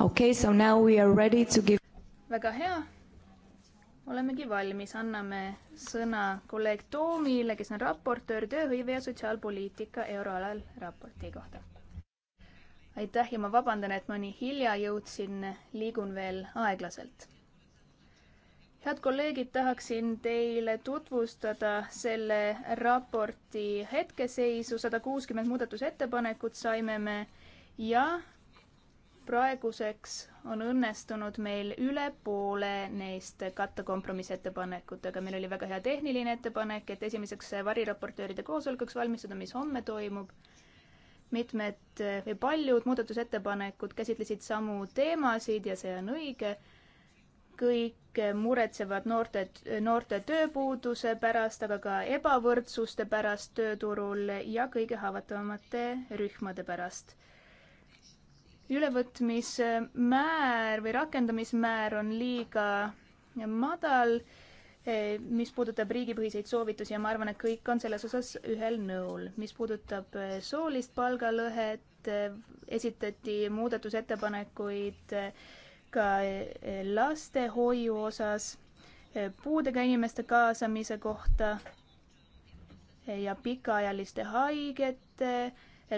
okay, so now we are ready to give. väga hea. olemegi valmis, anname sõna kolleeg Toomile, kes on raportöör tööhõive ja sotsiaalpoliitika euroalal raporti kohta. aitäh ja ma vabandan, et ma nii hilja jõudsin, liigun veel aeglaselt head kolleegid, tahaksin teile tutvustada selle raporti hetkeseisu, sada kuuskümmend muudatusettepanekut saime me ja praeguseks on õnnestunud meil üle poole neist katta kompromissettepanekutega. meil oli väga hea tehniline ettepanek, et esimeseks variraportööride koosolekuks valmistuda, mis homme toimub. mitmed või paljud muudatusettepanekud käsitlesid samu teemasid ja see on õige. kõik muretsevad noorte, noorte tööpuuduse pärast, aga ka ebavõrdsuste pärast tööturul ja kõige haavatavamate rühmade pärast ülevõtmismäär või rakendamismäär on liiga madal, eh, mis puudutab riigipõhiseid soovitusi ja ma arvan, et kõik on selles osas ühel nõul. mis puudutab eh, soolist palgalõhet, eh, esitati muudatusettepanekuid ka lastehoiu osas, puudega inimeste kaasamise kohta ja pikaajaliste haigete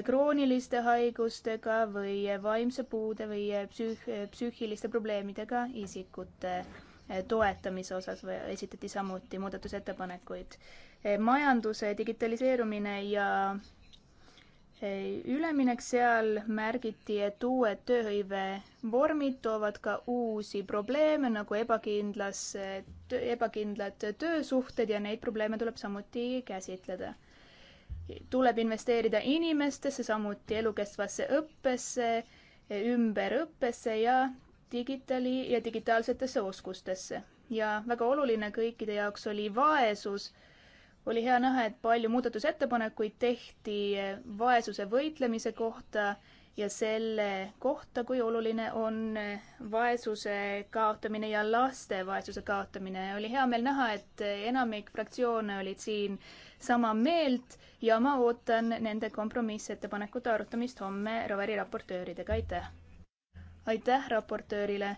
krooniliste haigustega või vaimse puude või psüüh-, psüühiliste probleemidega isikute eh, toetamise osas esitati samuti muudatusettepanekuid. Eh, majanduse digitaliseerumine ja eh, üleminek seal märgiti, et uued tööhõive vormid toovad ka uusi probleeme nagu ebakindlas, ebakindlad töösuhted ja neid probleeme tuleb samuti käsitleda tuleb investeerida inimestesse, samuti elukestvasse õppesse, ümberõppesse ja digitali ja digitaalsetesse oskustesse. ja väga oluline kõikide jaoks oli vaesus. oli hea näha, et palju muudatusettepanekuid tehti vaesuse võitlemise kohta ja selle kohta, kui oluline on vaesuse kaotamine ja laste vaesuse kaotamine. oli hea meel näha, et enamik fraktsioone olid siin äh, sama meelt ja ma ootan nende kompromissettepanekute arutamist homme Roveri raportööridega, aitäh! aitäh raportöörile!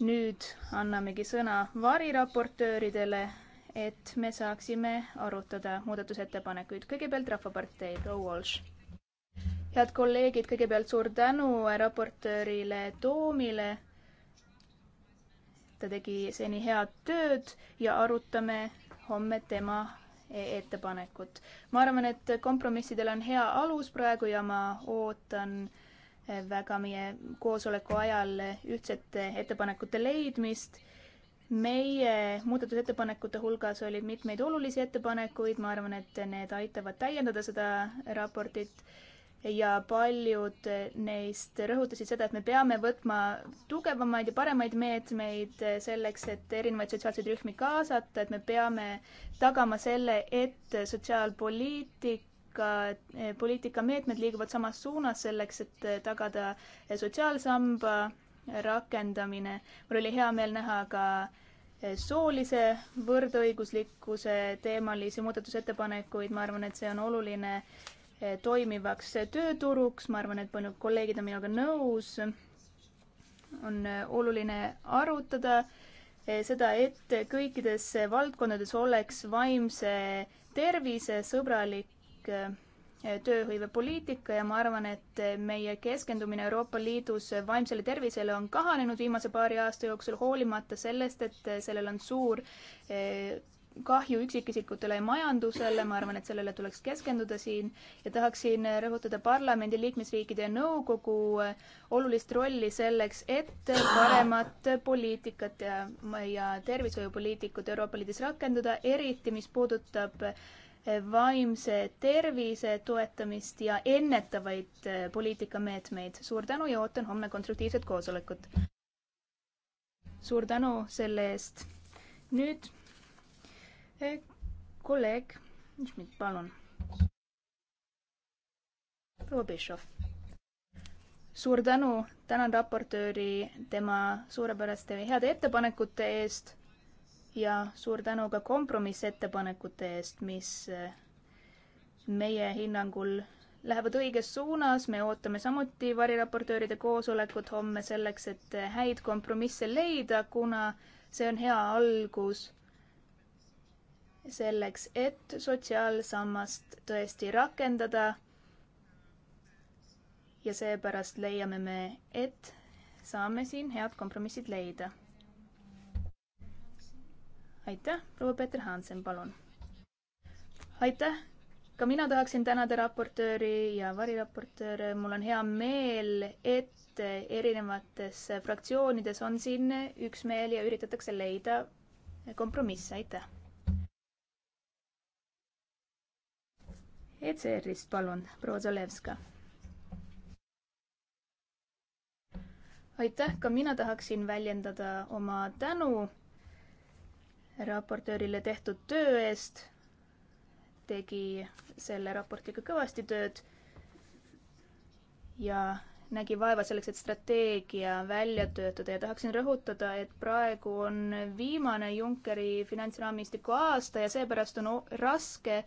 nüüd annamegi sõna variraportööridele, et me saaksime arutada muudatusettepanekuid. kõigepealt Rahvapartei, proua Walsh. head kolleegid, kõigepealt suur tänu raportöörile Toomile ta tegi seni head tööd ja arutame homme tema ettepanekut. ma arvan, et kompromissidel on hea alus praegu ja ma ootan eh, väga meie koosoleku ajal ühtsete ettepanekute leidmist. meie muudatusettepanekute hulgas oli mitmeid olulisi ettepanekuid, ma arvan, et need aitavad täiendada seda raportit ja paljud neist rõhutasid seda, et me peame võtma tugevamaid ja paremaid meetmeid selleks, et erinevaid sotsiaalseid rühmi kaasata, et me peame tagama selle, et sotsiaalpoliitika, poliitikameetmed liiguvad samas suunas selleks, et tagada sotsiaalsamba rakendamine. mul oli hea meel näha ka soolise võrdõiguslikkuse teemalisi muudatusettepanekuid, ma arvan, et see on oluline Eh, toimivaks tööturuks, ma arvan, et paljud kolleegid on minuga nõus. on eh, oluline arutada eh, seda, et kõikides valdkondades oleks vaimse tervise sõbralik tööhõivepoliitika ja ma arvan, et meie keskendumine Euroopa Liidus vaimsele tervisele on kahanenud viimase paari aasta jooksul, hoolimata sellest, et sellel on suur kahju üksikisikutele ja majandusele, ma arvan, et sellele tuleks keskenduda siin ja tahaksin rõhutada parlamendi, liikmesriikide ja nõukogu äh, olulist rolli selleks, et paremat poliitikat ja, ja tervishoiupoliitikut Euroopa Liidus rakendada, eriti mis puudutab äh, vaimse tervise toetamist ja ennetavaid äh, poliitikameetmeid. suur tänu ja ootan homme konstruktiivset koosolekut. suur tänu selle eest. nüüd kolleeg Schmidt, palun. proua Bischoff. suur tänu, tänan raportööri tema suurepäraste ja heade ettepanekute eest ja suur tänu ka kompromissettepanekute eest, mis eh, meie hinnangul lähevad õiges suunas, me ootame samuti variraportööride koosolekut homme selleks, et häid kompromisse leida, kuna see on hea algus selleks, et sotsiaalsammast tõesti rakendada. ja seepärast leiame me, et saame siin head kompromissid leida. aitäh, proua Peeter Hansen, palun. aitäh, ka mina tahaksin tänada raportööri ja variraportööre, mul on hea meel, et erinevates fraktsioonides on siin üksmeel ja üritatakse leida kompromisse, aitäh ECR-ist, palun, proua Zalevska. aitäh, ka mina tahaksin väljendada oma tänu raportöörile tehtud töö eest. tegi selle raportiga kõvasti tööd ja nägi vaeva selleks, et strateegia välja töötada ja tahaksin rõhutada, et praegu on viimane Junckeri finantsraamistiku aasta ja seepärast on raske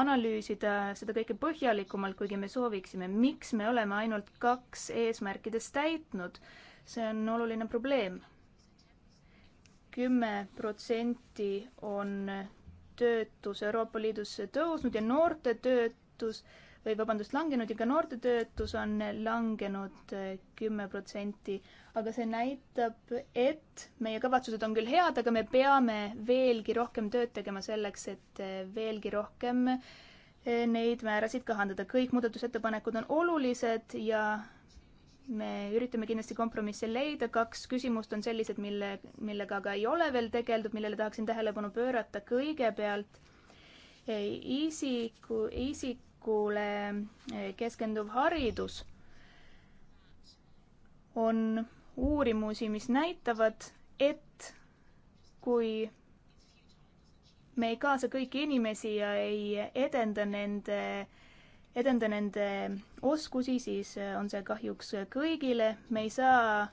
analüüsida seda kõike põhjalikumalt, kuigi me sooviksime. miks me oleme ainult kaks eesmärkidest täitnud? see on oluline probleem. kümme protsenti on töötus Euroopa Liidus tõusnud ja noorte töötus või vabandust, langenud ja ka noorte töötus on langenud eh, kümme protsenti. aga see näitab, et meie kavatsused on küll head, aga me peame veelgi rohkem tööd tegema selleks, et eh, veelgi rohkem eh, neid määrasid kahandada. kõik muudatusettepanekud on olulised ja me üritame kindlasti kompromisse leida, kaks küsimust on sellised, mille, millega aga ei ole veel tegeldud, millele tahaksin tähelepanu pöörata. kõigepealt isiku, isik tulevikule eh, keskenduv haridus. on uurimusi, mis näitavad, et kui me ei kaasa kõiki inimesi ja ei edenda nende, edenda nende oskusi, siis eh, on see kahjuks kõigile, me ei saa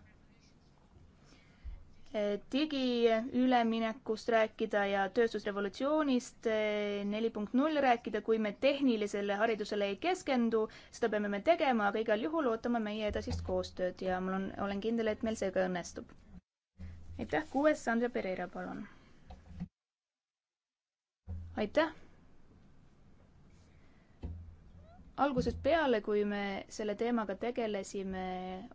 digiüleminekust rääkida ja tööstusrevolutsioonist eh, neli punkt null rääkida, kui me tehnilisele haridusele ei keskendu, seda peame me tegema, aga igal juhul ootame meie edasist koostööd ja mul on, olen kindel, et meil see ka õnnestub. aitäh, kuues Sandra Pereira, palun. aitäh algusest peale, kui me selle teemaga tegelesime,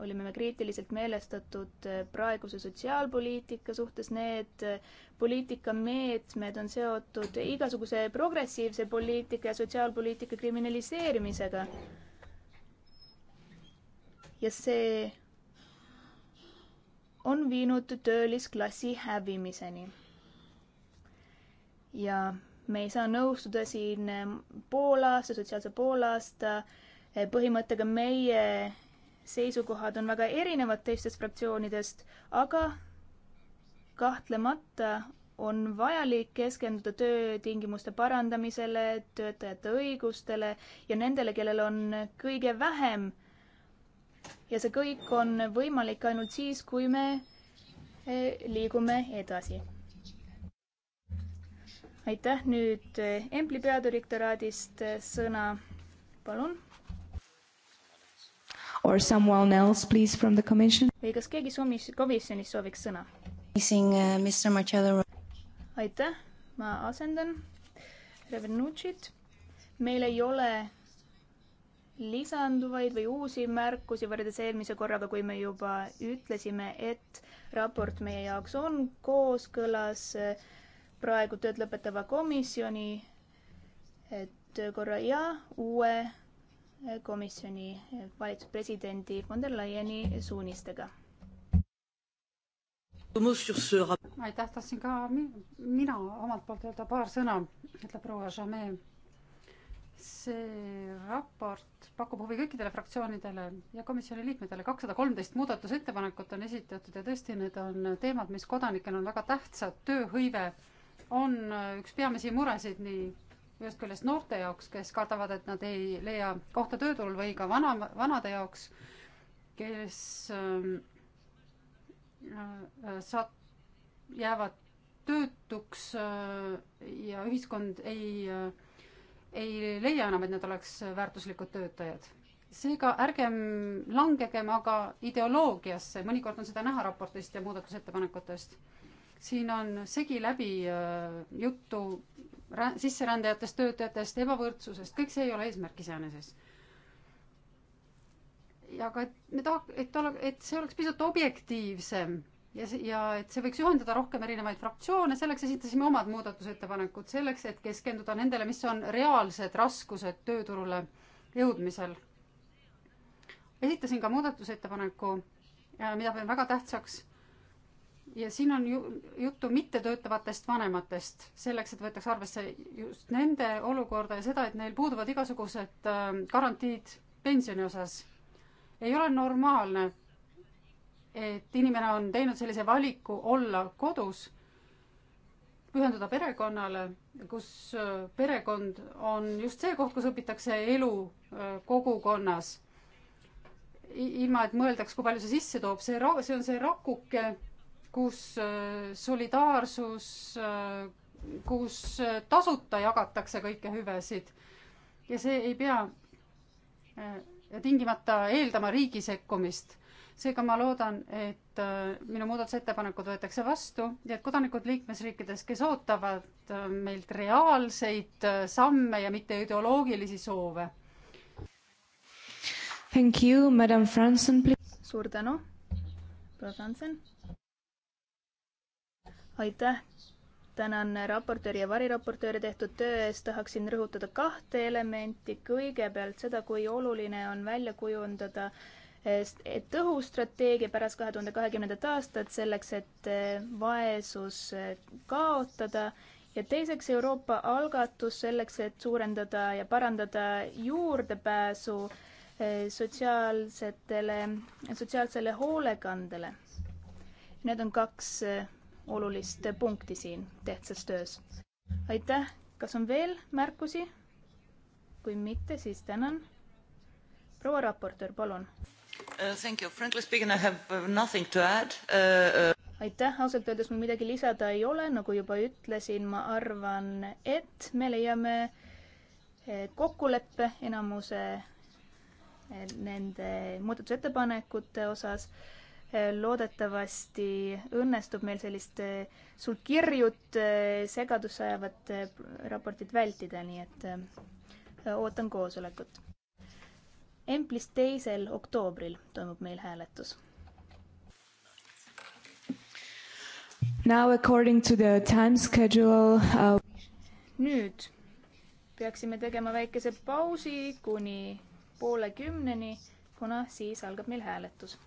olime me kriitiliselt meelestatud äh, praeguse sotsiaalpoliitika suhtes, need äh, poliitikameetmed on seotud igasuguse progressiivse poliitika ja sotsiaalpoliitika kriminaliseerimisega. ja see on viinud töölisklassi hävimiseni. ja me ei saa nõustuda siin ehm, poolaasta, sotsiaalse poolaasta eh, põhimõttega, meie seisukohad on väga erinevad teistest fraktsioonidest, aga kahtlemata on vajalik keskenduda töötingimuste parandamisele, töötajate õigustele ja nendele, kellel on kõige vähem. ja see kõik on võimalik ainult siis, kui me eh, liigume edasi aitäh, nüüd eh, Embli peadirektoraadist eh, sõna, palun. Or someone else please from the commission. või kas keegi somis-, komisjonis sooviks sõna? Eh, aitäh, ma asendan Revenucit. meil ei ole lisanduvaid või uusi märkusi võrreldes eelmise korraga, kui me juba ütlesime, et raport meie jaoks on kooskõlas äh, praegu tööd lõpetava komisjoni eh, töökorra ja uue eh, komisjoni eh, valitsuspresidendi von der Leyeni suunistega. aitäh, tahtsin ka mina omalt poolt öelda paar sõna, ütleb proua Jamee. see raport pakub huvi kõikidele fraktsioonidele ja komisjoni liikmetele. kakssada kolmteist muudatusettepanekut on esitatud ja tõesti, need on teemad, mis kodanikel on väga tähtsad, tööhõive on üks peamisi muresid nii ühest küljest noorte jaoks, kes kardavad, et nad ei leia kohta tööturul või ka vana, vanade jaoks, kes ähm, äh, sa-, jäävad töötuks äh, ja ühiskond ei äh,, ei leia enam, et nad oleks väärtuslikud töötajad. seega ärgem langegem aga ideoloogiasse, mõnikord on seda näha raportist ja muudatusettepanekutest siin on segi läbi äh, juttu sisserändajatest, töötajatest, ebavõrdsusest, kõik see ei ole eesmärk iseenesest. ja ka, et me tahaks, et ole, et see oleks pisut objektiivsem ja see, ja et see võiks ühendada rohkem erinevaid fraktsioone, selleks esitasime omad muudatusettepanekud, selleks, et keskenduda nendele, mis on reaalsed raskused tööturule jõudmisel. esitasin ka muudatusettepaneku, äh, mida pean väga tähtsaks ja siin on ju juttu mittetöötavatest vanematest, selleks, et võetakse arvesse just nende olukorda ja seda, et neil puuduvad igasugused ähm, garantiid pensioni osas. ei ole normaalne, et inimene on teinud sellise valiku olla kodus, pühenduda perekonnale, kus äh, perekond on just see koht, kus õpitakse elu äh, kogukonnas. ilma, et mõeldaks, kui palju see sisse toob, see, see on see rakuke kus äh, solidaarsus, äh, kus äh, tasuta jagatakse kõiki hüvesid ja see ei pea tingimata eeldama riigi sekkumist. seega ma loodan, et minu muudatusettepanekud võetakse vastu ja et kodanikud liikmesriikides, kes ootavad meilt reaalseid samme ja mitte ideoloogilisi soove. Thank you, madam Franzen, please. suur tänu, proua Franzen aitäh! tänan raportööri ja variraportööri tehtud töö eest, tahaksin rõhutada kahte elementi. kõigepealt seda, kui oluline on välja kujundada eh, tõhus strateegia pärast kahe tuhande kahekümnendat aastat selleks, et eh, vaesus eh, kaotada ja teiseks Euroopa algatus selleks, et suurendada ja parandada juurdepääsu sotsiaalsetele, sotsiaalsele hoolekandele. Need on kaks olulist punkti siin tähtsas töös. aitäh, kas on veel märkusi? kui mitte, siis tänan. proua raportöör, palun uh,. Thank you, frankly speaking I have uh, nothing to add uh,. Uh aitäh, ausalt öeldes mul midagi lisada ei ole, nagu juba ütlesin, ma arvan, et me leiame eh, kokkuleppe enamuse eh, nende muudatusettepanekute osas loodetavasti õnnestub meil sellist eh, sulgkirjut, eh, segadusse ajavat eh, raportit vältida, nii et ootan koosolekut. Emplis teisel oktoobril toimub meil hääletus. Now according to the time schedule uh... nüüd peaksime tegema väikese pausi kuni poole kümneni, kuna siis algab meil hääletus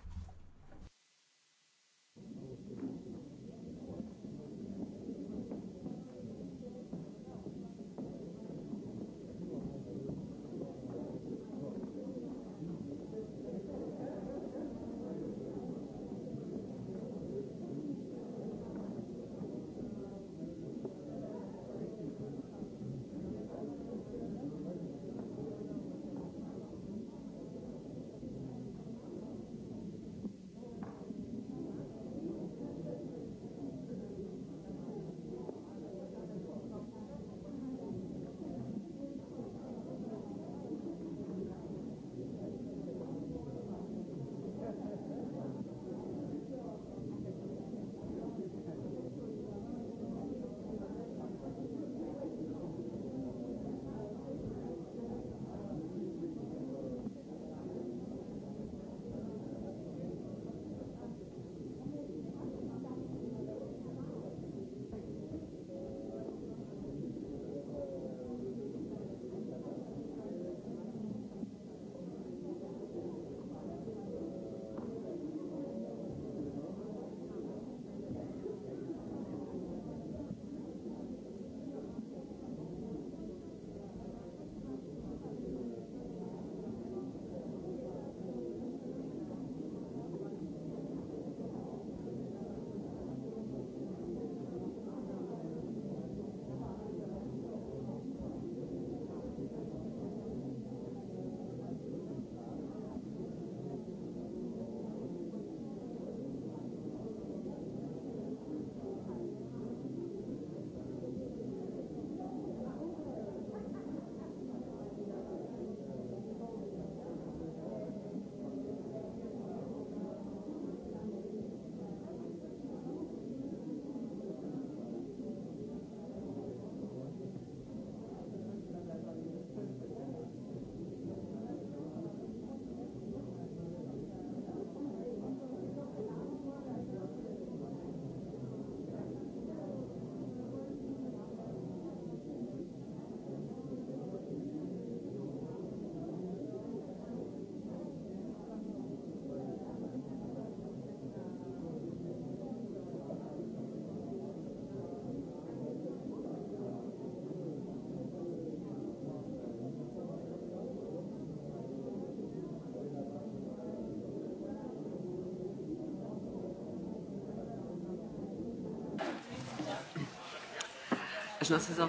można se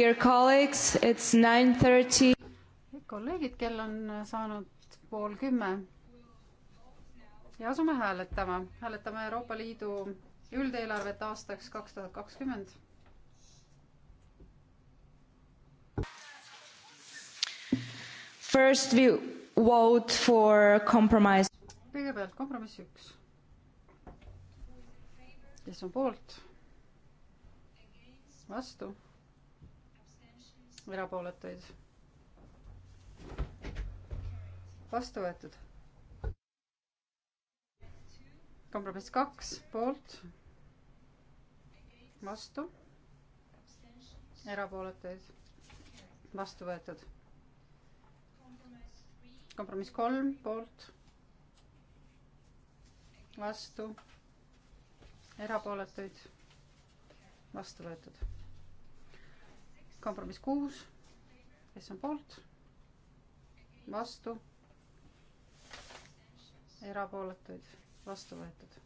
Dear colleagues, it's 9.30. kolleegid, kell on saanud pool kümme ja asume hääletama. hääletame Euroopa Liidu üldeelarvet aastaks kaks tuhat kakskümmend. First we vote for compromise. kõigepealt kompromiss üks. kes on poolt? vastu erapooletuid. vastu võetud. kompromiss kaks poolt, vastu, erapooletuid, vastu võetud. kompromiss kolm poolt, vastu, erapooletuid, vastu võetud kompromiss kuus, kes on poolt, vastu, erapooletuid, vastu võetud.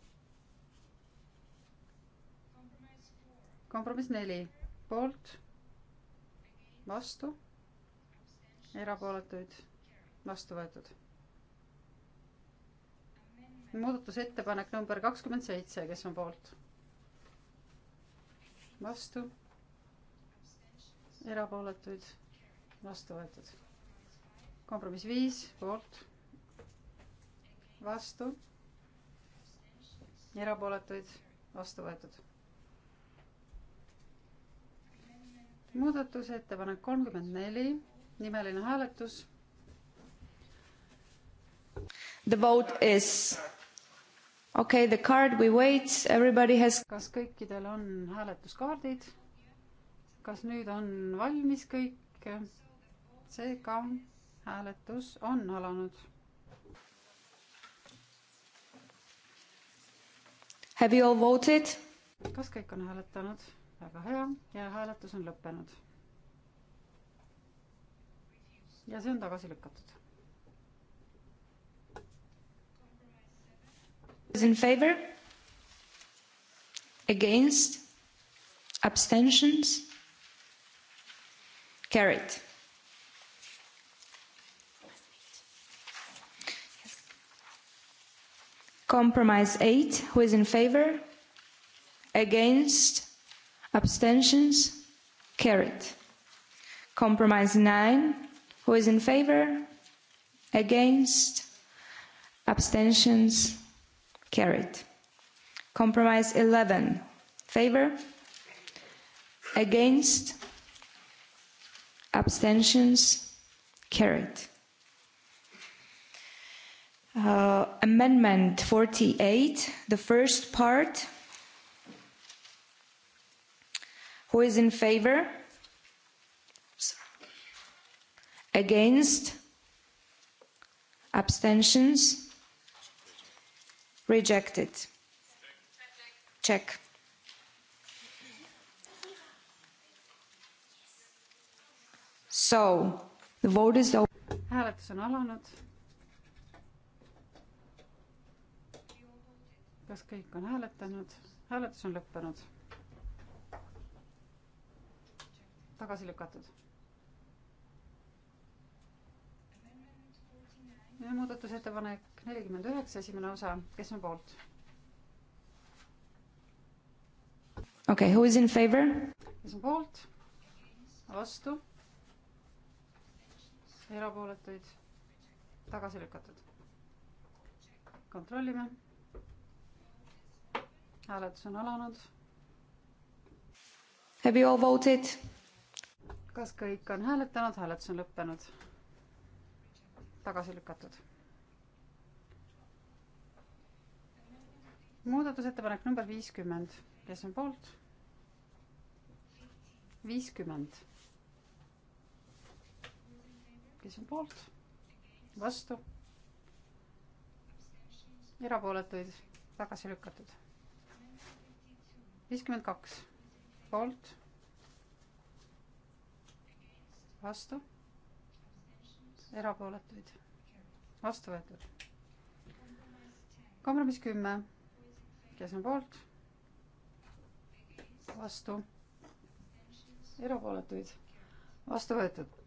kompromiss neli, poolt, vastu, erapooletuid, vastu võetud muudatusettepanek number kakskümmend seitse, kes on poolt? vastu erapooletuid, vastu võetud. kompromiss viis poolt, vastu, erapooletuid, vastu võetud. muudatusettepanek kolmkümmend neli, nimeline hääletus. The vote is okei okay,, the card we wait, everybody has. kas kõikidel on hääletuskaardid? kas nüüd on valmis kõik? seega hääletus on alanud. Have you all voted? kas kõik on hääletanud? väga hea ja hääletus on lõppenud. ja see on tagasi lükatud. In favor? Against? Abstentions? carried. Compromise 8, who is in favor? Against? Abstentions? Carried. Compromise 9, who is in favor? Against? Abstentions? Carried. Compromise 11, favor? Against? abstentions carried uh, amendment 48 the first part who is in favor against abstentions rejected check So the vote is open. hääletus on alanud. kas kõik on hääletanud? hääletus on lõppenud. tagasi lükatud. muudatusettepanek nelikümmend üheksa, esimene osa, kes on poolt? okei okay,, who is in favor? kes on poolt? vastu erapooletuid, tagasi lükatud. kontrollime. hääletus on alanud. Have you all voted? kas kõik on hääletanud, hääletus on lõppenud. tagasi lükatud. muudatusettepanek number viiskümmend, kes on poolt? viiskümmend kes on poolt, vastu, erapooletuid tagasi lükatud. viiskümmend kaks poolt, vastu, erapooletuid vastu võetud. kompromiss kümme, kes on poolt, vastu, erapooletuid vastu võetud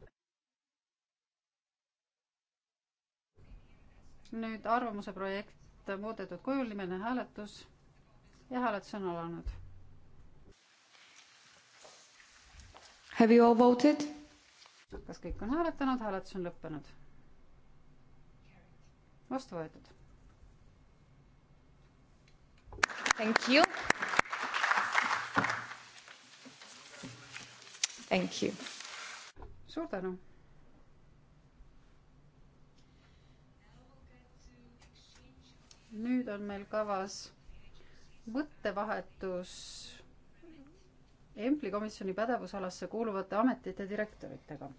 nüüd arvamuse projekt muudetud kujul, nimeline hääletus ja hääletus on alanud. Have you all voted? kas kõik on hääletanud, hääletus on lõppenud? vastu võetud. Thank you. Thank you. suur tänu nüüd on meil kavas mõttevahetus Empli komisjoni pädevusalasse kuuluvate ametite direktoritega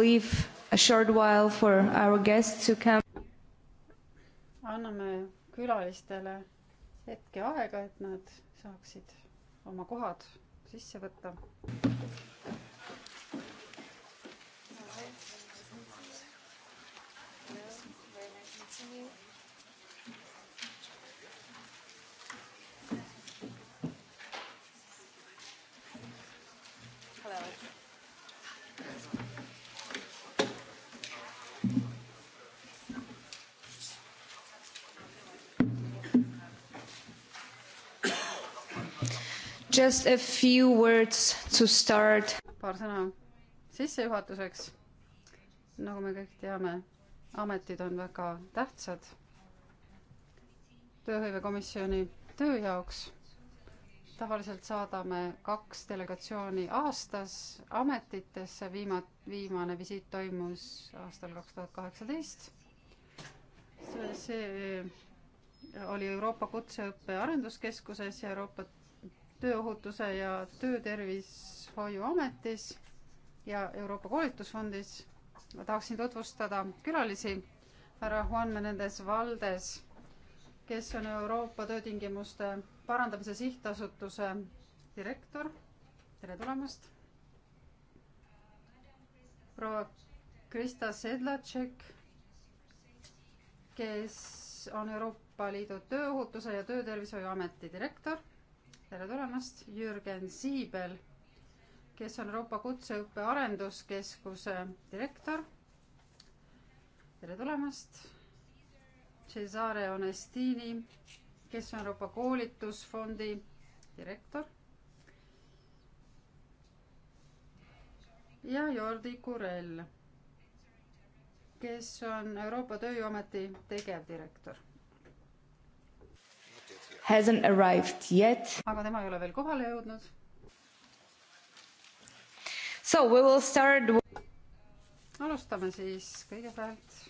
leave a short while for our guests to come. anname külalistele hetke aega, et nad saaksid oma kohad sisse võtta. Thank you. Just a few words to start. paar sõna sissejuhatuseks. nagu me kõik teame, ametid on väga tähtsad tööhõivekomisjoni töö jaoks. tavaliselt saadame kaks delegatsiooni aastas ametitesse, viima-, viimane visiit toimus aastal kaks tuhat kaheksateist. see oli Euroopa Kutseõppe Arenduskeskuses ja Euroopa Tööohutuse ja Töötervishoiuametis ja Euroopa Koolitusfondis. ma tahaksin tutvustada külalisi, härra Juan Menendez Valdes, kes on Euroopa Töötingimuste Parandamise Sihtasutuse direktor. tere tulemast. proua Krista Sedlatšek, kes on Euroopa Liidu Tööohutuse ja Töötervishoiuameti direktor tere tulemast, Jürgen Siibel, kes on Euroopa Kutseõppe Arenduskeskuse direktor. tere tulemast. Cesare Onestini, kes on Euroopa Koolitusfondi direktor. ja Jordi Kurell, kes on Euroopa Tööjõuameti tegevdirektor hasn't arrived yet. aga tema ei ole veel kohale jõudnud. So we will start with... alustame siis kõigepealt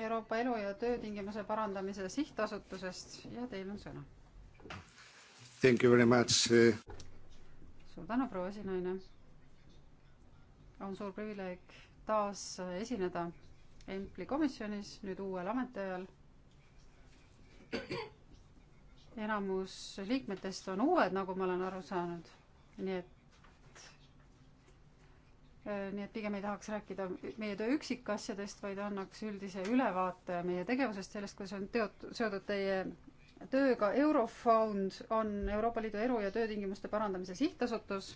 Euroopa Elu- ja Töötingimuse Parandamise Sihtasutusest ja teil on sõna. Thank you very much. Uh, suur tänu, proua esinaine. on suur privileeg taas esineda EMPLi komisjonis, nüüd uuel ametiajal enamus liikmetest on uued, nagu ma olen aru saanud. nii et, äh, nii et pigem ei tahaks rääkida meie töö üksikasjadest, vaid annaks üldise ülevaate meie tegevusest, sellest, kuidas on teot-, seotud teie tööga. Eurofond on Euroopa Liidu elu- ja töötingimuste parandamise sihtasutus.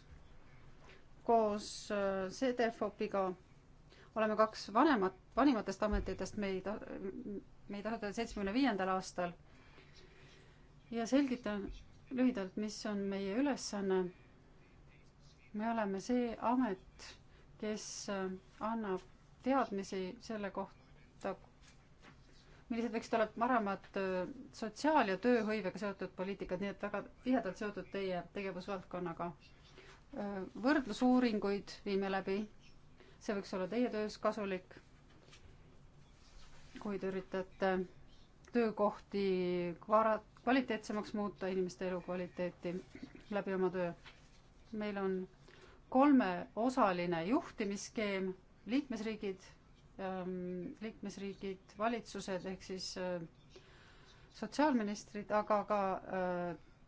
koos äh, CDFOP-iga oleme kaks vanemat, vanimatest ametitest meid, meid asutati seitsmekümne viiendal aastal ja selgitan lühidalt, mis on meie ülesanne. me oleme see amet, kes äh, annab teadmisi selle kohta, millised võiksid olla paremad äh, sotsiaal- ja tööhõivega seotud poliitikad, nii et väga tihedalt seotud teie tegevusvaldkonnaga. Äh, võrdlusuuringuid viime läbi, see võiks olla teie töös kasulik, kui te üritate töökohti kvara-, kvaliteetsemaks muuta inimeste elukvaliteeti läbi oma töö. meil on kolmeosaline juhtimisskeem, liikmesriigid, ähm, liikmesriigid, valitsused ehk siis äh, sotsiaalministrid, aga ka äh,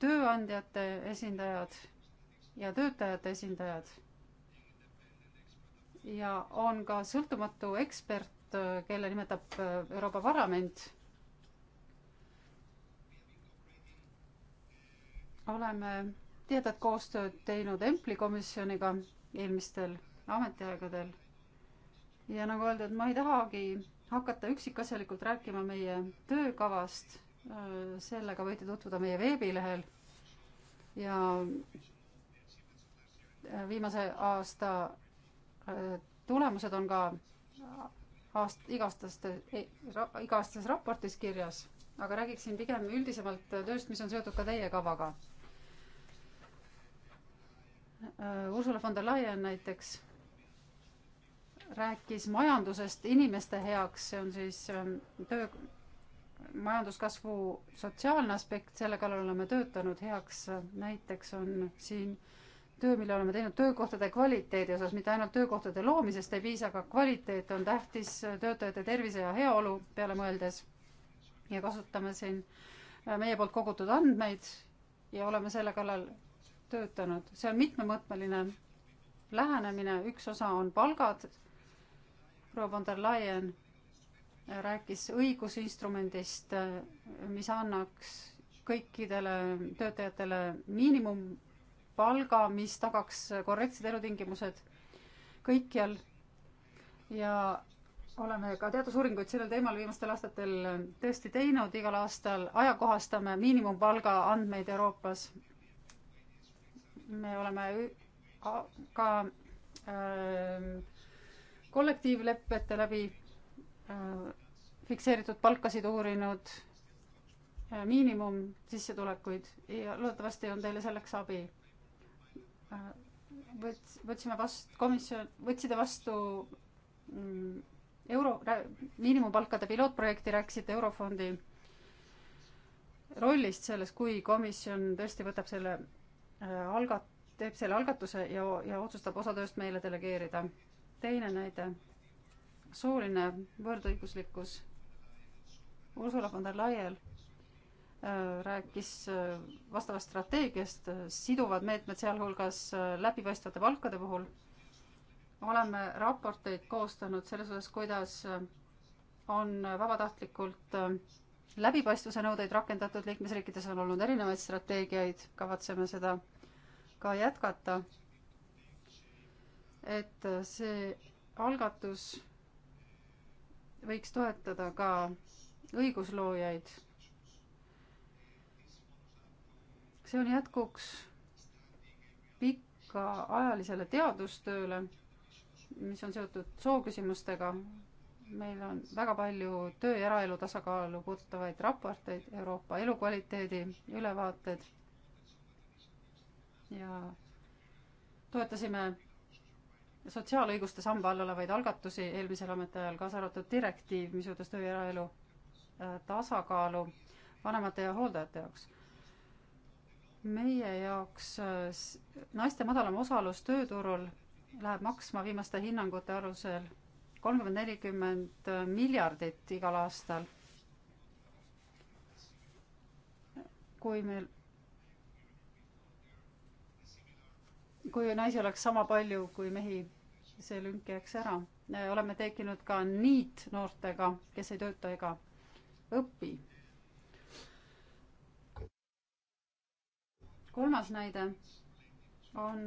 tööandjate esindajad ja töötajate esindajad. ja on ka sõltumatu ekspert, äh, kelle nimetab Euroopa Parlament oleme tihedat koostööd teinud Empli komisjoniga eelmistel ametiaegadel. ja nagu öeldud, ma ei tahagi hakata üksikasjalikult rääkima meie töökavast, äh, sellega võite tutvuda meie veebilehel ja äh, viimase aasta äh, tulemused on ka aast-, iga-aastaste, e, iga-aastases raportis kirjas, aga räägiksin pigem üldisemalt tööst, mis on seotud ka teie kavaga Äh, Ursula von der Leyen näiteks rääkis majandusest inimeste heaks, see on siis töö, majanduskasvu sotsiaalne aspekt, selle kallal oleme töötanud heaks, näiteks on siin töö, mille oleme teinud töökohtade kvaliteedi osas, mitte ainult töökohtade loomisest ei piisa, aga kvaliteet on tähtis töötajate tervise ja heaolu peale mõeldes. ja kasutame siin meie poolt kogutud andmeid ja oleme selle kallal töötanud, see on mitmemõõtmeline lähenemine, üks osa on palgad, proua von der Leyen rääkis õigusinstrumendist, mis annaks kõikidele töötajatele miinimumpalga, mis tagaks korrektsed elutingimused kõikjal. ja oleme ka teadusuuringuid sellel teemal viimastel aastatel tõesti teinud, igal aastal ajakohastame miinimumpalga andmeid Euroopas me oleme ka äh, kollektiivleppete läbi äh, fikseeritud palkasid uurinud äh,, miinimumsissetulekuid ja loodetavasti on teile selleks abi äh,. Võts-, võtsime vast-, komisjon, võtsite vastu mm, euro, miinimumpalkade pilootprojekti, rääkisite Eurofondi rollist selles, kui komisjon tõesti võtab selle Äh, algat-, teeb selle algatuse ja, ja otsustab osa tööst meile delegeerida. teine näide, sooline võrdõiguslikkus. Ursula von der Leyen äh, rääkis äh, vastavast strateegiast, siduvad meetmed sealhulgas läbipaistvate palkade puhul. oleme raporteid koostanud selles osas, kuidas on vabatahtlikult läbipaistvuse nõudeid rakendatud liikmesriikides on olnud erinevaid strateegiaid, kavatseme seda ka jätkata. et see algatus võiks toetada ka õigusloojaid. see on jätkuks pikaajalisele teadustööle, mis on seotud sooküsimustega meil on väga palju töö ja eraelu tasakaalu puudutavaid raporteid, Euroopa elukvaliteedi ülevaated ja toetasime sotsiaalõiguste samba all olevaid algatusi eelmisel ametiajal, kaasa arvatud direktiiv, mis jõudis töö ja eraelu äh, tasakaalu vanemate ja hooldajate jaoks. meie jaoks äh, naiste madalam osalus tööturul läheb maksma viimaste hinnangute alusel kolmkümmend, nelikümmend miljardit igal aastal. kui meil, kui naisi oleks sama palju kui mehi, see lünk jääks ära. oleme tekkinud ka niitnoortega, kes ei tööta ega õpi. kolmas näide on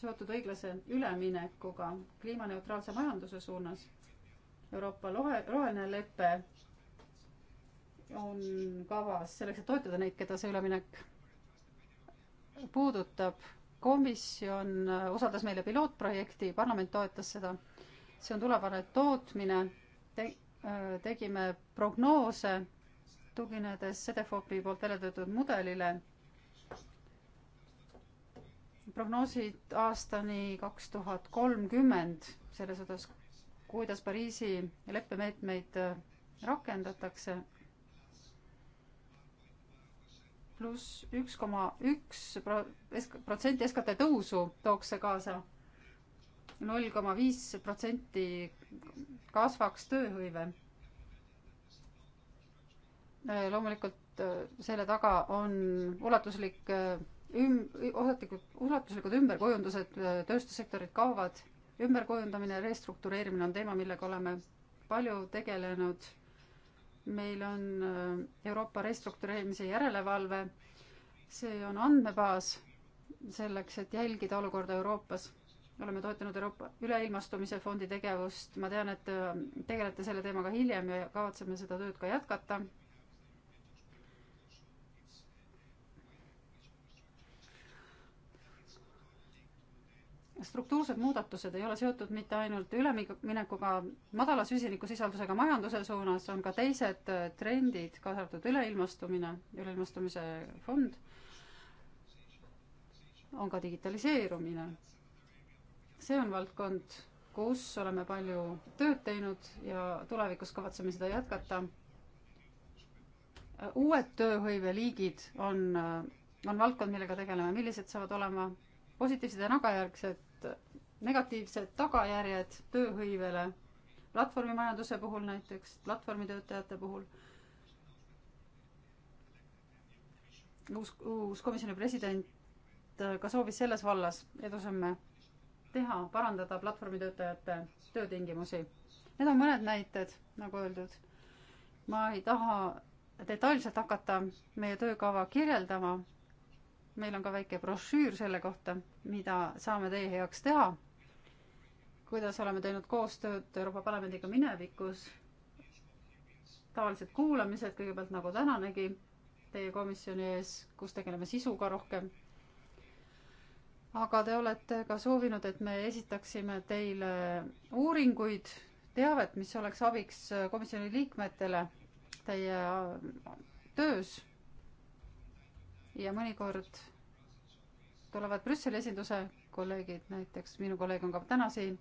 seotud õiglase üleminekuga kliimaneutraalse majanduse suunas. Euroopa lohe, roheline lepe on kavas selleks, et toetada neid, keda see üleminek puudutab. komisjon osaldas äh, meile pilootprojekti, parlament toetas seda. see on tulepane tootmine Te,. Äh, tegime prognoose, tuginedes Sedefopi poolt välja töötatud mudelile prognoosid aastani kaks tuhat kolmkümmend selles osas, kuidas Pariisi leppemeetmeid äh, rakendatakse. pluss üks koma üks protsenti SKT tõusu tooks see kaasa. null koma viis protsenti kasvaks tööhõive. Äh, loomulikult äh, selle taga on ulatuslik üm-, osadlikud, ulatuslikud ümberkujundused, tööstussektorid kaovad, ümberkujundamine, restruktureerimine on teema, millega oleme palju tegelenud. meil on Euroopa restruktureerimise järelevalve, see on andmebaas selleks, et jälgida olukorda Euroopas. oleme toetanud Euroopa Üleilmastumise Fondi tegevust, ma tean, et tegelete selle teemaga hiljem ja kavatseme seda tööd ka jätkata struktuursed muudatused ei ole seotud mitte ainult üleminekuga madala süsinikusisaldusega majanduse suunas, on ka teised äh, trendid, kaasa arvatud üleilmastumine, üleilmastumise fond, on ka digitaliseerumine. see on valdkond, kus oleme palju tööd teinud ja tulevikus kavatseme seda jätkata. Äh, uued tööhõiveliigid on, äh, on valdkond, millega tegeleme, millised saavad olema positiivsed ja tagajärgsed negatiivsed tagajärjed tööhõivele, platvormimajanduse puhul näiteks, platvormitöötajate puhul. uus, uus komisjoni president äh, ka soovis selles vallas edusamme teha, parandada platvormitöötajate töötingimusi. Need on mõned näited, nagu öeldud. ma ei taha detailselt hakata meie töökava kirjeldama. meil on ka väike brošüür selle kohta, mida saame teie heaks teha kuidas oleme teinud koostööd Euroopa Parlamendiga minevikus. tavalised kuulamised kõigepealt nagu tänanegi teie komisjoni ees, kus tegeleme sisuga rohkem. aga te olete ka soovinud, et me esitaksime teile uuringuid, teavet, mis oleks abiks komisjoni liikmetele teie äh, töös. ja mõnikord tulevad Brüsseli esinduse kolleegid, näiteks minu kolleeg on ka täna siin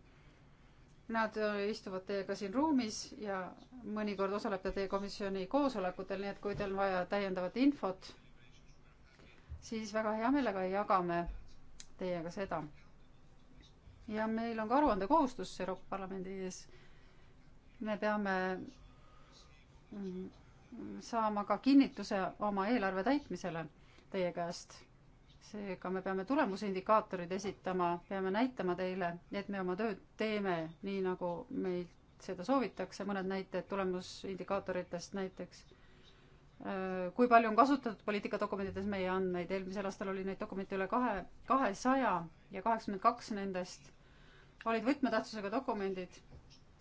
Nad äh, istuvad teiega siin ruumis ja mõnikord osaleb ta teie komisjoni koosolekutel, nii et kui teil on vaja täiendavat infot, siis väga hea meelega jagame teiega seda. ja meil on ka aruandekohustus Euroopa Parlamendi ees. me peame mm, saama ka kinnituse oma eelarve täitmisele teie käest seega me peame tulemusindikaatorid esitama, peame näitama teile, et me oma tööd teeme nii, nagu meilt seda soovitakse, mõned näited tulemusindikaatoritest näiteks. Äh, kui palju on kasutatud poliitikadokumentides meie andmeid, eelmisel aastal oli neid dokumente üle kahe, kahesaja ja kaheksakümmend kaks nendest olid võtmetähtsusega dokumendid,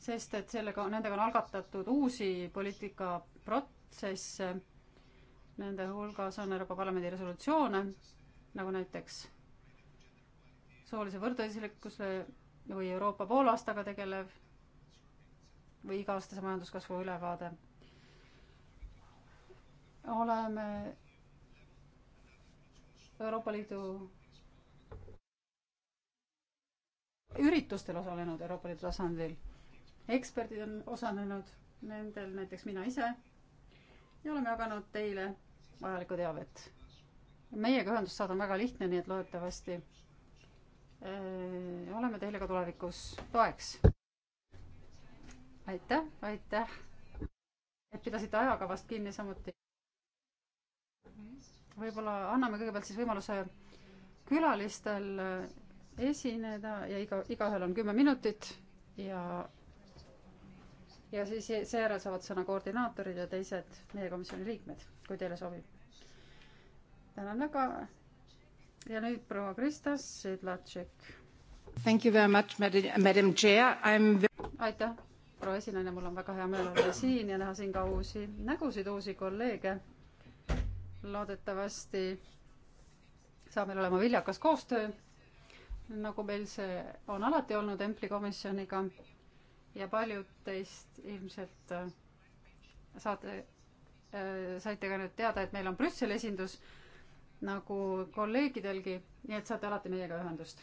sest et sellega, nendega on algatatud uusi poliitikaprotsesse, nende hulgas on Euroopa Parlamendi resolutsioone, nagu näiteks soolise võrdõiguslikkuse või Euroopa poolaastaga tegelev või iga-aastase majanduskasvu ülevaade. oleme Euroopa Liidu üritustel osalenud Euroopa Liidu tasandil. eksperdid on osalenud nendel, näiteks mina ise ja oleme jaganud teile vajalikku teavet meiega ühendust saada on väga lihtne, nii et loodetavasti öö, eh, oleme teile ka tulevikus toeks. aitäh, aitäh, et pidasite ajakavast kinni samuti. võib-olla anname kõigepealt siis võimaluse külalistel eh, esineda ja iga, igaühel on kümme minutit ja ja siis seejärel saavad sõna koordinaatorid ja teised meie komisjoni liikmed, kui teile sobib tänan väga. ja nüüd proua Krista Sedlatšek. Thank you very much, madam chair, I am. aitäh, proua esinaine, mul on väga hea meel olla siin ja näha siin ka uusi nägusid, uusi kolleege. loodetavasti saab meil olema viljakas koostöö, nagu meil see on alati olnud Empli komisjoniga ja paljud teist ilmselt äh, saate, äh, saite ka nüüd teada, et meil on Brüsseli esindus nagu kolleegidelgi, nii et saate alati meiega ühendust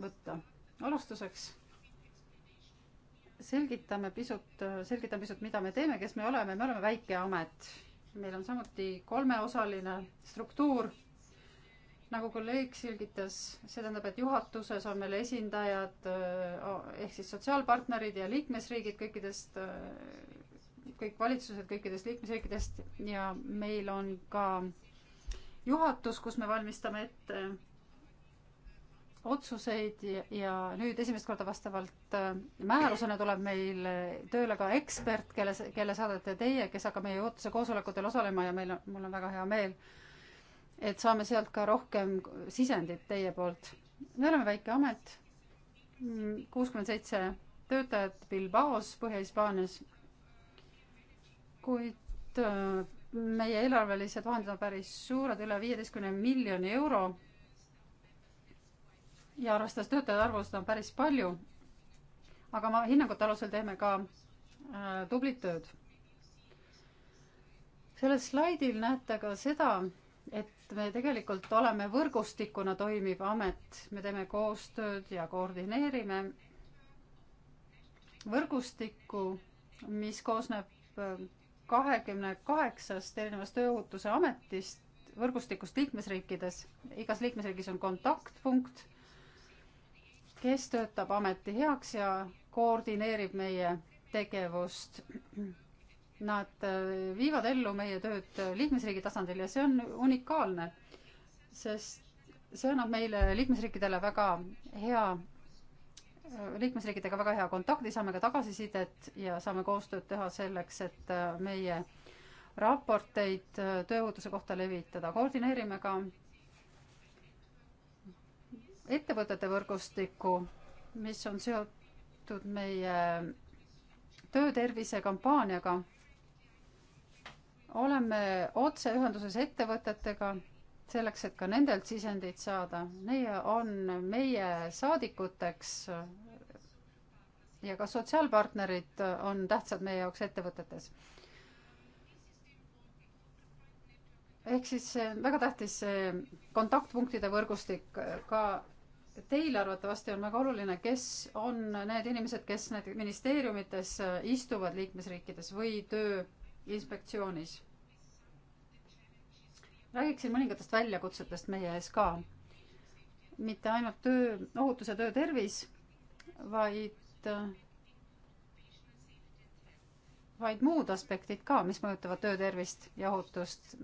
võtta. alustuseks selgitame pisut, selgitan pisut, mida me teeme, kes me oleme, me oleme väike amet. meil on samuti kolmeosaline struktuur. nagu kolleeg selgitas, see tähendab, et juhatuses on meil esindajad eh, ehk siis sotsiaalpartnerid ja liikmesriigid kõikidest, eh, kõik valitsused kõikidest liikmesriikidest ja meil on ka juhatus, kus me valmistame ette otsuseid ja, ja nüüd esimest korda vastavalt äh, määrusena tuleb meil tööle ka ekspert, kelle, kelle saadate teie, kes hakkab meie juhatuse koosolekutel osalema ja meil on, mul on väga hea meel, et saame sealt ka rohkem sisendit teie poolt. me oleme väike amet, mm, kuuskümmend seitse töötajat Bilbaos, Põhja-Hispaanias, kuid äh, meie eelarvelised vahendid on päris suured, üle viieteistkümne miljoni euro. ja arvestades töötajate arvu, seda on päris palju. aga ma hinnangute alusel teeme ka äh, tublit tööd. sellel slaidil näete ka seda, et me tegelikult oleme võrgustikuna toimiv amet, me teeme koostööd ja koordineerime võrgustikku, mis koosneb äh, kahekümne kaheksast erinevast tööohutuse ametist, võrgustikust liikmesriikides. igas liikmesriigis on kontaktpunkt, kes töötab ameti heaks ja koordineerib meie tegevust. Nad äh, viivad ellu meie tööd liikmesriigi tasandil ja see on unikaalne, sest see annab meile liikmesriikidele väga hea liikmesriikidega väga hea kontakti, saame ka tagasisidet ja saame koostööd teha selleks, et äh, meie raporteid äh, tööohutuse kohta levitada. koordineerime ka ettevõtete võrgustikku, mis on seotud meie töötervise kampaaniaga. oleme otseühenduses ettevõtetega selleks, et ka nendelt sisendit saada. Neie on meie saadikuteks ja ka sotsiaalpartnerid on tähtsad meie jaoks ettevõtetes. ehk siis väga tähtis see kontaktpunktide võrgustik ka teile arvatavasti on väga oluline, kes on need inimesed, kes need ministeeriumites istuvad liikmesriikides või tööinspektsioonis räägiksin mõningatest väljakutsetest meie ees ka. mitte ainult töö, ohutus ja töötervis, vaid, vaid muud aspektid ka, mis mõjutavad töötervist ja ohutust.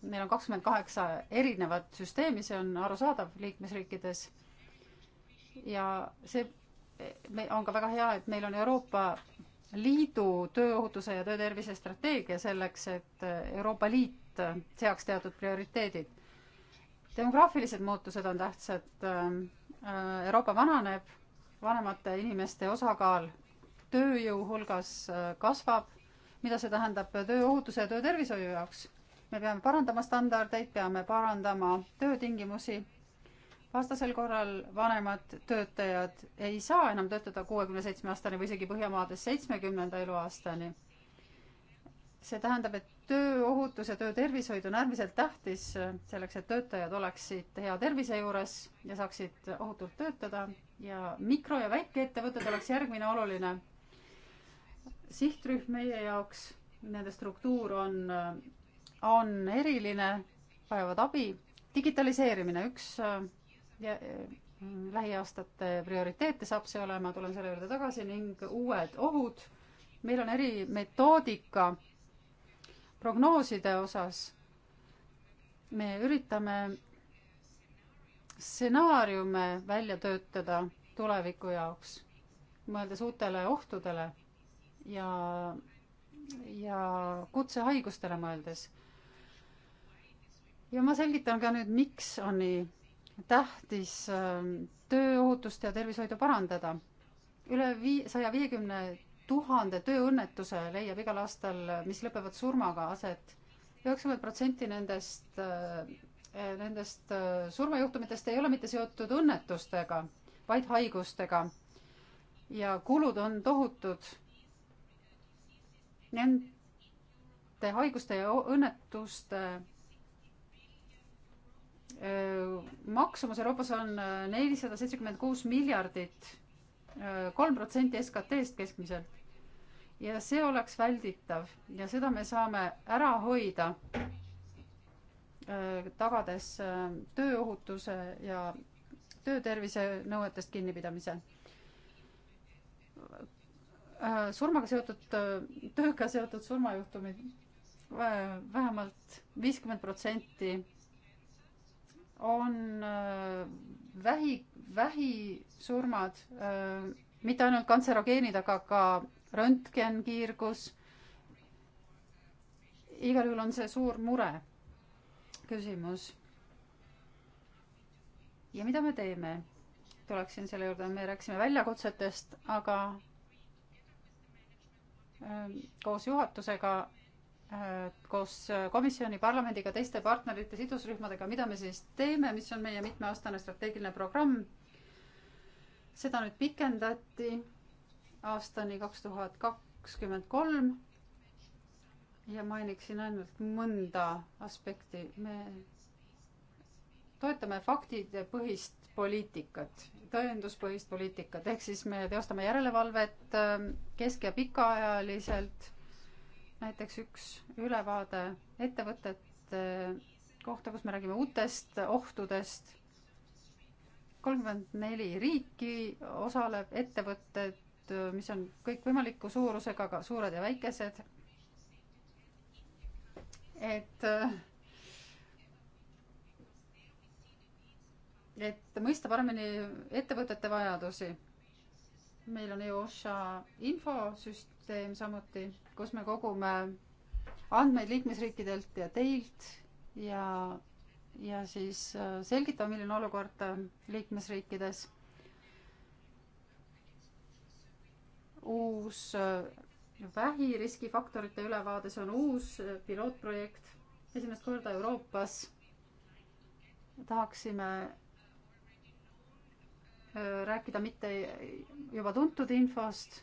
meil on kakskümmend kaheksa erinevat süsteemi, see on arusaadav liikmesriikides. ja see on ka väga hea, et meil on Euroopa Liidu tööohutuse ja töötervise strateegia selleks, et Euroopa Liit Äh, seaks teatud prioriteedid. demograafilised muutused on tähtsad. Ähm, äh, Euroopa vananeb, vanemate inimeste osakaal tööjõu hulgas äh, kasvab, mida see tähendab tööohutuse ja töötervishoiu jaoks. me peame parandama standardeid, peame parandama töötingimusi vastasel korral vanemad töötajad ei saa enam töötada kuuekümne seitsme aastani või isegi Põhjamaades seitsmekümnenda eluaastani see tähendab, et tööohutus ja töötervishoid on äärmiselt tähtis äh, selleks, et töötajad oleksid hea tervise juures ja saaksid ohutult töötada ja mikro- ja väikeettevõtted oleks järgmine oluline sihtrühm meie jaoks. Nende struktuur on, äh, on eriline, vajavad abi. digitaliseerimine, üks äh, ja, lähiaastate prioriteete saab see olema, tulen selle juurde tagasi, ning uued ohud. meil on erimetoodika prognooside osas me üritame stsenaariume välja töötada tuleviku jaoks, mõeldes uutele ohtudele ja, ja kutsehaigustele mõeldes. ja ma selgitan ka nüüd, miks on nii tähtis äh, tööohutust ja tervishoidu parandada. üle vii-, saja viiekümne tuhande tööõnnetuse leiab igal aastal, mis lõpevad surmaga aset. üheksakümmend protsenti nendest, eh, nendest eh, surmajuhtumitest ei ole mitte seotud õnnetustega, vaid haigustega. ja kulud on tohutud. Nende haiguste ja õnnetuste eh, maksumus Euroopas on nelisada seitsekümmend kuus miljardit kolm protsenti SKT-st keskmiselt ja see oleks välditav ja seda me saame ära hoida, äh, tagades äh, tööohutuse ja töötervise nõuetest kinnipidamise. Äh, surmaga seotud, tööga seotud surmajuhtumid vähemalt viiskümmend protsenti on vähi, vähisurmad, mitte ainult kantserogeenid, aga ka röntgenkiirgus. igal juhul on see suur mure, küsimus. ja mida me teeme? tuleksin selle juurde, me rääkisime väljakutsetest, aga ähm, koos juhatusega, äh, koos komisjoni, parlamendiga, teiste partnerite, sidusrühmadega, mida me siis teeme, mis on meie mitmeaastane strateegiline programm. seda nüüd pikendati aastani kaks tuhat kakskümmend kolm ja mainiksin ainult mõnda aspekti. me toetame faktidepõhist poliitikat, tõenduspõhist poliitikat, ehk siis me teostame järelevalvet ähm, kesk- ja pikaajaliselt. näiteks üks ülevaade ettevõtete äh, kohta, kus me räägime uutest ohtudest. kolmkümmend neli riiki osaleb, ettevõtted Äh, mis on kõikvõimaliku suurusega, ka suured ja väikesed. et, äh, et mõista paremini ettevõtete vajadusi. meil on EOSHA infosüsteem samuti, kus me kogume andmeid liikmesriikidelt ja teilt ja, ja siis äh, selgitame, milline olukord liikmesriikides uus äh, vähiriskifaktorite ülevaade, see on uus äh, pilootprojekt. esimest korda Euroopas tahaksime äh, rääkida mitte juba tuntud infost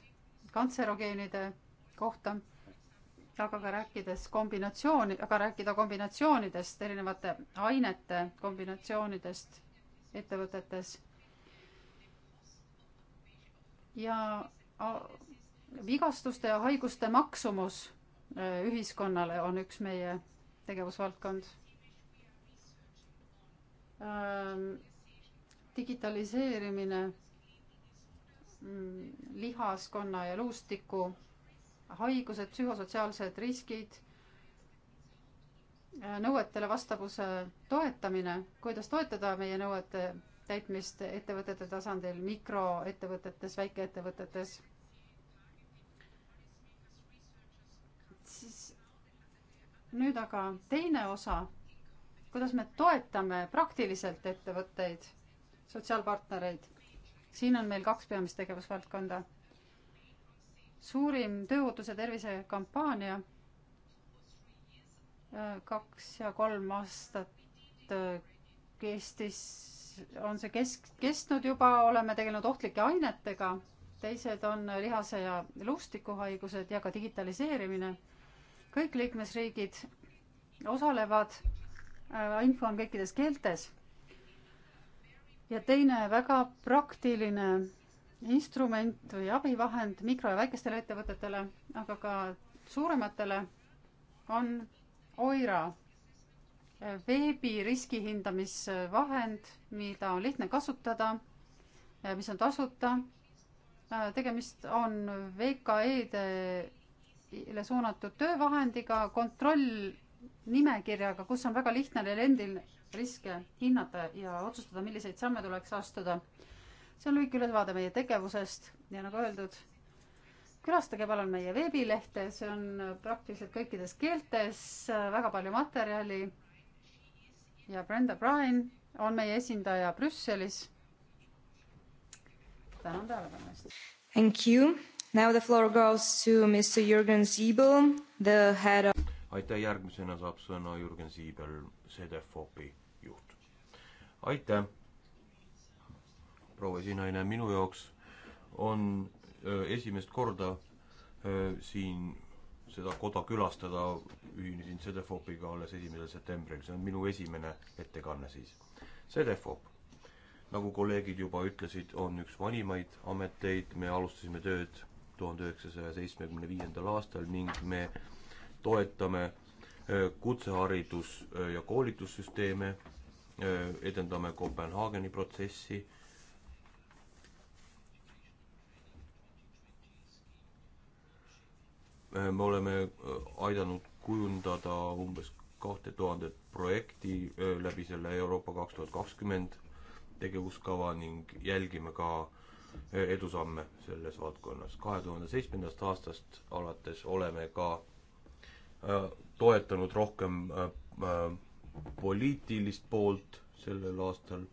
kantserogeenide kohta, aga ka rääkides kombinatsiooni, aga rääkida kombinatsioonidest, erinevate ainete kombinatsioonidest ettevõtetes. ja vigastuste ja haiguste maksumus e, ühiskonnale on üks meie tegevusvaldkond. E, digitaliseerimine mm, lihaskonna ja luustiku haigused, psühhosotsiaalsed riskid, e, nõuetele vastavuse toetamine, kuidas toetada meie nõuete täitmist ettevõtete tasandil, mikroettevõtetes, väikeettevõtetes nüüd aga teine osa, kuidas me toetame praktiliselt ettevõtteid, sotsiaalpartnereid. siin on meil kaks peamist tegevusvaldkonda. suurim tööohutuse tervisekampaania äh, kaks ja kolm aastat äh, kestis, on see kesk, kestnud juba, oleme tegelenud ohtlike ainetega, teised on lihase ja lustikuhaigused ja ka digitaliseerimine kõik liikmesriigid osalevad, äh, info on kõikides keeltes. ja teine väga praktiline instrument või abivahend mikro- ja väikestele ettevõtetele, aga ka suurematele, on OIRA äh, veebi riskihindamisvahend, mida on lihtne kasutada, äh, mis on tasuta. tegemist on VKE-de suunatud töövahendiga, kontrollnimekirjaga, kus on väga lihtne neil endil riske hinnata ja otsustada, milliseid samme tuleks astuda. see on lühike ülevaade meie tegevusest ja nagu öeldud, külastage palun meie veebilehte, see on praktiliselt kõikides keeltes, väga palju materjali. ja Brenda Bryan on meie esindaja Brüsselis. tänan tähelepanu eest. Thank you Now the floor goes to Mr Jürgen Siebel, the head of aitäh, järgmisena saab sõna Jürgen Siibel, CDFOP-i juht. aitäh, proua esinaine, minu jaoks on öö, esimest korda öö, siin seda koda külastada, ühinesin CDFOP-iga alles esimesel septembril, see on minu esimene ettekanne siis. CDFOP, nagu kolleegid juba ütlesid, on üks vanimaid ameteid, me alustasime tööd tuhande üheksasaja seitsmekümne viiendal aastal ning me toetame äh, kutseharidus- äh, ja koolitussüsteeme, äh, edendame Kopenhaageni protsessi, me oleme aidanud kujundada umbes kahte tuhandet projekti läbi selle Euroopa kaks tuhat kakskümmend tegevuskava ning jälgime ka edusamme selles valdkonnas. kahe tuhande seitsmendast aastast alates oleme ka äh, toetanud rohkem äh, äh, poliitilist poolt sellel aastal.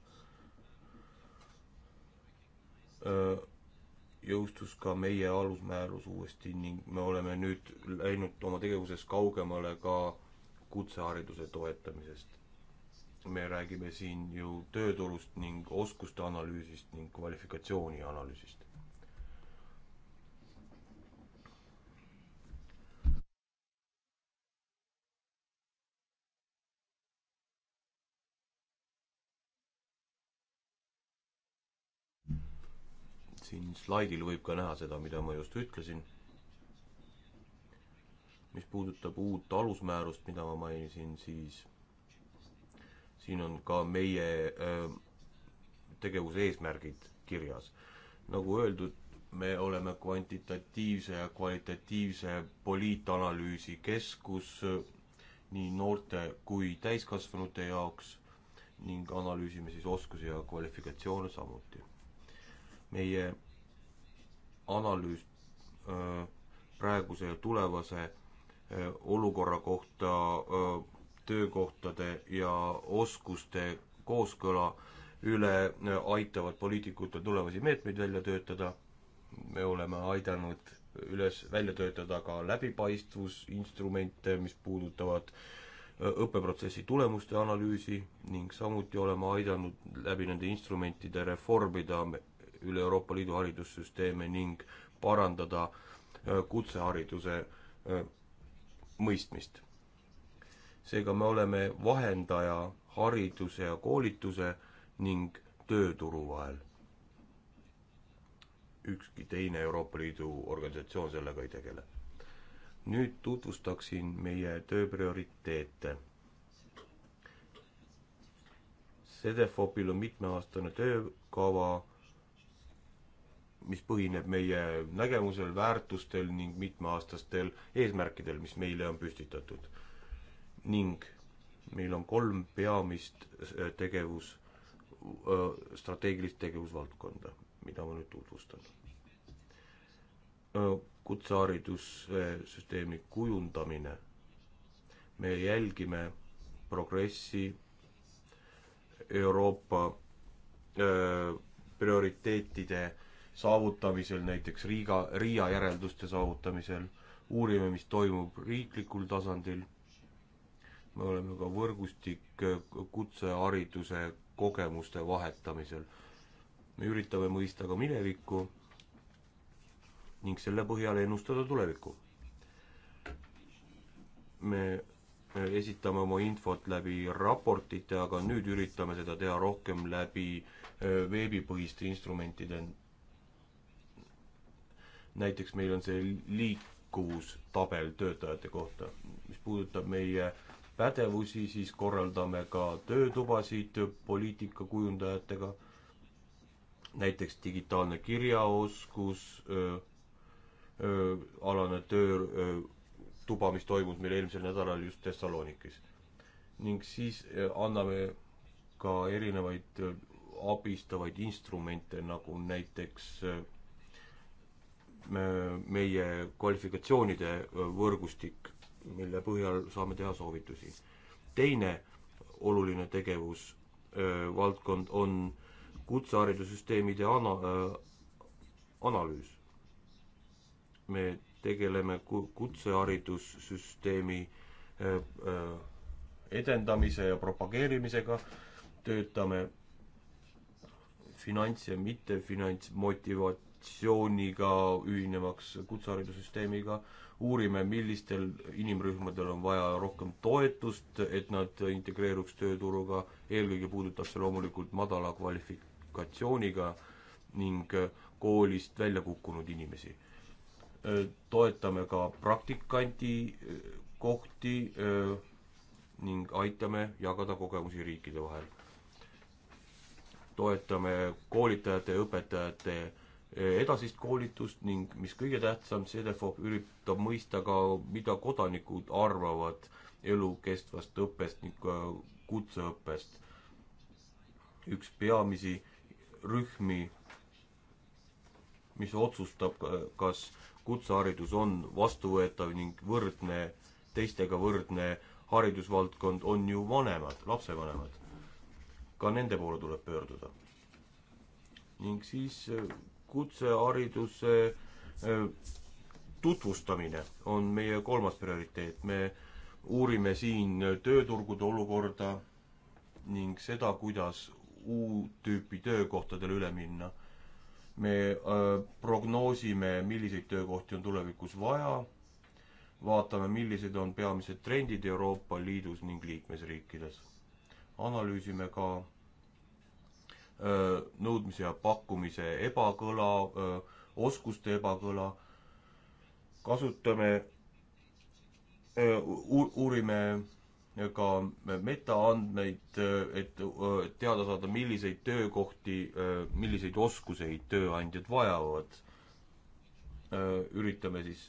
jõustus ka meie alusmäärus uuesti ning me oleme nüüd läinud oma tegevuses kaugemale ka kutsehariduse toetamisest me räägime siin ju tööturust ning oskuste analüüsist ning kvalifikatsiooni analüüsist. siin slaidil võib ka näha seda, mida ma just ütlesin. mis puudutab uut alusmäärust, mida ma mainisin, siis siin on ka meie äh, tegevuse eesmärgid kirjas. nagu öeldud, me oleme kvantitatiivse ja kvalitatiivse poliitanalüüsi keskus äh, nii noorte kui täiskasvanute jaoks ning analüüsime siis oskusi ja kvalifikatsioone samuti. meie analüüs äh, praeguse ja tulevase olukorra kohta töökohtade ja oskuste kooskõla üle äh, aitavad poliitikutel tulevasi meetmeid välja töötada. me oleme aidanud üles välja töötada ka läbipaistvusinstrumente, mis puudutavad äh, õppeprotsessi tulemuste analüüsi ning samuti oleme aidanud läbi nende instrumentide reformida üle Euroopa Liidu haridussüsteeme ning parandada äh, kutsehariduse mõistmist seega me oleme vahendaja hariduse ja koolituse ning tööturu vahel. ükski teine Euroopa Liidu organisatsioon sellega ei tegele. nüüd tutvustaksin meie töö prioriteete. Sedefopil on mitmeaastane töökava, mis põhineb meie nägemusel, väärtustel ning mitmeaastastel eesmärkidel, mis meile on püstitatud ning meil on kolm peamist äh, tegevus, äh, strateegilist tegevusvaldkonda, mida ma nüüd tutvustan. Äh, kutseharidussüsteemi kujundamine. me jälgime progressi Euroopa prioriteetide saavutamisel, näiteks Riiga, Riia järelduste saavutamisel, uurime, mis toimub riiklikul tasandil me oleme ka võrgustik äh, kutsehariduse kogemuste vahetamisel. me üritame mõista ka minevikku ning selle põhjal ennustada tulevikku. me esitame oma infot läbi raportite, aga nüüd üritame seda teha rohkem läbi äh, veebipõhiste instrumentide. näiteks meil on see liikuvustabel töötajate kohta, mis puudutab meie äh, pädevusi, siis korraldame ka töötubasid poliitikakujundajatega, näiteks digitaalne kirjaoskus, alane töötuba, mis toimus meil eelmisel nädalal just Thessalonikis. ning siis öö, anname ka erinevaid öö, abistavaid instrumente, nagu näiteks öö, meie kvalifikatsioonide võrgustik mille põhjal saame teha soovitusi. teine oluline tegevus öö, valdkond on kutseharidussüsteemide ana-, analüüs. me tegeleme ku-, kutseharidussüsteemi öö, öö, edendamise ja propageerimisega, töötame finants- ja mittefinantsmotiva-, konventsiooniga ühinemaks, kutseharidussüsteemiga, uurime, millistel inimrühmadel on vaja rohkem toetust, et nad integreeruks tööturuga, eelkõige puudutab see loomulikult madala kvalifikatsiooniga ning koolist välja kukkunud inimesi. toetame ka praktikandi eh, kohti eh, ning aitame jagada kogemusi riikide vahel. toetame koolitajate ja õpetajate Eh, edasist koolitust ning mis kõige tähtsam, CDFOP üritab mõista ka, mida kodanikud arvavad elukestvast õppest ning kutseõppest. üks peamisi rühmi, mis otsustab, kas kutseharidus on vastuvõetav ning võrdne, teistega võrdne haridusvaldkond, on ju vanemad, lapsevanemad. ka nende poole tuleb pöörduda. ning siis eh, kutsehariduse eh, tutvustamine on meie kolmas prioriteet. me uurime siin tööturgude olukorda ning seda, kuidas uut tüüpi töökohtadele üle minna. me öö, eh, prognoosime, milliseid töökohti on tulevikus vaja, vaatame, millised on peamised trendid Euroopa Liidus ning liikmesriikides. analüüsime ka Äh, nõudmise ja pakkumise ebakõla, äh, oskuste ebakõla, kasutame, äh, uurime ka metaandmeid, et teada saada, milliseid töökohti, milliseid oskuseid tööandjad vajavad. üritame siis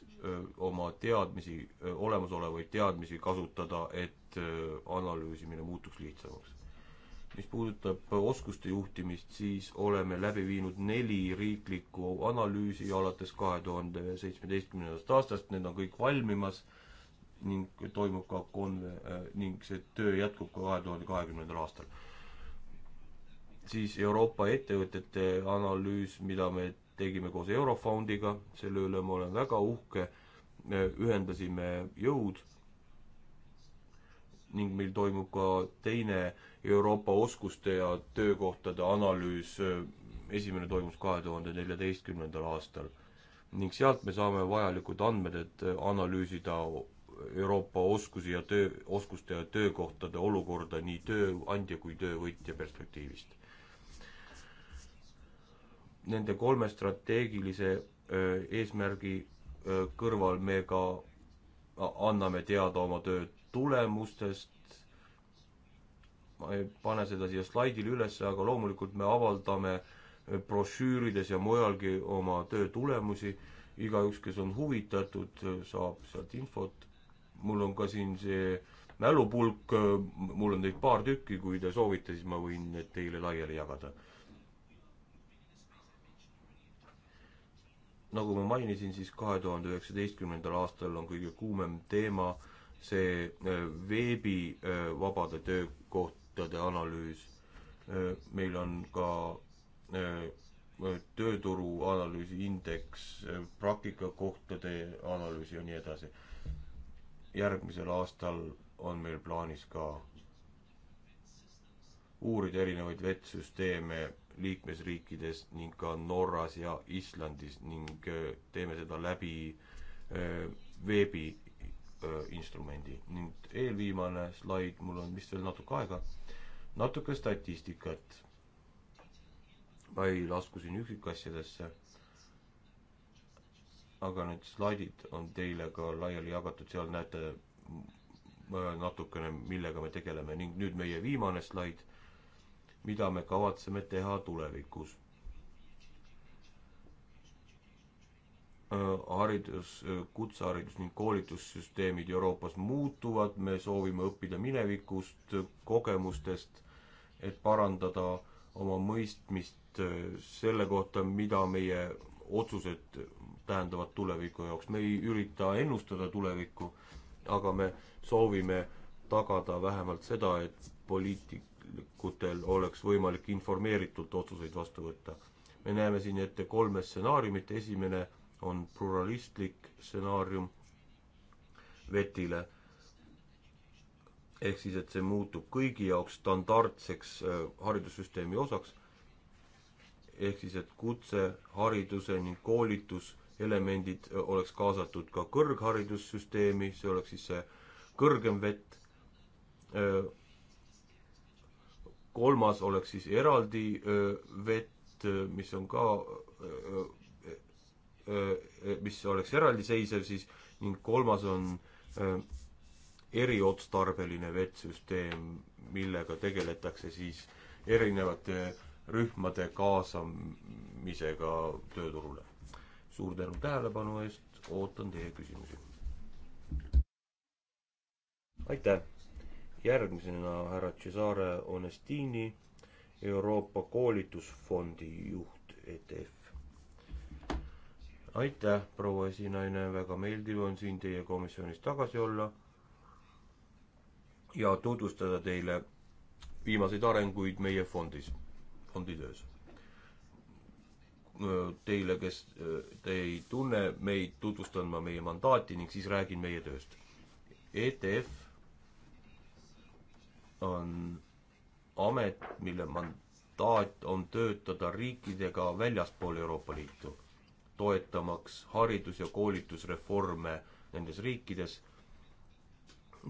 oma teadmisi, olemasolevaid teadmisi kasutada, et analüüsimine muutuks lihtsamaks mis puudutab oskuste juhtimist, siis oleme läbi viinud neli riiklikku analüüsi alates kahe tuhande seitsmeteistkümnendast aastast, need on kõik valmimas ning toimub ka konve-, äh, ning see töö jätkub ka kahe tuhande kahekümnendal aastal. siis Euroopa ettevõtete analüüs, mida me tegime koos Eurofondiga, selle üle ma olen väga uhke, ühendasime jõud ning meil toimub ka teine Euroopa oskuste ja töökohtade analüüs, äh, esimene toimus kahe tuhande neljateistkümnendal aastal. ning sealt me saame vajalikud andmed, et äh, analüüsida Euroopa oskusi ja töö, oskuste ja töökohtade olukorda nii tööandja kui töövõtja perspektiivist. Nende kolme strateegilise öö, äh, eesmärgi öö, kõrval me ka anname teada oma töö tulemustest, ma ei pane seda siia slaidile üles, aga loomulikult me avaldame brošüürides ja mujalgi oma töö tulemusi, igaüks, kes on huvitatud, saab sealt infot, mul on ka siin see mälupulk, mul on neid paar tükki, kui te soovite, siis ma võin need teile laiali jagada. nagu ma mainisin, siis kahe tuhande üheksateistkümnendal aastal on kõige kuumem teema see äh, veebivabade töökoht, töökohtade analüüs, meil on ka tööturu analüüsi indeks, praktikakohtade analüüs ja nii edasi. järgmisel aastal on meil plaanis ka uurida erinevaid vettsüsteeme liikmesriikides ning ka Norras ja Islandis ning teeme seda läbi veebiinstrumendi. nüüd eelviimane slaid, mul on vist veel natuke aega natuke statistikat. ma ei lasku siin üksikasjadesse. aga need slaidid on teile ka laiali jagatud, seal näete natukene, millega me tegeleme ning nüüd meie viimane slaid, mida me kavatseme teha tulevikus äh, haridus, äh, kutseharidus ning koolitussüsteemid Euroopas muutuvad, me soovime õppida minevikust, kogemustest et parandada oma mõistmist äh, selle kohta, mida meie otsused tähendavad tuleviku jaoks. me ei ürita ennustada tulevikku, aga me soovime tagada vähemalt seda, et poliitikutel oleks võimalik informeeritult otsuseid vastu võtta. me näeme siin ette kolme stsenaariumit, esimene on pluralistlik stsenaarium vetile ehk siis, et see muutub kõigi jaoks standardseks äh, haridussüsteemi osaks, ehk siis, et kutsehariduse ning koolituselemendid äh, oleks kaasatud ka kõrgharidussüsteemi, see oleks siis see kõrgem vett, äh, kolmas oleks siis eraldi vett, mis on ka, mis oleks eraldiseisev siis, ning kolmas on öö, eriotstarbeline VET-süsteem, millega tegeletakse siis erinevate rühmade kaasamisega tööturule. suur tänu tähelepanu eest, ootan teie küsimusi. aitäh! järgmisena härra Cesare Onestini, Euroopa Koolitusfondi juht ETF. aitäh, proua esinaine, väga meeldiv on siin teie komisjonis tagasi olla ja tutvustada teile viimaseid arenguid meie fondis, fondi töös. Teile, kes te ei tunne meid, tutvustan ma meie mandaati ning siis räägin meie tööst. ETF on amet, mille mandaat on töötada riikidega väljaspool Euroopa Liitu, toetamaks haridus- ja koolitusreforme nendes riikides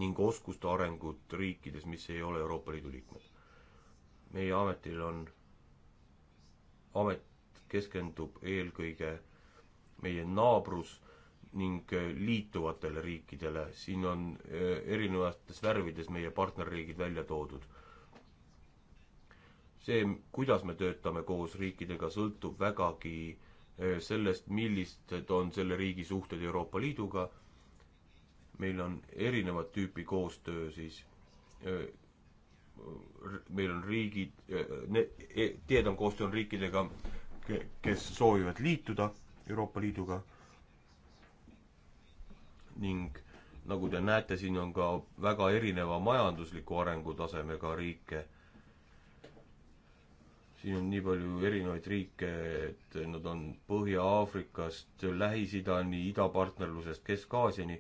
ning oskuste arengut riikides, mis ei ole Euroopa Liidu liikmed. meie ametil on, amet keskendub eelkõige meie naabrus ning äh, liituvatele riikidele, siin on äh, erinevates värvides meie partnerriigid välja toodud. see, kuidas me töötame koos riikidega, sõltub vägagi äh, sellest, millised on selle riigi suhted Euroopa Liiduga meil on erinevat tüüpi koostöö siis, meil on riigid, e-, tihedam koostöö on riikidega, kes soovivad liituda Euroopa Liiduga ning nagu te näete, siin on ka väga erineva majandusliku arengutasemega riike. siin on nii palju erinevaid riike, et nad on Põhja-Aafrikast Lähis-Idani, idapartnerlusest Kesk-Aasiani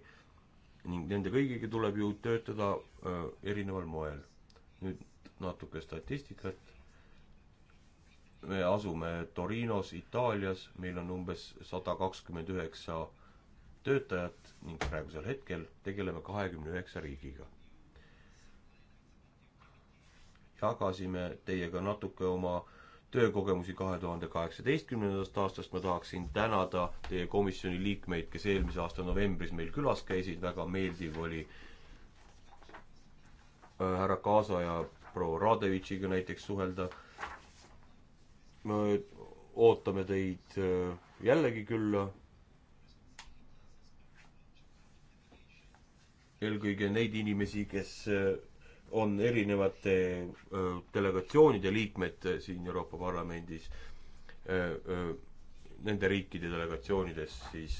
ning nende kõigiga tuleb ju töötada äh, erineval moel. nüüd natuke statistikat. me asume Torinos, Itaalias, meil on umbes sada kakskümmend üheksa töötajat ning praegusel hetkel tegeleme kahekümne üheksa riigiga. jagasime teiega natuke oma äh, töökogemusi kahe tuhande kaheksateistkümnendast aastast, ma tahaksin tänada teie komisjoni liikmeid, kes eelmise aasta novembris meil külas käisid, väga meeldiv oli äh, härra Kaasa ja proua Radevitšiga näiteks suhelda. me ootame teid äh, jällegi külla. eelkõige neid inimesi, kes äh, on erinevate delegatsioonide liikmed äh, siin Euroopa Parlamendis, nende riikide delegatsioonides siis,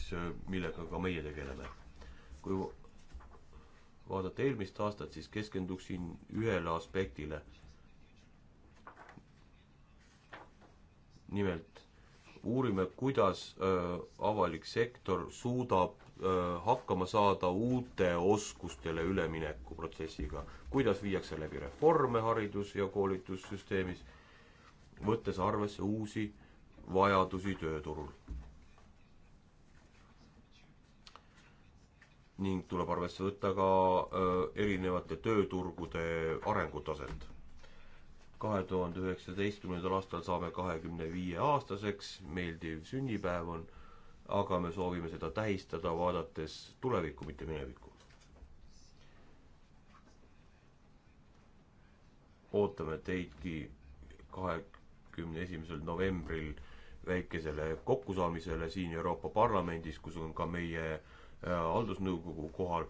millega ka meie tegeleme. kui vaadata eelmist aastat, siis keskenduksin ühele aspektile. nimelt uurime, kuidas avalik sektor suudab hakkama saada uute oskustele ülemineku protsessiga, kuidas viiakse läbi reforme haridus- ja koolitussüsteemis, võttes arvesse uusi vajadusi tööturul. ning tuleb arvesse võtta ka erinevate tööturgude arengutaset. kahe tuhande üheksateistkümnendal aastal saame kahekümne viie aastaseks, meeldiv sünnipäev on aga me soovime seda tähistada, vaadates tulevikku, mitte minevikku. ootame teidki kahekümne esimesel novembril väikesele kokkusaamisele siin Euroopa Parlamendis, kus on ka meie äh, haldusnõukogu kohal.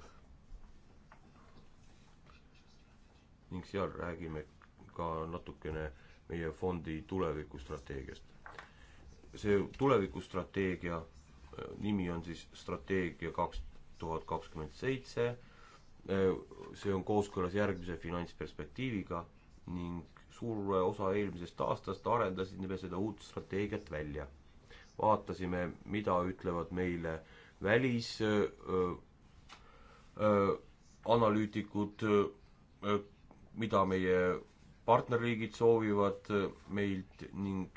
ning seal räägime ka natukene meie fondi tulevikustrateegiast. see tulevikustrateegia nimi on siis strateegia kaks tuhat kakskümmend seitse, see on kooskõlas järgmise finantsperspektiiviga ning suur osa eelmisest aastast arendasime seda uut strateegiat välja. vaatasime, mida ütlevad meile välisanalüütikud, mida meie partnerriigid soovivad meilt ning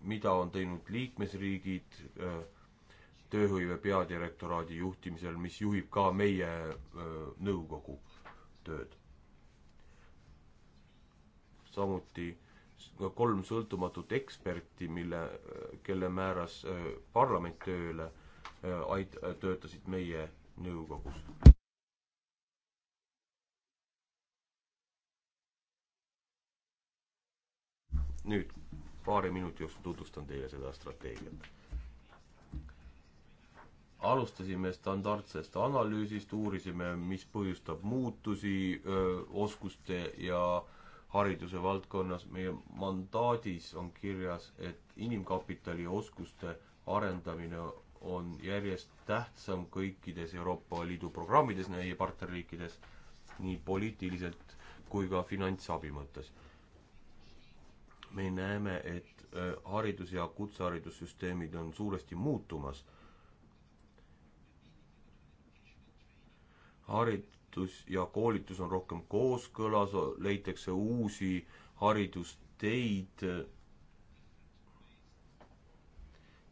mida on teinud liikmesriigid öö, tööhõive peadirektoraadi juhtimisel, mis juhib ka meie öö, nõukogu tööd. samuti kolm sõltumatut eksperti, mille, kelle määras öö, parlament tööle, ait-, töötasid meie nõukogus. nüüd paari minuti jooksul tutvustan teile seda strateegiat alustasime standardsest analüüsist, uurisime, mis põhjustab muutusi öö, oskuste ja hariduse valdkonnas. meie mandaadis on kirjas, et inimkapitali ja oskuste arendamine on järjest tähtsam kõikides Euroopa Liidu programmides, meie partnerriikides, nii poliitiliselt kui ka finantsabi mõttes. me näeme, et haridus- ja kutseharidussüsteemid on suuresti muutumas haridus ja koolitus on rohkem kooskõlas, leitakse uusi haridusteid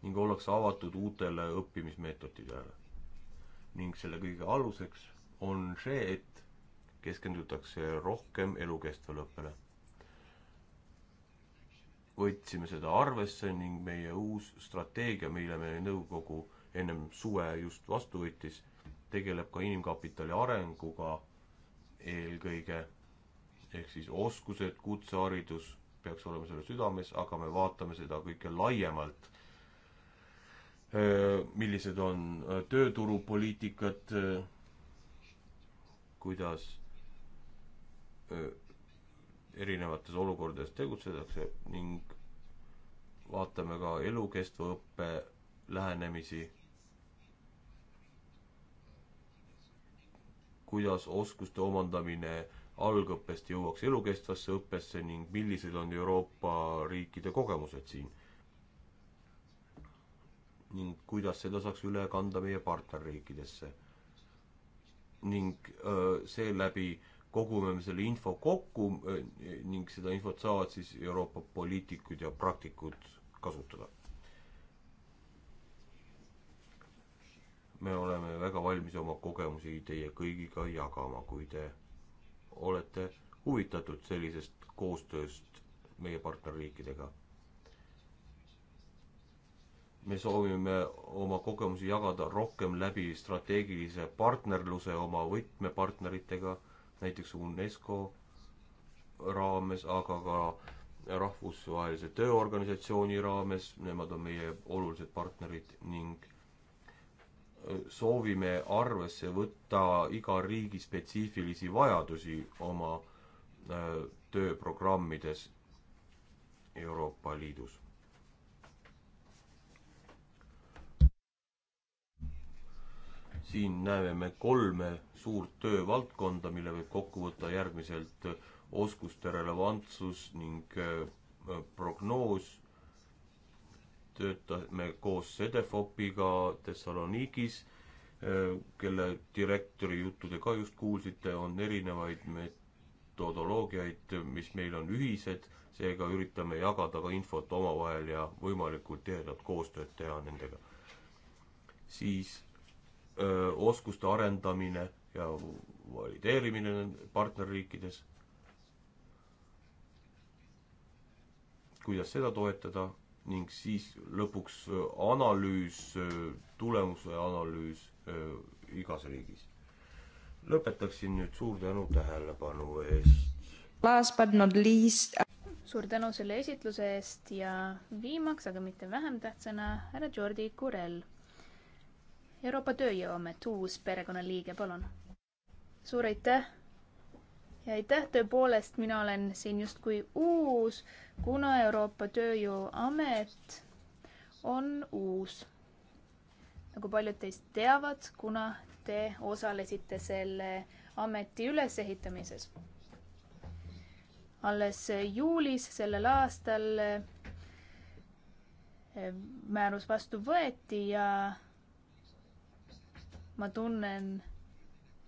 ning ollakse avatud uutele õppimismeetoditele. ning selle kõige aluseks on see, et keskendutakse rohkem elukestvale õppele. võtsime seda arvesse ning meie uus strateegia, mille me nõukogu ennem suve just vastu võttis tegeleb ka inimkapitali arenguga eelkõige, ehk siis oskused, kutseharidus peaks olema selle südames, aga me vaatame seda kõike laiemalt. millised on tööturupoliitikad, kuidas erinevates olukordades tegutsetakse ning vaatame ka elukestva õppe lähenemisi kuidas oskuste omandamine algõppest jõuaks elukestvasse õppesse ning millised on Euroopa riikide kogemused siin. ning kuidas seda saaks üle kanda meie partnerriikidesse. ning seeläbi kogume me selle info kokku ning seda infot saavad siis Euroopa poliitikud ja praktikud kasutada me oleme väga valmis oma kogemusi teie kõigiga jagama, kui te olete huvitatud sellisest koostööst meie partnerriikidega. me soovime oma kogemusi jagada rohkem läbi strateegilise partnerluse oma võtmepartneritega, näiteks UNESCO raames, aga ka rahvusvahelise tööorganisatsiooni raames, nemad on meie olulised partnerid ning soovime arvesse võtta iga riigi spetsiifilisi vajadusi oma äh, tööprogrammides Euroopa Liidus. siin näeme me kolme suurt töövaldkonda, mille võib kokku võtta järgmiselt äh, oskuste relevantsus ning äh, prognoos töötame koos Sedefopiga Thessalonikis, äh, kelle direktori juttude ka just kuulsite, on erinevaid metodoloogiaid, mis meil on ühised, seega üritame jagada ka infot omavahel ja võimalikult tihedat koostööd teha nendega. siis öö, äh, oskuste arendamine ja valideerimine partnerriikides. kuidas seda toetada ning siis lõpuks äh, analüüs, äh, tulemuse analüüs äh, igas riigis. lõpetaksin nüüd suur tänu tähelepanu eest. Last but not least. suur tänu selle esitluse eest ja viimaks, aga mitte vähem tähtsana, härra Jordi Kurel. Euroopa Tööjõuamet, uus perekonnaliige, palun. suur aitäh ja aitäh, tõepoolest, mina olen siin justkui uus kuna Euroopa Tööjõuamet on uus, nagu paljud teist teavad, kuna te osalesite selle ameti ülesehitamises. alles juulis sellel aastal eh, määrus vastu võeti ja ma tunnen,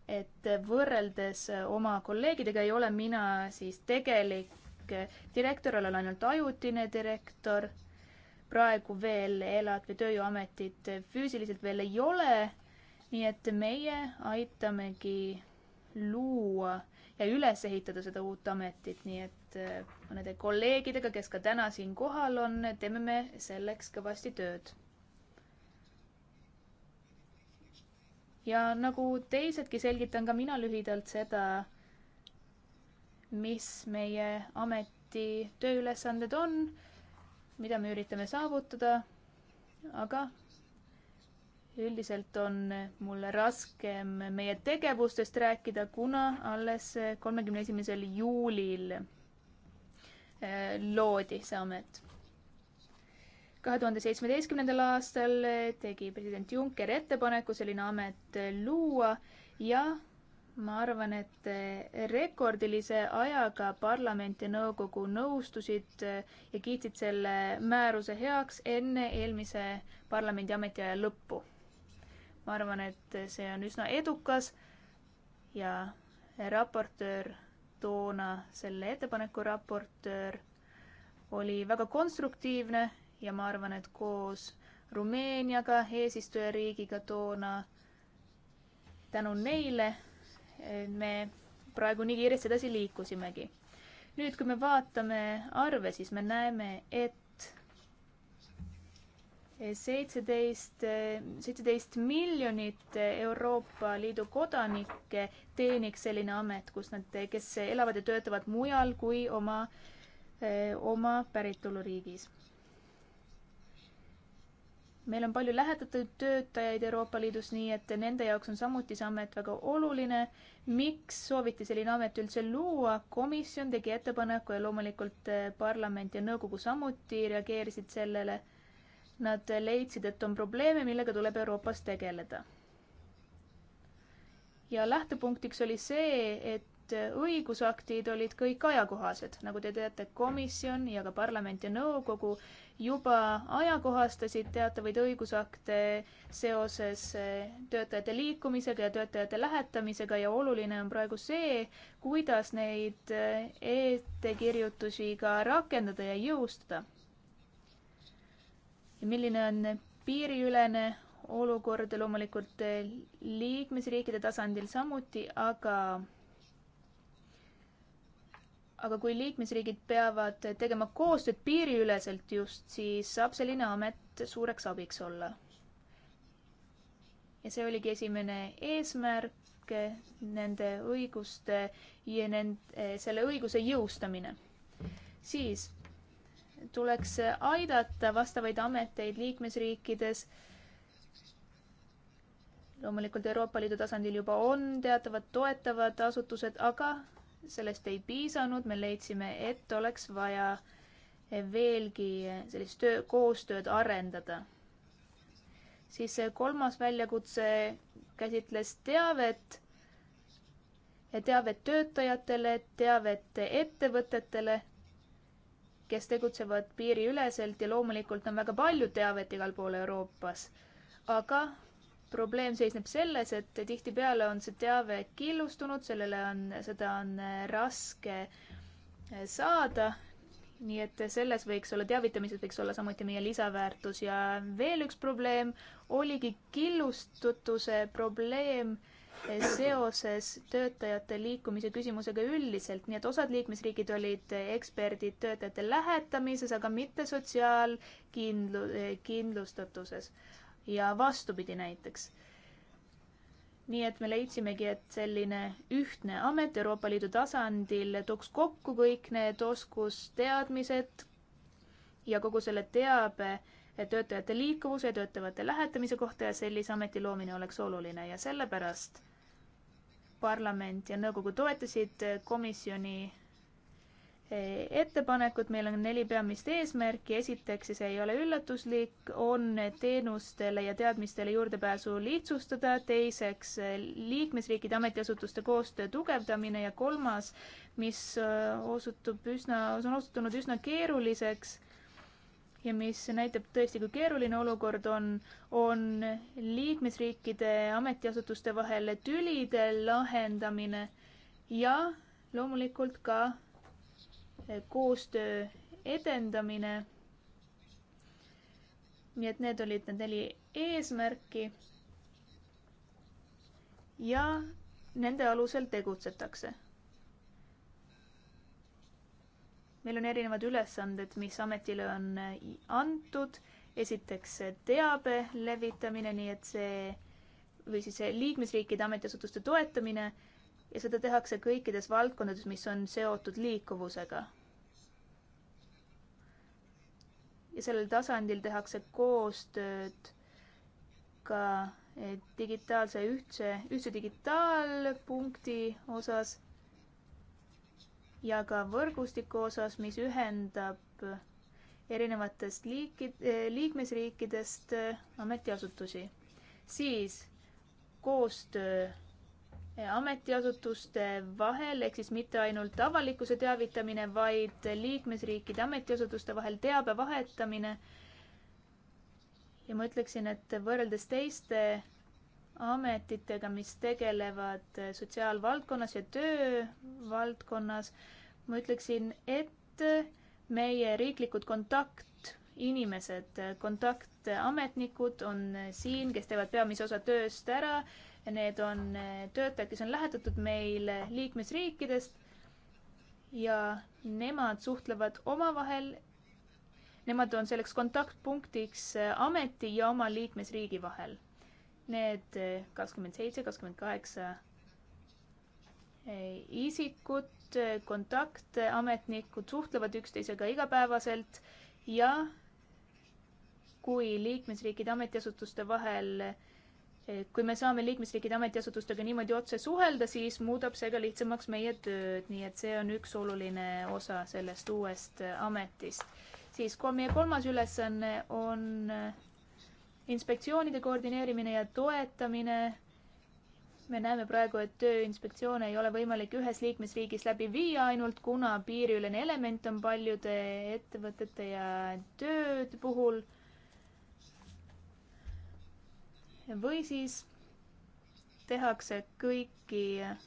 et võrreldes oma kolleegidega ei ole mina siis tegelik ametnikke. direktoril on ainult ajutine direktor, praegu veel ELAK või Tööjõuametit füüsiliselt veel ei ole. nii et meie aitamegi luua ja üles ehitada seda uut ametit, nii et äh, mõnede kolleegidega, kes ka täna siin kohal on, teeme me selleks kõvasti tööd. ja nagu teisedki, selgitan ka mina lühidalt seda, mis meie ameti tööülesanded on, mida me üritame saavutada, aga üldiselt on mul raskem meie tegevustest rääkida, kuna alles kolmekümne esimesel juulil äh, loodi see amet. kahe tuhande seitsmeteistkümnendal aastal tegi president Juncker ettepaneku selline amet äh, luua ja ma arvan, et eh, rekordilise ajaga parlament ja nõukogu nõustusid eh, ja kiitsid selle määruse heaks enne eelmise parlamendi ametiaja lõppu. ma arvan, et see on üsna edukas ja raportöör, toona selle ettepaneku raportöör, oli väga konstruktiivne ja ma arvan, et koos Rumeeniaga, eesistujariigiga toona, tänu neile me praegu nii kiiresti edasi liikusimegi. nüüd, kui me vaatame arve, siis me näeme, et seitseteist, seitseteist miljonit Euroopa Liidu kodanikke teeniks selline amet, kus nad, kes elavad ja töötavad mujal kui oma, oma päritoluriigis meil on palju lähetatud töötajaid Euroopa Liidus, nii et nende jaoks on samuti see amet väga oluline. miks sooviti selline amet üldse luua? komisjon tegi ettepaneku ja loomulikult eh, parlament ja nõukogu samuti reageerisid sellele. Nad leidsid, et on probleeme, millega tuleb Euroopas tegeleda. ja lähtepunktiks oli see, et et õigusaktid olid kõik ajakohased. nagu te teate, komisjon ja ka parlament ja nõukogu juba ajakohastasid teatavaid õigusakte seoses eh, töötajate liikumisega ja töötajate lähetamisega ja oluline on praegu see, kuidas neid eh, ettekirjutusi ka rakendada ja jõustada. ja milline on piiriülene olukord loomulikult eh, liikmesriikide tasandil samuti, aga aga kui liikmesriigid peavad tegema koostööd piiriüleselt just, siis saab selline amet suureks abiks olla. ja see oligi esimene eesmärk, nende õiguste ja nende, eh, selle õiguse jõustamine. siis tuleks aidata vastavaid ameteid liikmesriikides. loomulikult Euroopa Liidu tasandil juba on teatavad toetavad asutused, aga sellest ei piisanud, me leidsime, et oleks vaja veelgi sellist töö, koostööd arendada. siis kolmas väljakutse käsitles teavet, teavet töötajatele, teavet ettevõtetele, kes tegutsevad piiriüleselt ja loomulikult on väga palju teavet igal pool Euroopas, aga probleem seisneb selles, et tihtipeale on see teave killustunud, sellele on, seda on äh, raske äh, saada. nii et selles võiks olla, teavitamises võiks olla samuti meie lisaväärtus ja veel üks probleem oligi killustatuse probleem äh, seoses töötajate liikumise küsimusega üldiselt, nii et osad liikmesriigid olid eksperdid töötajate lähetamises, aga mitte sotsiaalkindlu-, kindlustatuses ja vastupidi näiteks. nii et me leidsimegi, et selline ühtne amet Euroopa Liidu tasandil tooks kokku kõik need oskusteadmised ja kogu selle teabe töötajate liikuvuse ja töötajate lähetamise kohta ja sellise ameti loomine oleks oluline ja sellepärast parlament ja nõukogu toetasid komisjoni ettepanekud, meil on neli peamist eesmärki, esiteks, ja see ei ole üllatuslik, on teenustele ja teadmistele juurdepääsu lihtsustada, teiseks, liikmesriikide ametiasutuste koostöö tugevdamine ja kolmas, mis äh, osutub üsna, see on osutunud üsna keeruliseks ja mis näitab tõesti, kui keeruline olukord on, on liikmesriikide ametiasutuste vahel tülide lahendamine ja loomulikult ka koostöö edendamine. nii et need olid need neli eesmärki. ja nende alusel tegutsetakse. meil on erinevad ülesanded, mis ametile on äh, antud. esiteks teabe levitamine, nii et see või siis liikmesriikide ametiasutuste toetamine ja seda tehakse kõikides valdkondades, mis on seotud liikuvusega ja sellel tasandil tehakse koostööd ka digitaalse ühtse, ühtse digitaalpunkti osas ja ka võrgustiku osas, mis ühendab erinevatest liiki, liikmesriikidest ametiasutusi. siis koostöö ametiasutuste vahel, ehk siis mitte ainult avalikkuse teavitamine, vaid liikmesriikide ametiasutuste vahel teabe vahetamine. ja ma ütleksin, et võrreldes teiste ametitega, mis tegelevad sotsiaalvaldkonnas ja töövaldkonnas, ma ütleksin, et meie riiklikud kontaktinimesed, kontaktametnikud on siin, kes teevad peamise osa tööst ära Need on eh, töötajad, kes on lähetatud meil liikmesriikidest ja nemad suhtlevad omavahel. Nemad on selleks kontaktpunktiks eh, ameti ja oma liikmesriigi vahel. Need eh, kakskümmend seitse, kakskümmend kaheksa isikut, kontaktametnikud suhtlevad üksteisega igapäevaselt ja kui liikmesriikide ametiasutuste vahel kui me saame liikmesriikide ametiasutustega niimoodi otse suhelda, siis muudab see ka lihtsamaks meie tööd, nii et see on üks oluline osa sellest uuest ametist. siis meie kolmas ülesanne on äh, inspektsioonide koordineerimine ja toetamine me näeme praegu, et tööinspektsioone ei ole võimalik ühes liikmesriigis läbi viia ainult, kuna piiriülene element on paljude ettevõtete ja tööde puhul või siis tehakse kõiki, eh,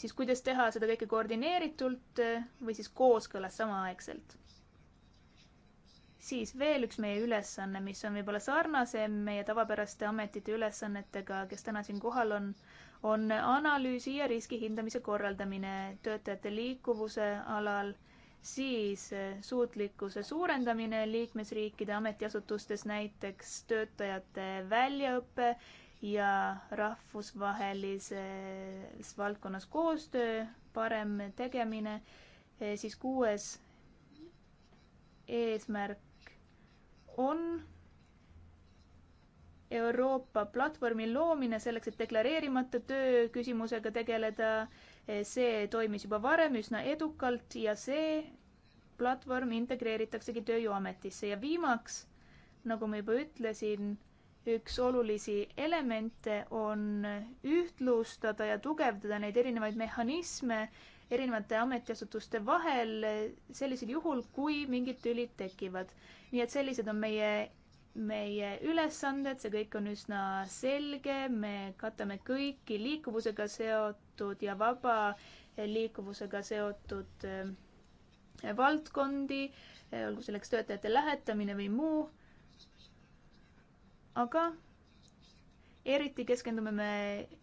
siis kuidas teha seda kõike koordineeritult eh, või siis kooskõlas samaaegselt. siis veel üks meie ülesanne, mis on võib-olla sarnasem meie tavapäraste ametite ülesannetega, kes täna siin kohal on, on analüüsi ja riski hindamise korraldamine töötajate liikuvuse alal siis eh, suutlikkuse suurendamine liikmesriikide ametiasutustes, näiteks töötajate väljaõpe ja rahvusvahelises valdkonnas koostöö parem tegemine, eh, siis kuues eesmärk on Euroopa platvormi loomine selleks, et deklareerimata töö küsimusega tegeleda see toimis juba varem üsna edukalt ja see platvorm integreeritaksegi Tööjõuametisse ja viimaks, nagu ma juba ütlesin, üks olulisi elemente on ühtlustada ja tugevdada neid erinevaid mehhanisme erinevate ametiasutuste vahel sellisel juhul, kui mingid tülid tekivad. nii et sellised on meie meie ülesanded, see kõik on üsna selge, me katame kõiki liikuvusega seotud ja vaba liikuvusega seotud eh, valdkondi, eh, olgu selleks töötajate lähetamine või muu. aga eriti keskendume me,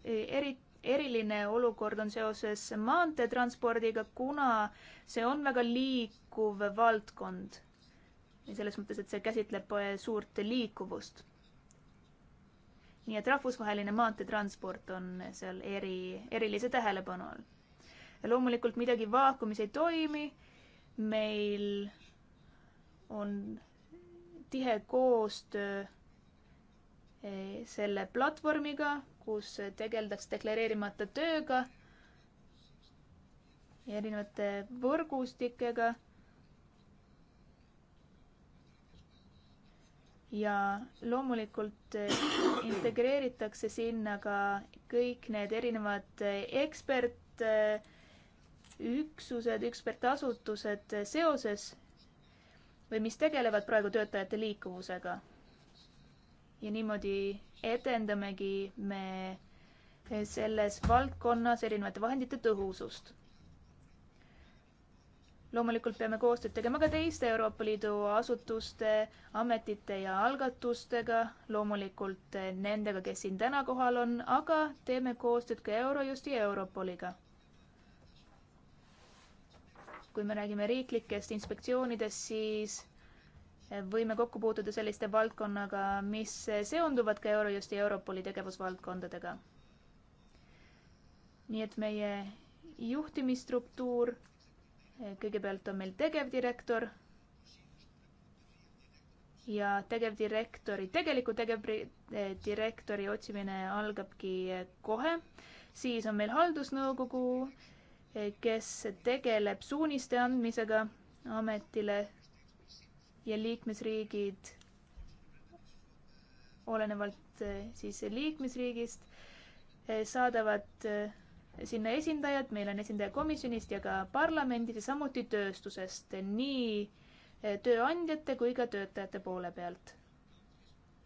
eh, eriti eriline olukord on seoses maanteetranspordiga, kuna see on väga liikuv valdkond selles mõttes, et see käsitleb äh, suurt liikuvust. nii et rahvusvaheline maanteetransport on seal eri, erilise tähelepanu all. loomulikult midagi vaakumis ei toimi. meil on tihe koostöö äh, selle platvormiga, kus tegeldakse deklareerimata tööga, erinevate võrgustikega ja loomulikult eh, integreeritakse sinna ka kõik need erinevad eh, ekspertüksused, eh, ekspertasutused seoses või mis tegelevad praegu töötajate liikuvusega. ja niimoodi edendamegi me selles valdkonnas erinevate vahendite tõhusust loomulikult peame koostööd tegema ka teiste Euroopa Liidu asutuste, ametite ja algatustega, loomulikult nendega, kes siin täna kohal on, aga teeme koostööd ka Eurojusti ja Europoliga. kui me räägime riiklikest inspektsioonidest, siis võime kokku puutuda selliste valdkonnaga, mis seonduvad ka Eurojusti ja Europoli tegevusvaldkondadega. nii et meie juhtimisstruktuur kõigepealt on meil tegevdirektor ja tegevdirektori, tegeliku tegevdirektori eh, otsimine algabki eh, kohe. siis on meil haldusnõukogu, eh, kes tegeleb suuniste andmisega ametile ja liikmesriigid olenevalt siis liikmesriigist saadavad sinna esindajad, meil on esindaja komisjonist ja ka parlamendist ja samuti tööstusest, nii eh, tööandjate kui ka töötajate poole pealt.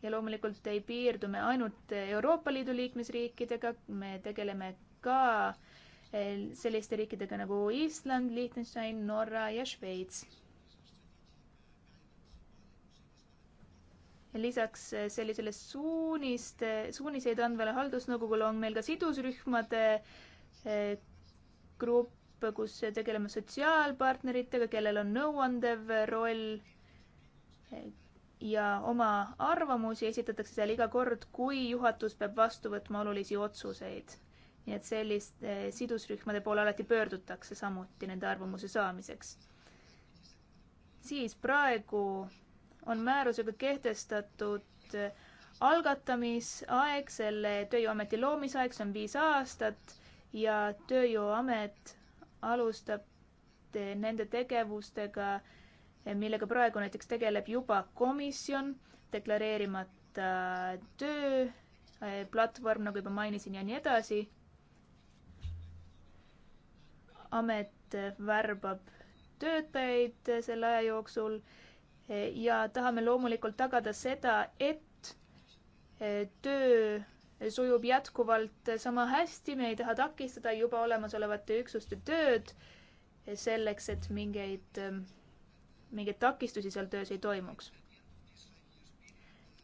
ja loomulikult ei piirdu me ainult eh, Euroopa Liidu liikmesriikidega, me tegeleme ka eh, selliste riikidega nagu Island, Liechtenstein, Norra ja Šveits. lisaks sellisele suunist, suuniseid andvale haldusnõukogule on meil ka sidusrühmade äh, grupp, kus tegeleme sotsiaalpartneritega, kellel on nõuandev roll ja oma arvamusi esitatakse seal iga kord, kui juhatus peab vastu võtma olulisi otsuseid. nii et sellist eh, sidusrühmade poole alati pöördutakse samuti nende arvamuse saamiseks. siis praegu on määrusega kehtestatud eh, algatamisaeg, selle Tööameti loomisaeg, see on viis aastat ja Tööjõuamet alustab te nende tegevustega, millega praegu näiteks tegeleb juba komisjon, deklareerimata töö, eh, platvorm, nagu juba mainisin, ja nii edasi. amet värbab töötajaid selle aja jooksul eh, ja tahame loomulikult tagada seda, et eh, töö sujub jätkuvalt sama hästi, me ei taha takistada juba olemasolevate üksuste tööd selleks, et mingeid, mingeid takistusi seal töös ei toimuks.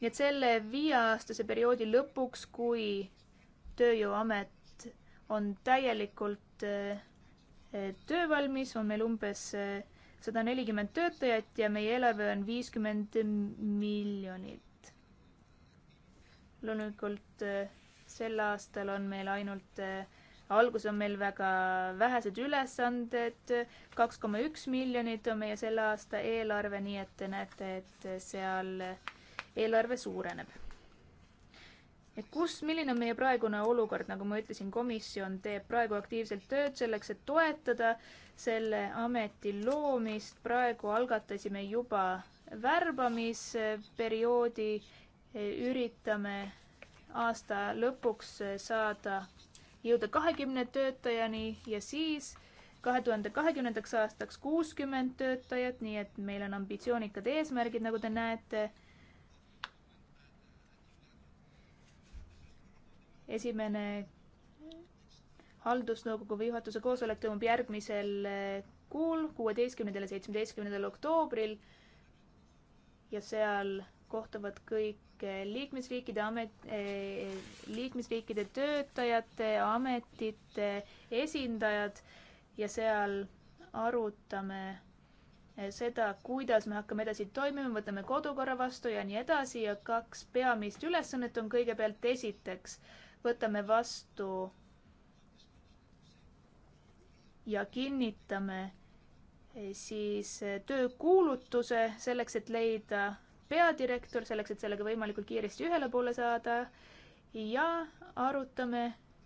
nii et selle viieaastase perioodi lõpuks, kui Tööjõuamet on täielikult eh, töövalmis, on meil umbes eh, sada nelikümmend töötajat ja meie eelarve on viiskümmend miljonit loomulikult eh, sel aastal on meil ainult, eh, alguses on meil väga vähesed ülesanded, kaks koma üks miljonit on meie selle aasta eelarve, nii et te näete, et seal eelarve suureneb. et kus, milline on meie praegune olukord, nagu ma ütlesin, komisjon teeb praegu aktiivselt tööd selleks, et toetada selle ameti loomist, praegu algatasime juba värbamisperioodi üritame aasta lõpuks saada, jõuda kahekümne töötajani ja siis kahe tuhande kahekümnendaks aastaks kuuskümmend töötajat, nii et meil on ambitsioonikad eesmärgid, nagu te näete. esimene haldusnõukogu või juhatuse koosolek toimub järgmisel kuul, kuueteistkümnendal ja seitsmeteistkümnendal oktoobril. ja seal kohtuvad kõik Eh, liikmesriikide amet, eh, liikmesriikide töötajate, ametite esindajad ja seal arutame eh, seda, kuidas me hakkame edasi toimima, võtame kodukorra vastu ja nii edasi ja kaks peamist ülesannet on kõigepealt esiteks, võtame vastu ja kinnitame siis töökuulutuse selleks, et leida peadirektor, selleks et sellega võimalikult kiiresti ühele poole saada ja arutame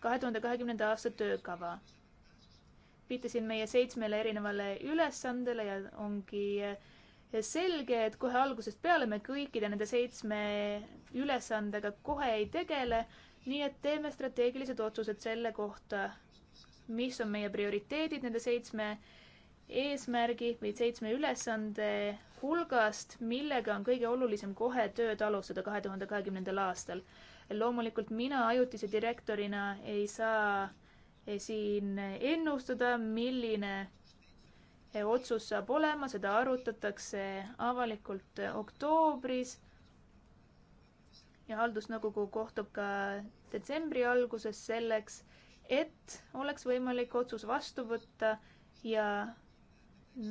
kahe tuhande kahekümnenda aasta töökava. viitasin meie seitsmele erinevale ülesandele ja ongi ja selge, et kohe algusest peale me kõikide nende seitsme ülesandega kohe ei tegele, nii et teeme strateegilised otsused selle kohta, mis on meie prioriteedid nende seitsme eesmärgi või seitsme ülesande hulgast, millega on kõige olulisem kohe tööd alustada kahe tuhande kahekümnendal aastal. loomulikult mina ajutise direktorina ei saa eh, siin ennustada, milline eh, otsus saab olema, seda arutatakse avalikult eh, oktoobris. ja haldusnõukogu kohtub ka detsembri alguses selleks, et oleks võimalik otsus vastu võtta ja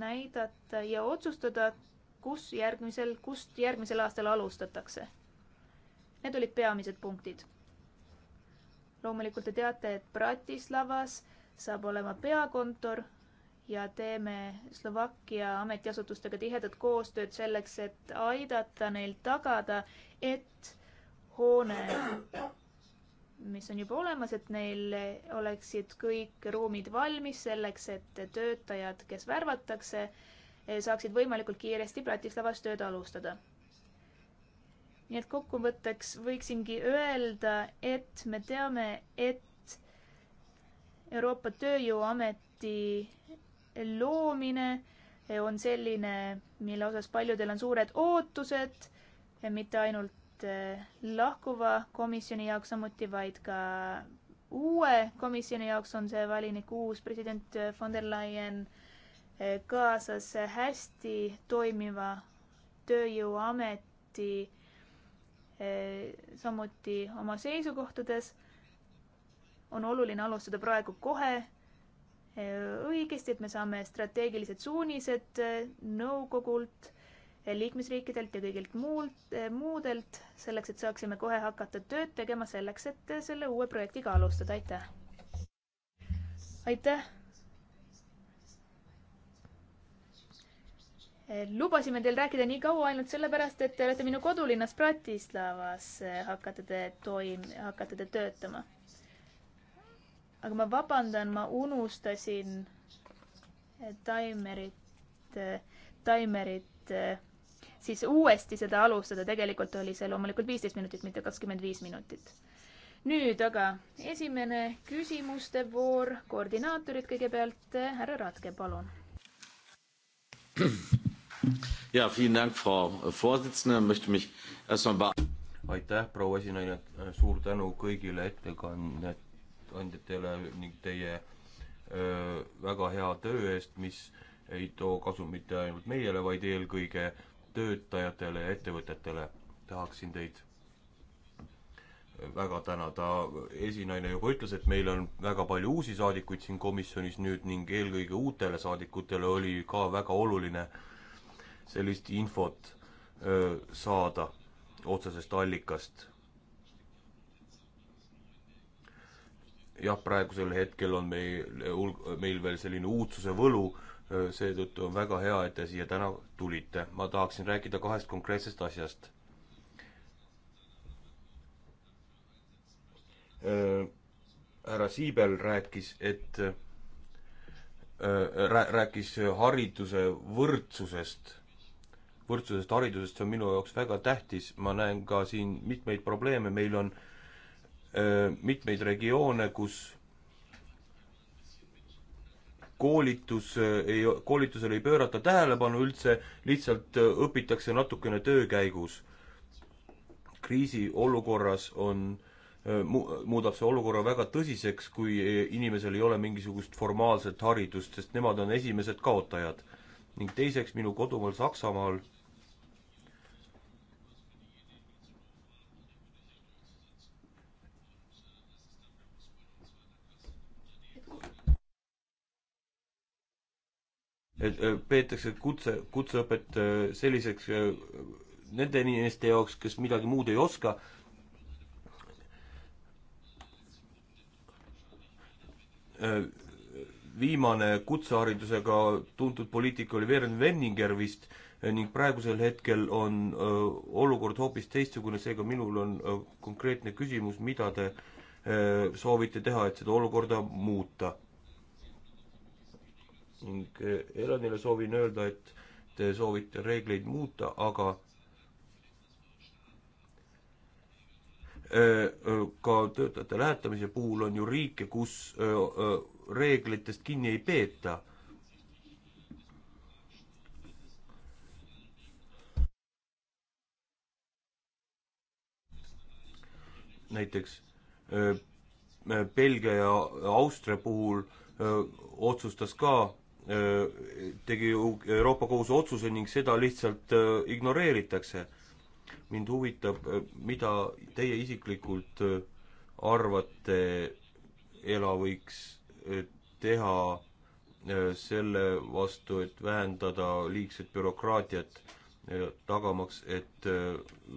näidata ja otsustada, kus järgmisel, kust järgmisel aastal alustatakse. Need olid peamised punktid. loomulikult te teate, et Bratislavas saab olema peakontor ja teeme Slovakkia ametiasutustega tihedat koostööd selleks, et aidata neil tagada, et hoone, mis on juba olemas, et neil oleksid kõik ruumid valmis selleks, et töötajad, kes värvatakse, Eh, saaksid võimalikult kiiresti Bratislavas tööd alustada. nii et kokkuvõtteks võiksingi öelda, et me teame, et Euroopa Tööjõuameti loomine eh, on selline, mille osas paljudel on suured ootused, eh, mitte ainult lahkuva komisjoni jaoks samuti, vaid ka uue komisjoni jaoks on see valinik uus president von der Leyen kaasas hästi toimiva tööjõuameti eh, samuti oma seisukohtades. on oluline alustada praegu kohe eh, õigesti, et me saame strateegilised suunised eh, nõukogult, liikmesriikidelt ja kõigilt muult, muudelt, selleks et saaksime kohe hakata tööd tegema, selleks et selle uue projektiga alustada, aitäh! aitäh! Eh, lubasime teil rääkida nii kaua ainult sellepärast, et te olete minu kodulinnas Bratislavas, eh, hakkate te toim-, hakkate te töötama. aga ma vabandan, ma unustasin eh, taimerit, taimerit siis uuesti seda alustada, tegelikult oli see loomulikult viisteist minutit, mitte kakskümmend viis minutit. nüüd aga esimene küsimuste voor, koordinaatorid kõigepealt, härra Ratke, palun ja, vielen Dank, Frau äh, Vorsitzende, möchte mich erstmal bei aitäh, proua esinaine, äh, suur tänu kõigile ettekandjatele ning teie öö, äh, väga hea töö eest, mis ei too kasu mitte ainult meile, vaid eelkõige töötajatele ja ettevõtetele. tahaksin teid väga tänada, esinaine juba ütles, et meil on väga palju uusi saadikuid siin komisjonis nüüd ning eelkõige uutele saadikutele oli ka väga oluline äh, sellist infot saada otsesest allikast. jah, praegusel hetkel on meil, meil veel selline uudsuse võlu, seetõttu on väga hea, et te siia täna tulite. ma tahaksin rääkida kahest konkreetsest asjast. härra Siibel rääkis, et rääkis hariduse võrdsusest võrdsusest haridusest, see on minu jaoks väga tähtis, ma näen ka siin mitmeid probleeme, meil on öö, mitmeid regioone, kus koolitus ei, koolitusele ei pöörata tähelepanu üldse, lihtsalt õpitakse natukene töö käigus. kriisiolukorras on mu-, muudab see olukorra väga tõsiseks, kui e, inimesel ei ole mingisugust formaalset haridust, sest nemad on esimesed kaotajad. ning teiseks, minu kodumaal Saksamaal Äh, peetakse kutse, kutseõpet äh, selliseks äh, nende inimeste jaoks, kes midagi muud ei oska. viimane kutseharidusega tuntud poliitik oli Vern Wenninger vist ning praegusel hetkel on olukord hoopis teistsugune, seega minul on konkreetne küsimus, mida te soovite teha, et seda olukorda muuta ning Elenile eh, soovin öelda, et te soovite reegleid muuta, aga eh, eh, ka töötajate lähetamise puhul on ju riike, kus reeglitest kinni ei peeta. näiteks Belgia ja Austria puhul öö, otsustas ka tegi Euroopa Kohus otsuse ning seda lihtsalt äh, ignoreeritakse. mind huvitab, äh, mida teie isiklikult äh, arvate, ELA võiks teha selle vastu, et vähendada liigset bürokraatiat, tagamaks, et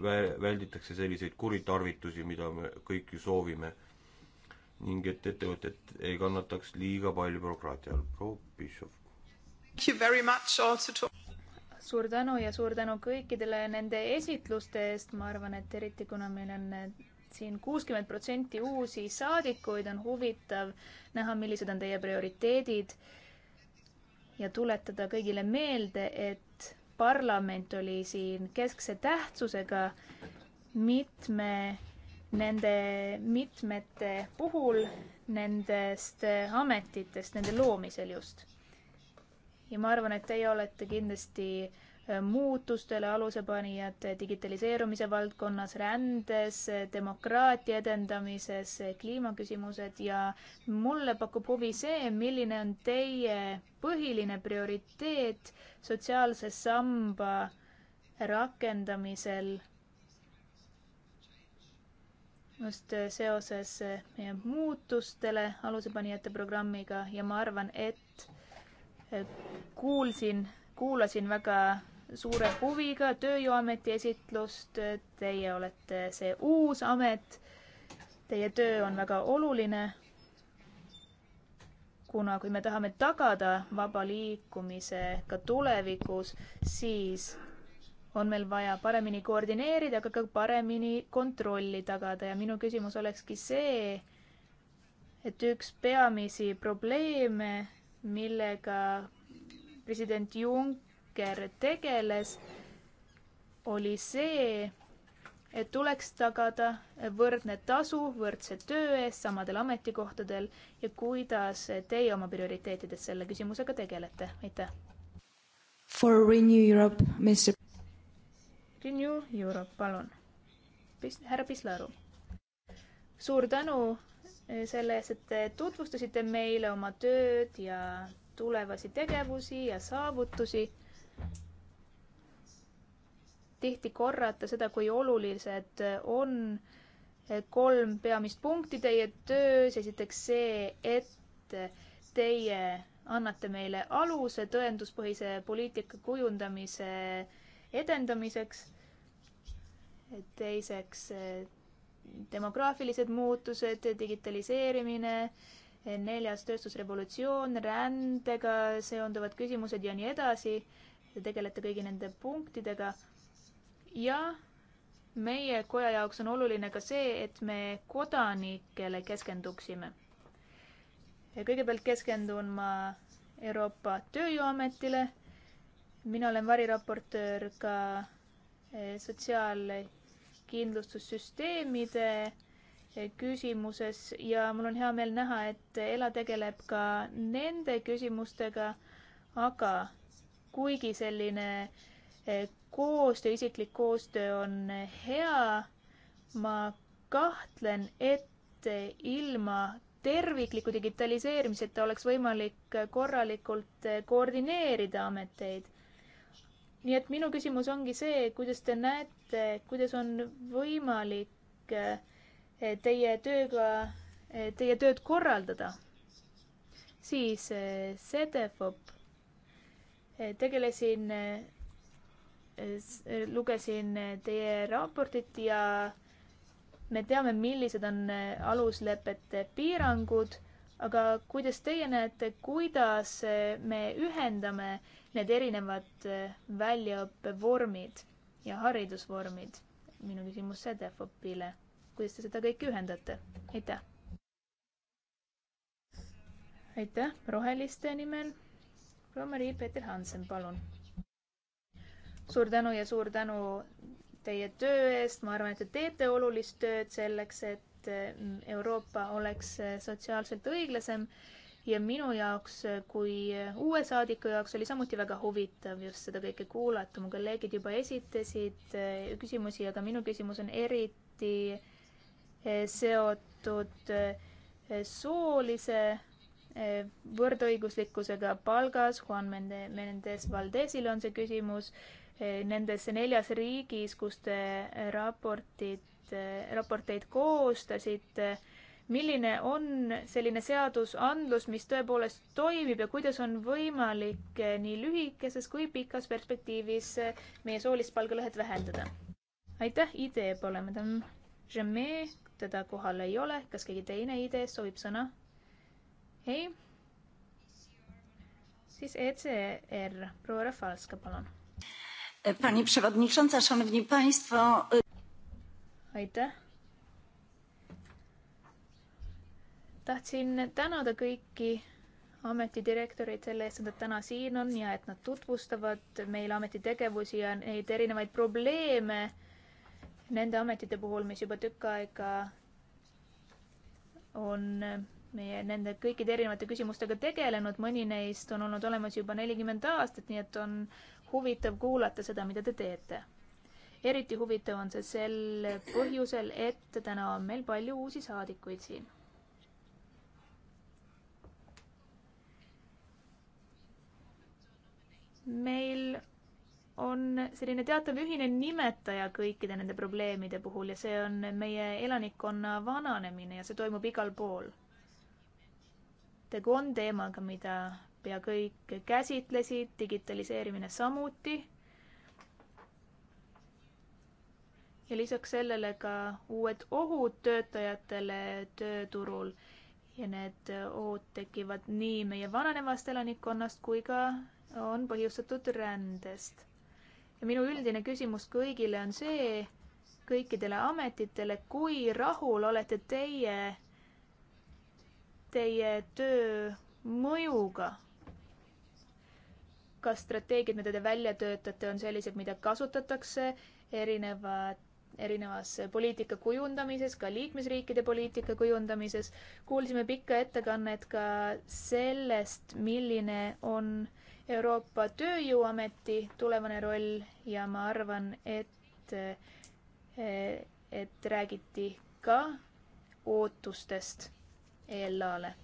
vä-, välditakse selliseid kuritarvitusi, mida me kõik ju soovime ning et ettevõtted ei kannataks liiga palju bürokraatia all. proua Pihhov suur tänu ja suur tänu kõikidele nende esitluste eest, ma arvan, et eriti kuna meil on eh, siin kuuskümmend protsenti uusi saadikuid, on huvitav näha, millised on teie prioriteedid ja tuletada kõigile meelde, et parlament oli siin keskse tähtsusega mitme, nende mitmete puhul nendest ametitest, nende loomisel just ja ma arvan, et teie olete kindlasti äh, muutustele alusepanijad äh, digitaliseerumise valdkonnas, rändes, äh, demokraatia edendamises, kliimaküsimused ja mulle pakub huvi see, milline on teie põhiline prioriteet sotsiaalse samba rakendamisel just seoses meie muutustele alusepanijate programmiga ja ma arvan, et kuulsin, kuulasin väga suure huviga Tööjõuameti esitlust. Teie olete see uus amet. Teie töö on väga oluline. kuna, kui me tahame tagada vaba liikumise ka tulevikus, siis on meil vaja paremini koordineerida, aga ka paremini kontrolli tagada ja minu küsimus olekski see, et üks peamisi probleeme millega president Juncker tegeles, oli see, et tuleks tagada võrdne tasu võrdse töö eest samadel ametikohtadel ja kuidas teie oma prioriteetides selle küsimusega tegelete, aitäh! For Renew Europe, Mr. Renew Europe, palun. härra Pislaru. suur tänu selle eest, et tutvustasite meile oma tööd ja tulevasi tegevusi ja saavutusi. tihti korrata seda, kui olulised on kolm peamist punkti teie töös. esiteks see, et teie annate meile aluse tõenduspõhise poliitika kujundamise edendamiseks. teiseks demograafilised muutused, digitaliseerimine, neljas tööstusrevolutsioon, rändega seonduvad küsimused ja nii edasi. Te tegelete kõigi nende punktidega. ja meie koja jaoks on oluline ka see, et me kodanikele keskenduksime. kõigepealt keskendun ma Euroopa Tööjõuametile. mina olen variraportöör ka eh, sotsiaal- kindlustussüsteemide küsimuses ja mul on hea meel näha, et Ela tegeleb ka nende küsimustega, aga kuigi selline eh, koostöö, isiklik koostöö on hea, ma kahtlen, et ilma tervikliku digitaliseerimiseta oleks võimalik korralikult koordineerida ameteid nii et minu küsimus ongi see, kuidas te näete, kuidas on võimalik eh, teie tööga, eh, teie tööd korraldada. siis eh, CDFOP, tegelesin, lugesin teie raportit ja me teame, millised on aluslepete piirangud, aga kuidas teie näete, kuidas me ühendame need erinevad eh, väljaõppevormid ja haridusvormid. minu küsimus Sedefopile, kuidas te seda kõike ühendate? aitäh. aitäh, roheliste nimel. Roomari Peeter Hansen, palun. suur tänu ja suur tänu teie töö eest, ma arvan, et te teete olulist tööd selleks, et eh, Euroopa oleks eh, sotsiaalselt õiglasem ja minu jaoks kui uue saadiku jaoks oli samuti väga huvitav just seda kõike kuulata. mu kolleegid juba esitasid eh, küsimusi, aga minu küsimus on eriti eh, seotud eh, soolise võrdõiguslikkusega palgas. Juan Mendes Valdesil on see küsimus. Nendes neljas riigis, kus te raportit, raporteid koostasite milline on selline seadusandlus, mis tõepoolest toimib ja kuidas on võimalik eh, nii lühikeses kui pikas perspektiivis eh, meie soolist palgalõhet vähendada. aitäh, idee pole, madam Jamais, teda kohal ei ole, kas keegi teine idee soovib sõna? ei? siis ECR, proua Rafalska, palun. Pani przewodnicząca, szanowni państwo. aitäh tahtsin tänada kõiki ametidirektoreid selle eest, et nad täna siin on ja et nad tutvustavad meile ametitegevusi ja neid erinevaid probleeme nende ametite puhul, mis juba tükk aega on meie nende kõikide erinevate küsimustega tegelenud, mõni neist on olnud olemas juba nelikümmend aastat, nii et on huvitav kuulata seda, mida te teete. eriti huvitav on see sel põhjusel, et täna on meil palju uusi saadikuid siin meil on selline teatav ühine nimetaja kõikide nende probleemide puhul ja see on meie elanikkonna vananemine ja see toimub igal pool. tegu on teemaga, mida pea kõik käsitlesid, digitaliseerimine samuti. ja lisaks sellele ka uued ohud töötajatele tööturul ja need ohud tekivad nii meie vananevast elanikkonnast kui ka on põhjustatud rändest. ja minu üldine küsimus kõigile on see, kõikidele ametitele, kui rahul olete teie, teie töö mõjuga? kas strateegiad, mida te välja töötate, on sellised, mida kasutatakse erinevad erinevas poliitika kujundamises, ka liikmesriikide poliitika kujundamises. kuulsime pikka ettekannet ka sellest, milline on äh, Euroopa Tööjõuameti tulevane roll ja ma arvan, et, et räägiti ka ootustest ELA-le.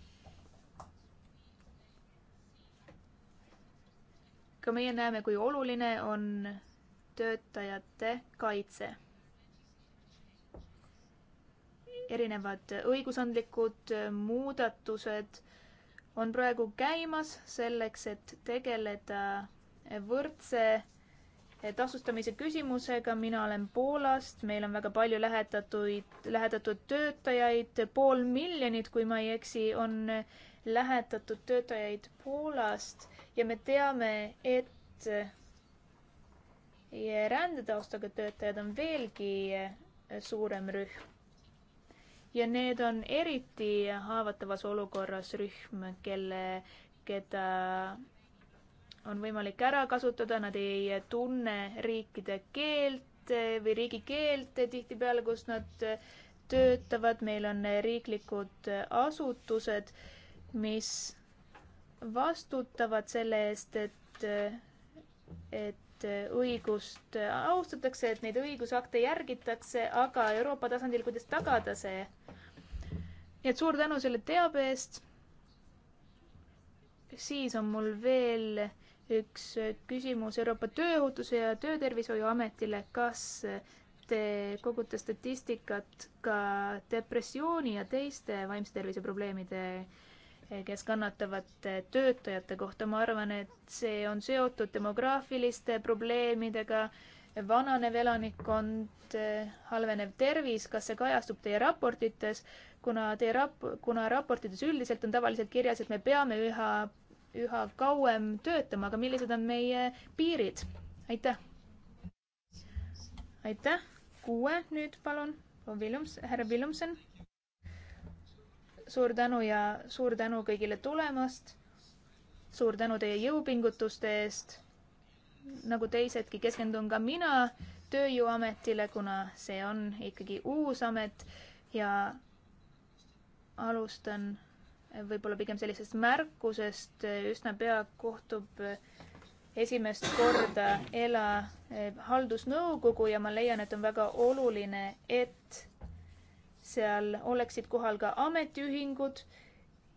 ka meie näeme, kui oluline on töötajate kaitse. erinevad õigusandlikud muudatused on praegu käimas selleks, et tegeleda võrdse eh, tasustamise küsimusega, mina olen Poolast, meil on väga palju lähetatuid, lähetatud töötajaid, pool miljonit, kui ma ei eksi, on lähetatud töötajaid Poolast ja me teame, et ja rändetaustaga töötajad on veelgi eh, suurem rühm ja need on eriti haavatavas olukorras rühm, kelle, keda on võimalik ära kasutada, nad ei tunne riikide keelt või riigikeelt tihtipeale, kus nad töötavad, meil on riiklikud asutused, mis vastutavad selle eest, et, et õigust austatakse, et neid õigusakte järgitakse, aga Euroopa tasandil, kuidas tagada see nii et suur tänu selle teabe eest. siis on mul veel üks küsimus Euroopa Tööohutuse ja Töötervishoiuametile. kas te kogute statistikat ka depressiooni ja teiste vaimse tervise probleemide kes kannatavate töötajate kohta, ma arvan, et see on seotud demograafiliste probleemidega vananev elanikkond, halvenev tervis, kas see kajastub teie raportites, kuna teie rap-, kuna raportites üldiselt on tavaliselt kirjas, et me peame üha, üha kauem töötama, aga millised on meie piirid? aitäh! aitäh! kuue nüüd palun, Villums, härra Villumsen. suur tänu ja suur tänu kõigile tulemast. suur tänu teie jõupingutuste eest nagu teisedki, keskendun ka mina Tööjõuametile, kuna see on ikkagi uus amet ja alustan võib-olla pigem sellisest märkusest. üsna pea kohtub esimest korda ELA eh, haldusnõukogu ja ma leian, et on väga oluline, et seal oleksid kohal ka ametiühingud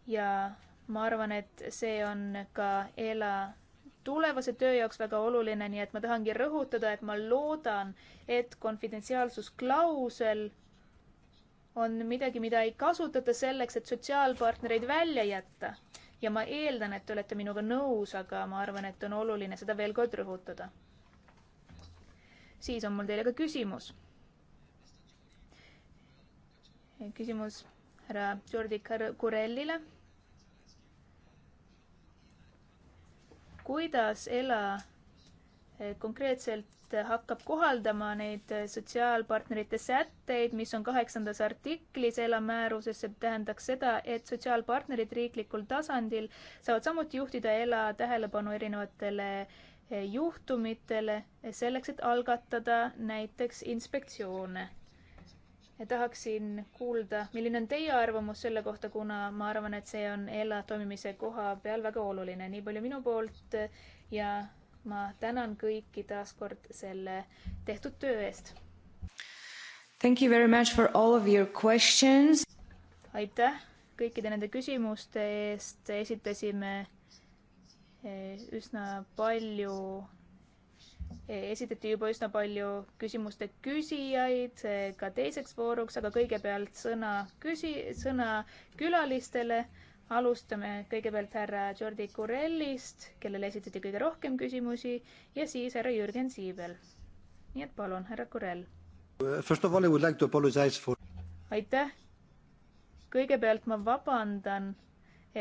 ja ma arvan, et see on ka ELA tulevase töö jaoks väga oluline, nii et ma tahangi rõhutada, et ma loodan, et konfidentsiaalsusklausel on midagi, mida ei kasutata selleks, et sotsiaalpartnereid välja jätta. ja ma eeldan, et te olete minuga nõus, aga ma arvan, et on oluline seda veel kord rõhutada. siis on mul teile ka küsimus. küsimus härra Jordi Kurellile kuidas ELA eh, konkreetselt hakkab kohaldama neid eh, sotsiaalpartnerite sätteid, mis on kaheksandas artiklis ELA määruses, see tähendaks seda, et sotsiaalpartnerid riiklikul tasandil saavad samuti juhtida ELA tähelepanu erinevatele eh, juhtumitele selleks, et algatada näiteks inspektsioone ja tahaksin kuulda, milline on teie arvamus selle kohta, kuna ma arvan, et see on ELA toimimise koha peal väga oluline. nii palju minu poolt ja ma tänan kõiki taas kord selle tehtud töö eest. Thank you very much for all of your questions. aitäh kõikide nende küsimuste eest, esitasime eh, üsna palju E, esitati juba üsna palju küsimuste küsijaid e, ka teiseks vooruks, aga kõigepealt sõna küsi-, sõna külalistele. alustame kõigepealt härra Jordi Kurellist, kellele esitati kõige rohkem küsimusi ja siis härra Jürgen Siibel. nii et palun, härra Kurell. First of all I would like to apologize for. aitäh. kõigepealt ma vabandan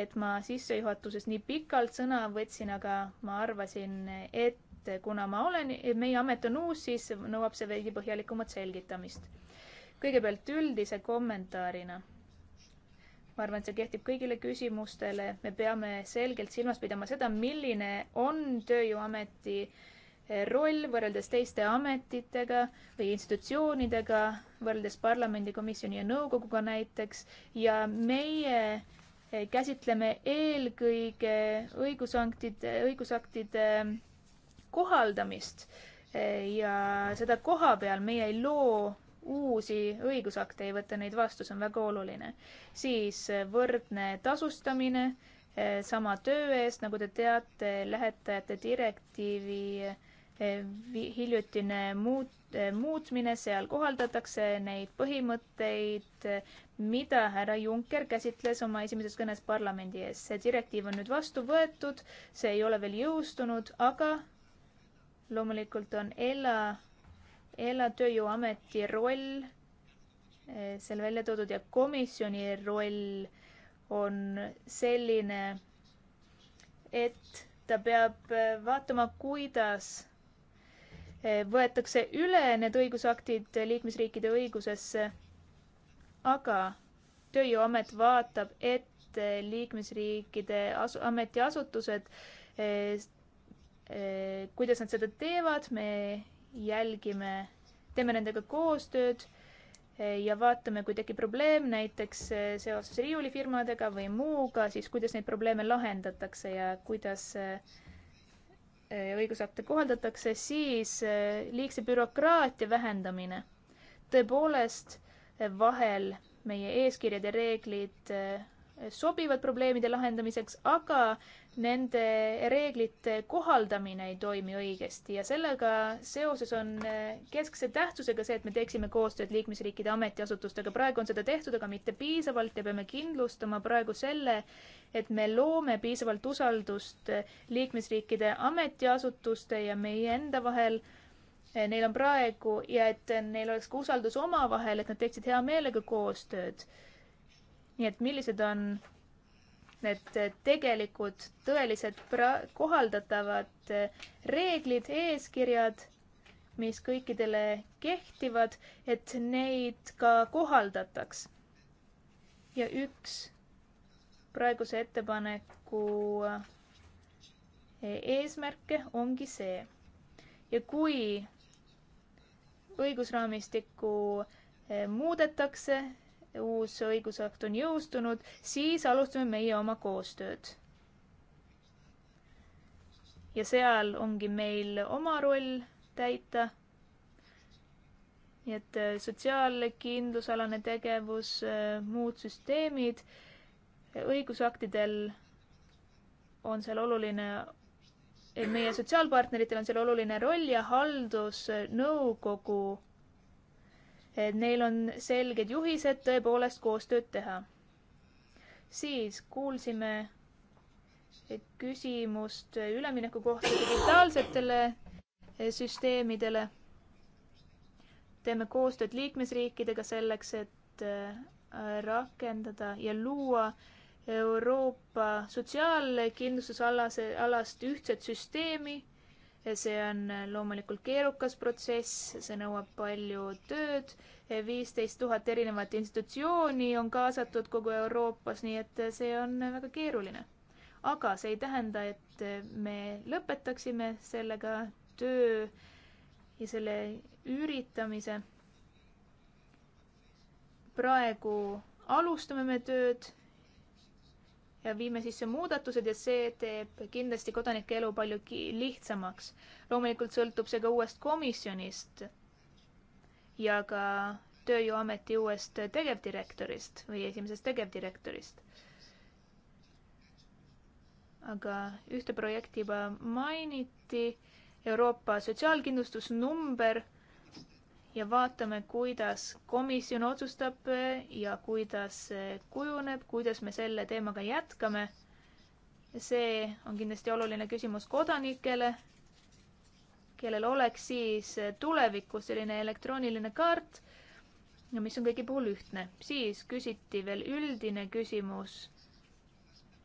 et ma sissejuhatuses nii pikalt sõna võtsin, aga ma arvasin, et et kuna ma olen, meie amet on uus, siis nõuab see veidi põhjalikumat selgitamist. kõigepealt üldise kommentaarina. ma arvan, et see kehtib kõigile küsimustele, me peame selgelt silmas pidama seda, milline on Tööjõuameti eh, roll võrreldes teiste ametitega või institutsioonidega, võrreldes parlamendi, komisjoni ja nõukoguga näiteks ja meie eh, käsitleme eelkõige õigusaktide, õigusaktide kohaldamist ja seda koha peal meie ei loo uusi õigusakte, ei võta neid vastu, see on väga oluline. siis eh, võrdne tasustamine eh, sama töö eest, nagu te teate, lähetajate direktiivi eh, hiljutine muut-, muutmine, seal kohaldatakse neid põhimõtteid, mida härra Juncker käsitles oma esimeses kõnes parlamendi ees. see direktiiv on nüüd vastu võetud, see ei ole veel jõustunud, aga loomulikult on ELA, ELA Tööjõuameti roll eh, seal välja toodud ja komisjoni roll on selline, et ta peab eh, vaatama, kuidas eh, võetakse üle need õigusaktid liikmesriikide õigusesse. aga Tööjõuamet vaatab, et liikmesriikide asu-, ametiasutused Äh, kuidas nad seda teevad, me jälgime, teeme nendega koostööd äh, ja vaatame, kui tekib probleem näiteks äh, seoses riiulifirmadega või muuga, siis kuidas neid probleeme lahendatakse ja kuidas õigusakte kohaldatakse, siis liigse bürokraatia vähendamine. tõepoolest, vahel meie eeskirjad ja reeglid sobivad probleemide lahendamiseks, aga nende reeglite kohaldamine ei toimi õigesti ja sellega seoses on äh, keskse tähtsusega see, et me teeksime koostööd liikmesriikide ametiasutustega. praegu on seda tehtud, aga mitte piisavalt ja peame kindlustama praegu selle, et me loome piisavalt usaldust äh, liikmesriikide ametiasutuste ja meie enda vahel äh, neil on praegu ja et neil oleks ka usaldus omavahel, et nad teeksid hea meelega koostööd nii et millised on need tegelikud, tõelised, kohaldatavad eh, reeglid, eeskirjad, mis kõikidele kehtivad, et neid ka kohaldataks. ja üks praeguse ettepaneku eh, eesmärke ongi see. ja kui õigusraamistikku eh, muudetakse, uus õigusakt on jõustunud, siis alustame meie oma koostööd. ja seal ongi meil oma roll täita. nii et äh, sotsiaalkindlusalane tegevus, äh, muud süsteemid, äh, õigusaktidel on seal oluline meie sotsiaalpartneritel on seal oluline roll ja haldusnõukogu et neil on selged juhised tõepoolest koostööd teha. siis kuulsime küsimust ülemineku kohta digitaalsetele eh, süsteemidele. teeme koostööd liikmesriikidega selleks, et eh, rakendada ja luua Euroopa sotsiaalkindlustusalase, alast ühtset süsteemi see on loomulikult keerukas protsess, see nõuab palju tööd, viisteist tuhat erinevat institutsiooni on kaasatud kogu Euroopas, nii et see on väga keeruline. aga see ei tähenda, et me lõpetaksime sellega töö ja selle üritamise. praegu alustame me tööd ja viime sisse muudatused ja see teeb kindlasti kodanike elu palju lihtsamaks. loomulikult sõltub see ka uuest komisjonist ja ka Tööjõuameti uuest tegevdirektorist või esimesest tegevdirektorist. aga ühte projekti juba mainiti, Euroopa sotsiaalkindlustusnumber ja vaatame, kuidas komisjon otsustab ja kuidas kujuneb, kuidas me selle teemaga jätkame. see on kindlasti oluline küsimus kodanikele, kellel oleks siis tulevikus selline elektrooniline kaart, mis on kõigi puhul ühtne. siis küsiti veel üldine küsimus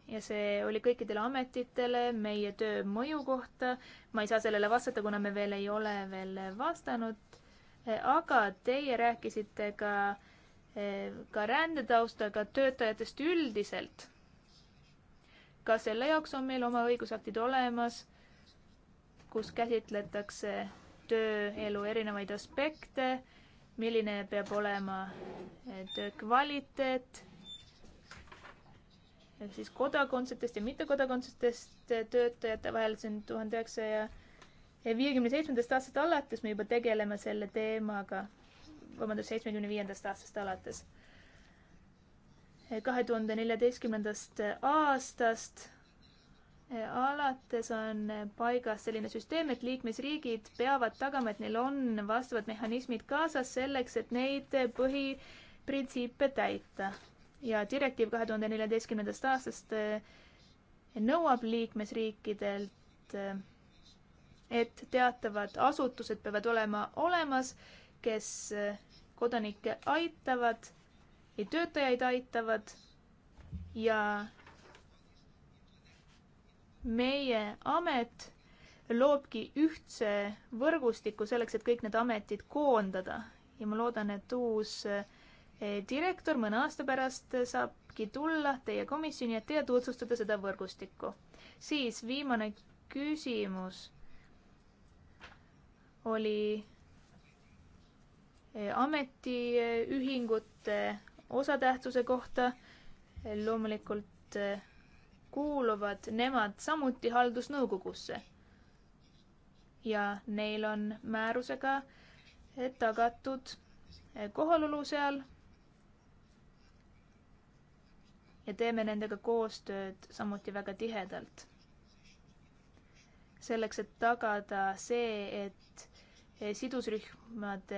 ja see oli kõikidele ametitele meie töö mõju kohta. ma ei saa sellele vastata, kuna me veel ei ole veel vastanud aga teie rääkisite ka, eh, ka rändetaustaga töötajatest üldiselt. ka selle jaoks on meil oma õigusaktid olemas, kus käsitletakse tööelu erinevaid aspekte, milline peab olema eh, töö kvaliteet, eh, siis kodakondsetest ja mittekodakondsetest töötajate vahel, see on tuhande üheksasaja viiekümne seitsmendast aastast alates me juba tegeleme selle teemaga. vabandust, seitsmekümne viiendast aastast alates. kahe tuhande neljateistkümnendast aastast eh, alates on paigas selline süsteem, et liikmesriigid peavad tagama, et neil on vastavad mehhanismid kaasas selleks, et neid põhiprintsiipe täita. ja direktiiv kahe tuhande neljateistkümnendast aastast eh, nõuab liikmesriikidelt eh, et teatavad asutused peavad olema olemas, kes eh, kodanikke aitavad ja töötajaid aitavad ja meie amet loobki ühtse võrgustiku selleks, et kõik need ametid koondada ja ma loodan, et uus eh, direktor mõne aasta pärast saabki tulla teie komisjoni ette ja tutvustada seda võrgustikku. siis viimane küsimus oli eh, ametiühingute osatähtsuse kohta. loomulikult eh, kuuluvad nemad samuti haldusnõukogusse. ja neil on määrusega eh, tagatud kohalolu seal. ja teeme nendega koostööd samuti väga tihedalt. selleks, et tagada see, et Eh, sidusrühmade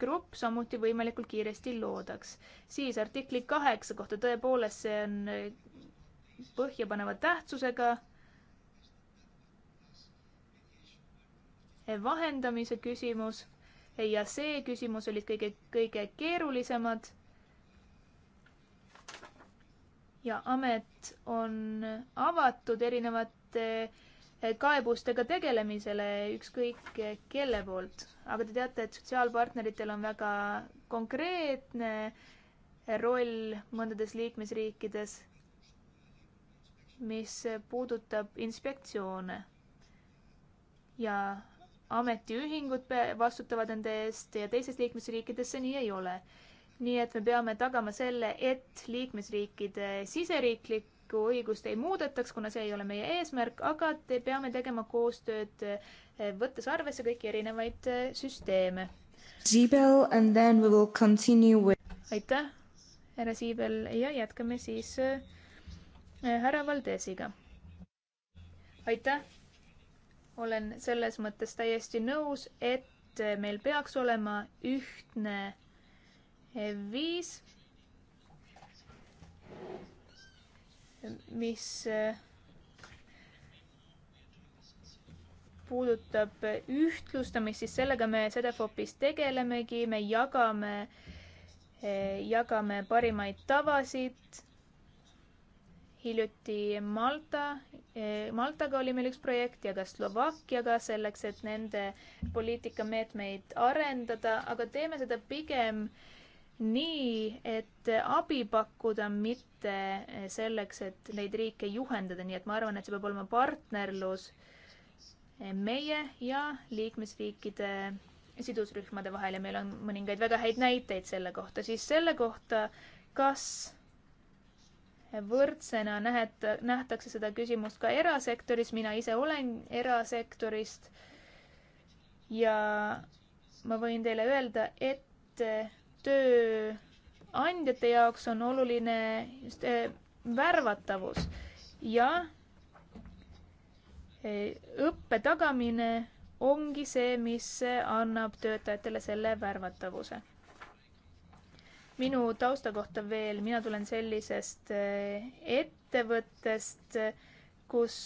grupp samuti võimalikult kiiresti loodaks. siis artikli kaheksa kohta tõepoolest see on eh, põhjapaneva tähtsusega. Eh, vahendamise küsimus ja see küsimus olid kõige, kõige keerulisemad. ja amet on avatud erinevate äh, kaebustega tegelemisele ükskõik kelle poolt. aga te teate, et sotsiaalpartneritel on väga konkreetne roll mõndades liikmesriikides, mis puudutab inspektsioone. ja ametiühingud vastutavad nende eest ja teistes liikmesriikides see nii ei ole. nii et me peame tagama selle, et liikmesriikide siseriiklik kodanikku õigust ei muudetaks, kuna see ei ole meie eesmärk, aga te peame tegema koostööd, eh, võttes arvesse kõiki erinevaid eh, süsteeme. Siibel and then we will continue with. aitäh, härra Siibel ja jätkame siis eh, härra Valdesiga. aitäh, olen selles mõttes täiesti nõus, et meil peaks olema ühtne viis mis äh, puudutab ühtlustamist, siis sellega me Cedefopis tegelemegi, me jagame, äh, jagame parimaid tavasid. hiljuti Malta, äh, Maltaga oli meil üks projekt ja ka Slovakkiaga selleks, et nende poliitikameetmeid arendada, aga teeme seda pigem äh, nii, et abi pakkuda, mitte selleks, et neid riike juhendada, nii et ma arvan, et see peab olema partnerlus meie ja liikmesriikide sidusrühmade vahel ja meil on mõningaid väga häid näiteid selle kohta, siis selle kohta, kas võrdsena nähet-, nähtakse seda küsimust ka erasektoris, mina ise olen erasektorist ja ma võin teile öelda, et tööandjate jaoks on oluline just eh, värvatavus ja eh, õppe tagamine ongi see, mis annab töötajatele selle värvatavuse. minu tausta kohta veel, mina tulen sellisest eh, ettevõttest, kus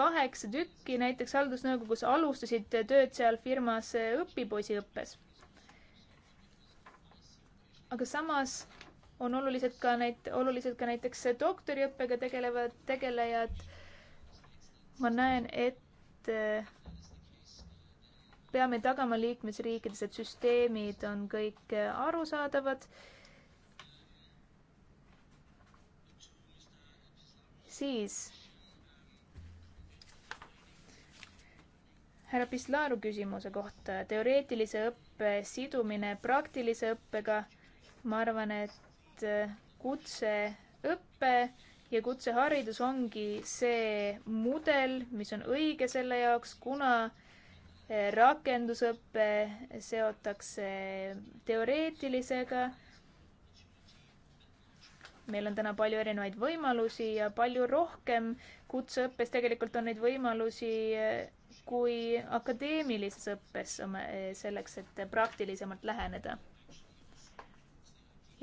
kaheksa tükki näiteks haldusnõukogus alustasid tööd seal firmas õpipoisiõppes aga samas on olulised ka näit-, olulised ka näiteks doktoriõppega tegelevad, tegelejad. ma näen, et eh, peame tagama liikmesriikides, et süsteemid on kõik eh, arusaadavad. siis härra Pislaru küsimuse kohta teoreetilise õppe sidumine praktilise õppega ma arvan, et äh, kutseõpe ja kutseharidus ongi see mudel, mis on õige selle jaoks, kuna äh, rakendusõpe seotakse teoreetilisega. meil on täna palju erinevaid võimalusi ja palju rohkem kutseõppes tegelikult on neid võimalusi äh, kui akadeemilises õppes selleks, et praktilisemalt läheneda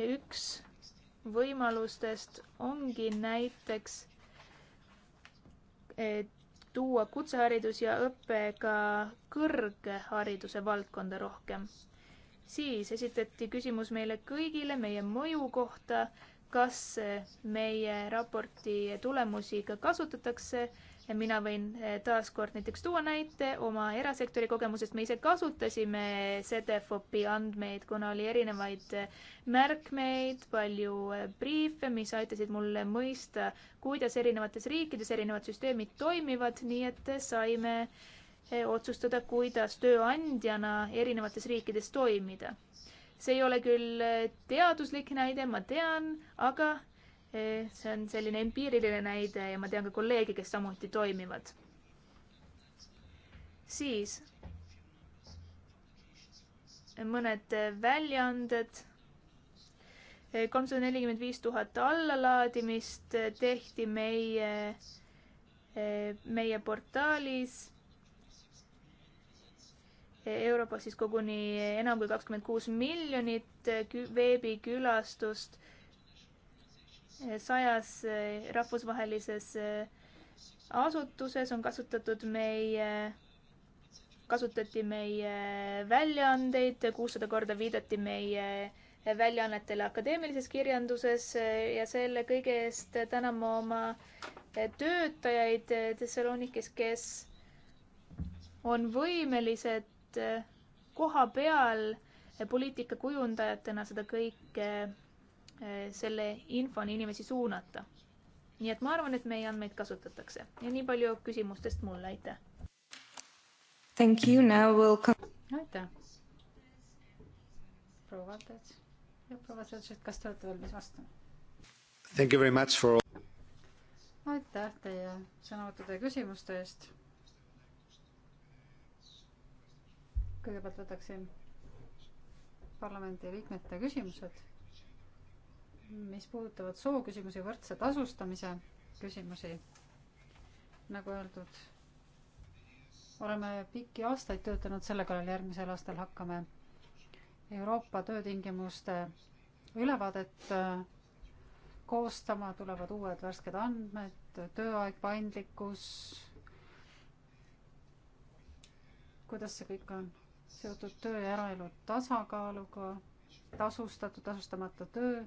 ja üks võimalustest ongi näiteks tuua kutseharidus ja õpe ka kõrghariduse valdkonda rohkem. siis esitati küsimus meile kõigile meie mõju kohta, kas meie raporti tulemusi ka kasutatakse mina võin eh, taaskord näiteks tuua näite oma erasektori kogemusest, me ise kasutasime ZDFOP-i andmeid, kuna oli erinevaid eh, märkmeid, palju eh, briife, mis aitasid mulle mõista, kuidas erinevates riikides erinevad süsteemid toimivad, nii et saime otsustada, kuidas tööandjana erinevates riikides toimida. see ei ole küll teaduslik näide, ma tean, aga Eh, see on selline empiiriline näide ja ma tean ka kolleege, kes samuti toimivad. siis mõned väljaanded. Eh, kolmsada nelikümmend viis tuhat allalaadimist tehti meie, eh, meie portaalis Euroopas siis koguni enam kui kakskümmend kuus miljonit veebikülastust sajas eh, rahvusvahelises eh, asutuses on kasutatud meie, kasutati meie väljaandeid, kuussada korda viidati meie väljaannetele akadeemilises kirjanduses eh, ja selle kõige eest täname oma töötajaid Thessalonikis, kes on võimelised koha peal poliitikakujundajatena seda kõike selle infoni inimesi suunata. nii et ma arvan, et meie andmeid kasutatakse ja nii palju küsimustest mulle, aitäh. Thank you, now we will come. aitäh. proua Valdes ja proua Sõõrs, et kas te olete valmis vastama? Thank you very much for all. aitäh teie sõnavõttude ja küsimuste eest. kõigepealt võtaksin parlamendi liikmete küsimused mis puudutavad sooküsimusi, võrdse tasustamise küsimusi, nagu öeldud, oleme pikki aastaid töötanud selle kallal, järgmisel aastal hakkame Euroopa töötingimuste ülevaadet äh, koostama, tulevad uued värsked andmed, tööaeg, paindlikkus, kuidas see kõik on seotud töö ja eraelu tasakaaluga, tasustatud, tasustamata töö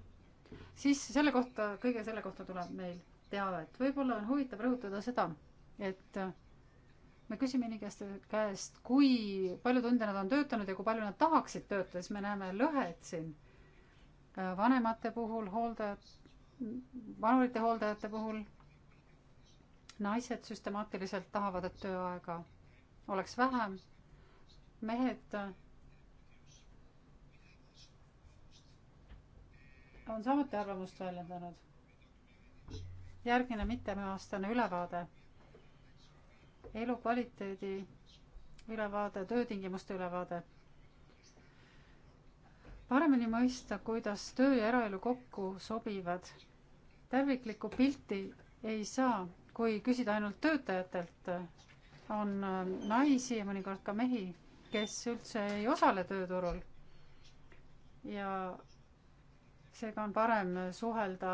siis selle kohta, kõige selle kohta tuleb meil teavet. võib-olla on huvitav rõhutada seda, et äh, me küsime inimeste käest, kui palju tunde nad on töötanud ja kui palju nad tahaksid töötada, siis me näeme lõhet siin äh, vanemate puhul, hooldajad, vanurite hooldajate puhul. naised süstemaatiliselt tahavad, et tööaega oleks vähem. mehed äh, on samuti arvamust väljendanud. järgmine mitmeaastane ülevaade, elukvaliteedi ülevaade, töötingimuste ülevaade. paremini mõista, kuidas töö ja eraelu kokku sobivad. terviklikku pilti ei saa, kui küsida ainult töötajatelt, on äh, naisi ja mõnikord ka mehi, kes üldse ei osale tööturul ja seega on parem suhelda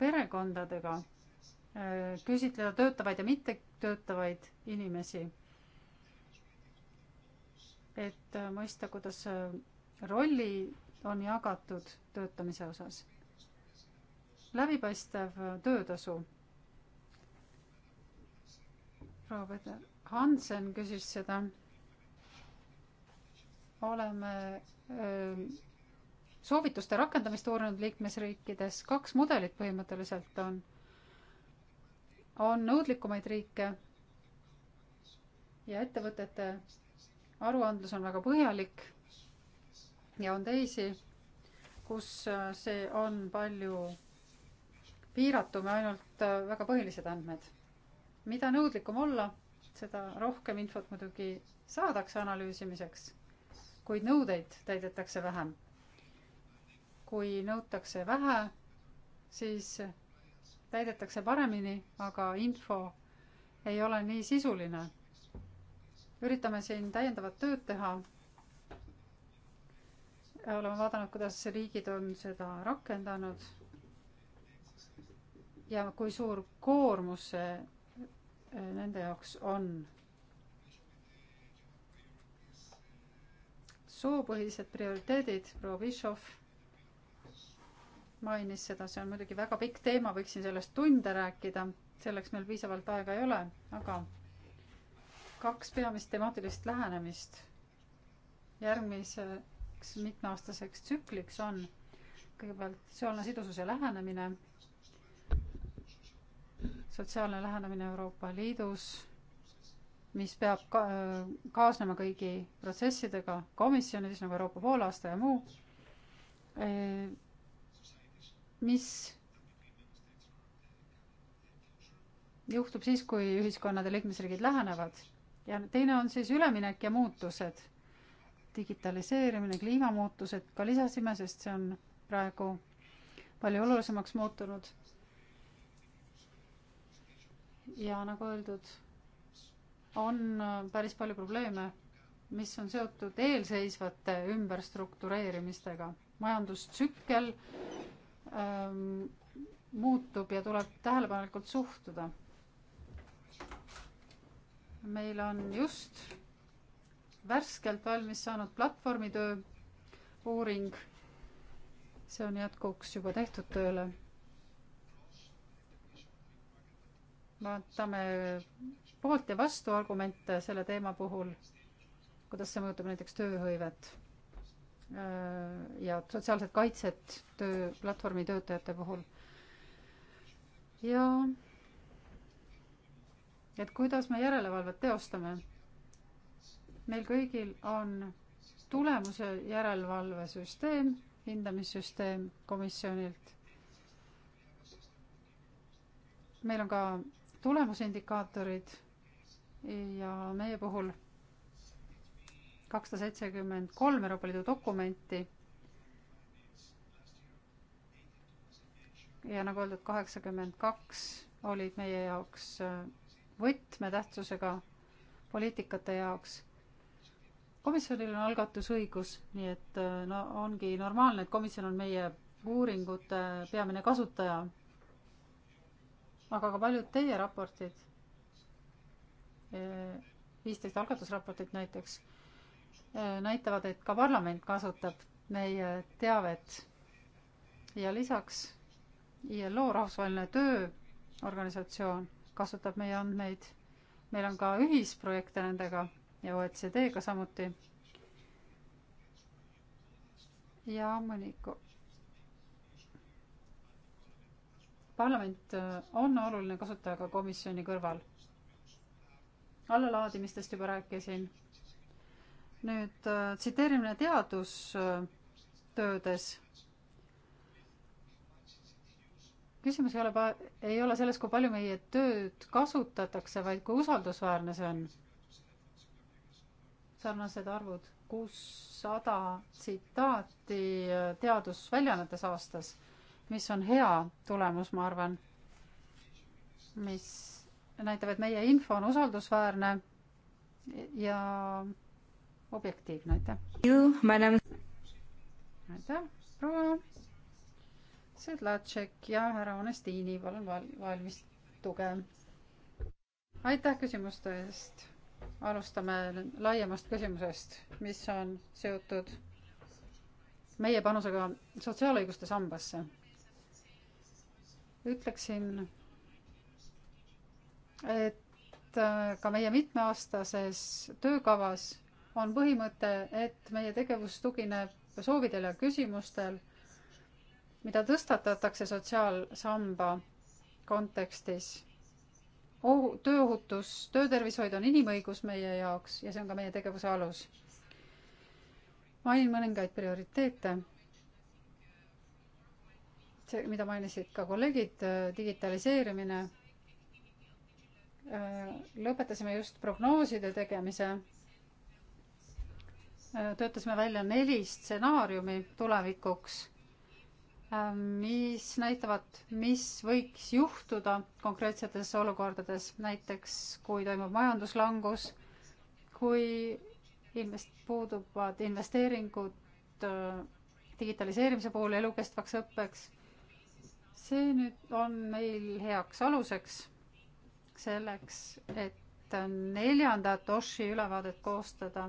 perekondadega, küsitleda töötavaid ja mittetöötavaid inimesi. et mõista, kuidas rolli on jagatud töötamise osas. läbipaistev töötasu. proua Peeter Hansen küsis seda. oleme öö, soovituste rakendamist uurinud liikmesriikides kaks mudelit põhimõtteliselt on, on nõudlikumaid riike ja ettevõtete aruandlus on väga põhjalik ja on teisi, kus äh, see on palju piiratume ainult äh, väga põhilised andmed. mida nõudlikum olla, seda rohkem infot muidugi saadakse analüüsimiseks, kuid nõudeid täidetakse vähem kui nõutakse vähe, siis täidetakse paremini, aga info ei ole nii sisuline. üritame siin täiendavat tööd teha. oleme vaadanud, kuidas riigid on seda rakendanud. ja kui suur koormus see eh, nende jaoks on. soopõhised prioriteedid, proua Bischoff mainis seda, see on muidugi väga pikk teema, võiksin sellest tunde rääkida, selleks meil piisavalt aega ei ole, aga kaks peamist temaatilist lähenemist järgmiseks mitmeaastaseks tsükliks on kõigepealt sotsiaalne sidususe lähenemine, sotsiaalne lähenemine Euroopa Liidus, mis peab ka, kaasnema kõigi protsessidega, komisjonides nagu Euroopa poolaasta ja muu mis juhtub siis, kui ühiskonnad ja liikmesriigid lähenevad ja teine on siis üleminek ja muutused, digitaliseerimine, kliimamuutused ka lisasime, sest see on praegu palju olulisemaks muutunud. ja nagu öeldud, on päris palju probleeme, mis on seotud eelseisvate ümberstruktureerimistega, majandustsükkel ähm, muutub ja tuleb tähelepanelikult suhtuda. meil on just värskelt valmis saanud platvormitöö uuring. see on jätkuks juba tehtud tööle. vaatame poolt ja vastu argumente selle teema puhul, kuidas see mõjutab näiteks tööhõivet Äh, ja sotsiaalset kaitset töö, platvormi töötajate puhul. ja et kuidas me järelevalvet teostame. meil kõigil on tulemuse järelevalvesüsteem, hindamissüsteem komisjonilt. meil on ka tulemusindikaatorid ja meie puhul kakssada seitsekümmend kolm Euroopa Liidu dokumenti. ja nagu öeldud, kaheksakümmend kaks olid meie jaoks äh, võtmetähtsusega poliitikate jaoks. komisjonil on algatusõigus, nii et äh, no ongi normaalne, et komisjon on meie uuringute peamine kasutaja. aga ka paljud teie raportid, äh, viisteist algatusraportit näiteks Äh, näitavad, et ka parlament kasutab meie teavet. ja lisaks ILO, Rahvusvaheline Tööorganisatsioon, kasutab meie andmeid. meil on ka ühisprojekte nendega ja OECD-ga samuti. ja mõnikord parlament äh, on oluline kasutaja ka komisjoni kõrval. allalaadimistest juba rääkisin nüüd äh, tsiteerimine teadustöödes. küsimus ei ole pa-, ei ole selles, kui palju meie tööd kasutatakse, vaid kui usaldusväärne see on. sarnased arvud, kuussada tsitaati äh, teadusväljaannetes aastas, mis on hea tulemus, ma arvan, mis näitab, et meie info on usaldusväärne ja objektiivne, aitäh. aitäh, proua Sedlatšek ja härra Onestini, palun val-, valmis tuge. aitäh küsimuste eest. alustame laiemast küsimusest, mis on seotud meie panusega sotsiaalõiguste sambasse. ütleksin, et äh, ka meie mitmeaastases töökavas on põhimõte, et meie tegevus tugineb soovidel ja küsimustel, mida tõstatatakse sotsiaalsamba kontekstis. ohu, tööohutus, töötervishoid on inimõigus meie jaoks ja see on ka meie tegevuse alus. mainin mõningaid prioriteete. see, mida mainisid ka kolleegid, äh, digitaliseerimine. Äh, lõpetasime just prognooside tegemise töötasime välja neli stsenaariumi tulevikuks, ähm, mis näitavad, mis võiks juhtuda konkreetsetes olukordades, näiteks kui toimub majanduslangus, kui invest-, puuduvad investeeringud äh, digitaliseerimise puhul elukestvaks õppeks. see nüüd on meil heaks aluseks selleks, et neljandat OSHi ülevaadet koostada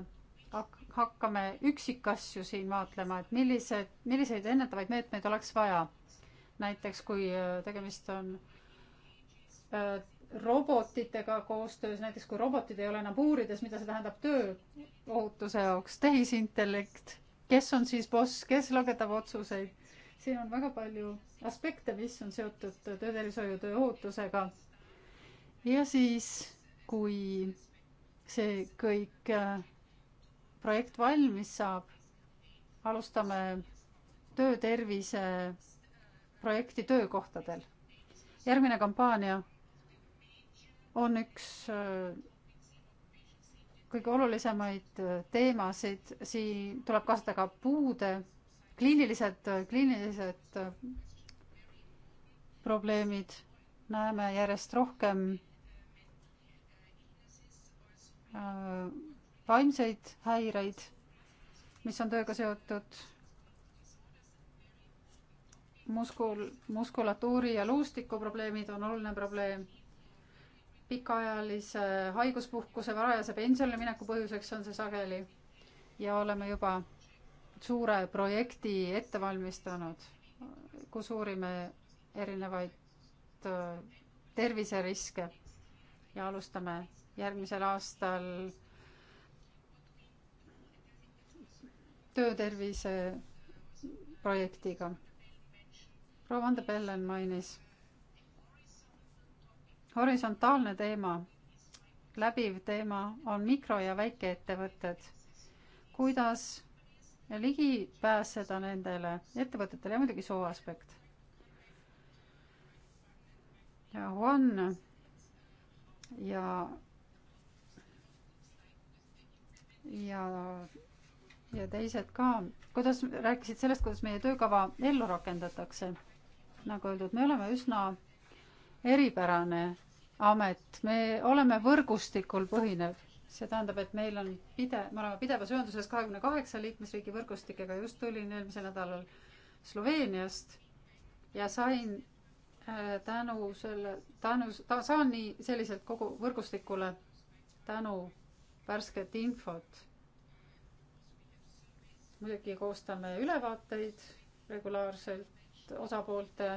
hak-, hakkame üksikasju siin vaatlema, et millised, milliseid ennetavaid meetmeid oleks vaja. näiteks kui äh, tegemist on äh, robotitega koostöös, näiteks kui robotid ei ole enam puurides, mida see tähendab tööohutuse jaoks, tehisintellekt, kes on siis boss, kes langetab otsuseid, siin on väga palju aspekte, mis on seotud töötervishoiu, tööohutusega. ja siis, kui see kõik äh, projekt valmis saab, alustame töötervise projekti töökohtadel. järgmine kampaania on üks äh, kõige olulisemaid äh, teemasid, siin tuleb kaasata ka puude kliinilised, äh, kliinilised probleemid, näeme järjest rohkem vaimseid häireid, mis on tööga seotud muskul, muskulatuuri ja luustiku probleemid on oluline probleem. pikaajalise haiguspuhkuse varajase pensionile mineku põhjuseks on see sageli ja oleme juba suure projekti ette valmistanud, kus uurime erinevaid äh, terviseriske ja alustame järgmisel aastal töötervise projektiga. proua Van de Bellen mainis. horisontaalne teema, läbiv teema on mikro- ja väikeettevõtted. kuidas ligi pääseda nendele ettevõtetele ja muidugi soo aspekt. ja Juan ja ja ja teised ka, kuidas, rääkisid sellest, kuidas meie töökava ellu rakendatakse. nagu öeldud, me oleme üsna eripärane amet, me oleme võrgustikul põhinev, see tähendab, et meil on pide-, me oleme pidevas ühenduses kahekümne kaheksa liikmesriigi võrgustikega, just tulin eelmisel nädalal Sloveeniast ja sain äh, tänu selle, tänu, ta saan nii selliselt kogu võrgustikule tänu värsket infot muidugi koostame ülevaateid regulaarselt osapoolte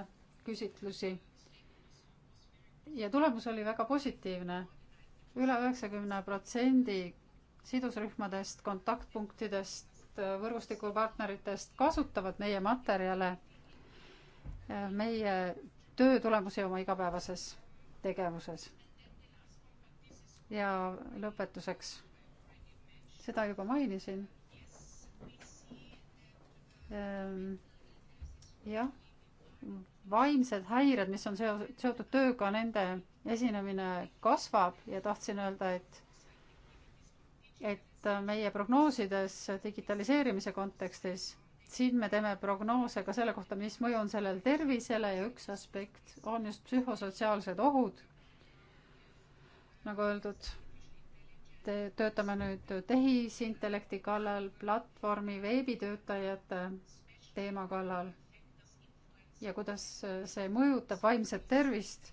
küsitlusi. ja tulemus oli väga positiivne üle. üle üheksakümne protsendi sidusrühmadest, kontaktpunktidest, võrgustikupartneritest kasutavad meie materjale äh, meie töö tulemusi oma igapäevases tegevuses. ja lõpetuseks, seda juba mainisin Ehm, jah, vaimsed häired, mis on seo-, seotud tööga, nende esinemine kasvab ja tahtsin öelda, et et meie prognoosides digitaliseerimise kontekstis, siin me teeme prognoose ka selle kohta, mis mõju on sellel tervisele ja üks aspekt on just psühhosotsiaalsed ohud, nagu öeldud töötame nüüd tehisintellekti kallal, platvormi veebitöötajate teema kallal ja kuidas see mõjutab vaimset tervist.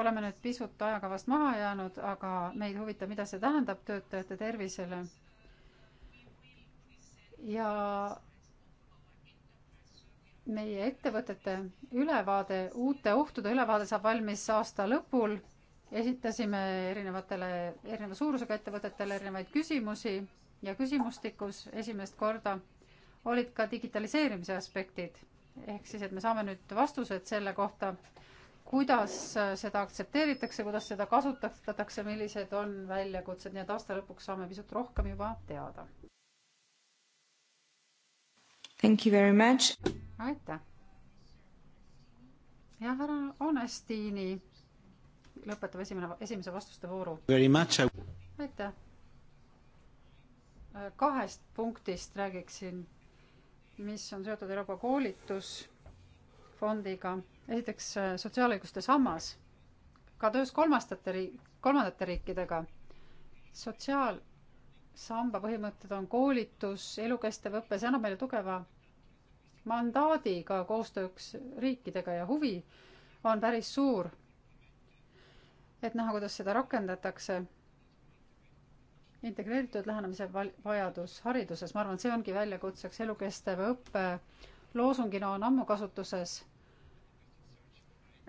oleme nüüd pisut ajakavast maha jäänud, aga meid huvitab, mida see tähendab töötajate tervisele. ja meie ettevõtete ülevaade, uute ohtude ülevaade saab valmis aasta lõpul esitasime erinevatele, erineva suurusega ettevõtetele erinevaid küsimusi ja küsimustikus esimest korda olid ka digitaliseerimise aspektid. ehk siis, et me saame nüüd vastused selle kohta, kuidas seda aktsepteeritakse, kuidas seda kasutatakse, millised on väljakutsed, nii et aasta lõpuks saame pisut rohkem juba teada. Thank you very much. aitäh. jah, härra Onestini lõpetab esimene, esimese vastuste vooru. aitäh. Äh, kahest punktist räägiksin, mis on seotud Euroopa koolitusfondiga. esiteks äh, sotsiaalõiguste sammas, ka töös kolmandate riik, kolmandate riikidega. sotsiaalsamba põhimõtted on koolitus, elukestev õpe, see annab meile tugeva mandaadi ka koostööks riikidega ja huvi on päris suur et näha, kuidas seda rakendatakse. integreeritud lähenemise val-, vajadus hariduses, ma arvan, see ongi väljakutseks, elukestev õpe loosungina on ammu kasutuses,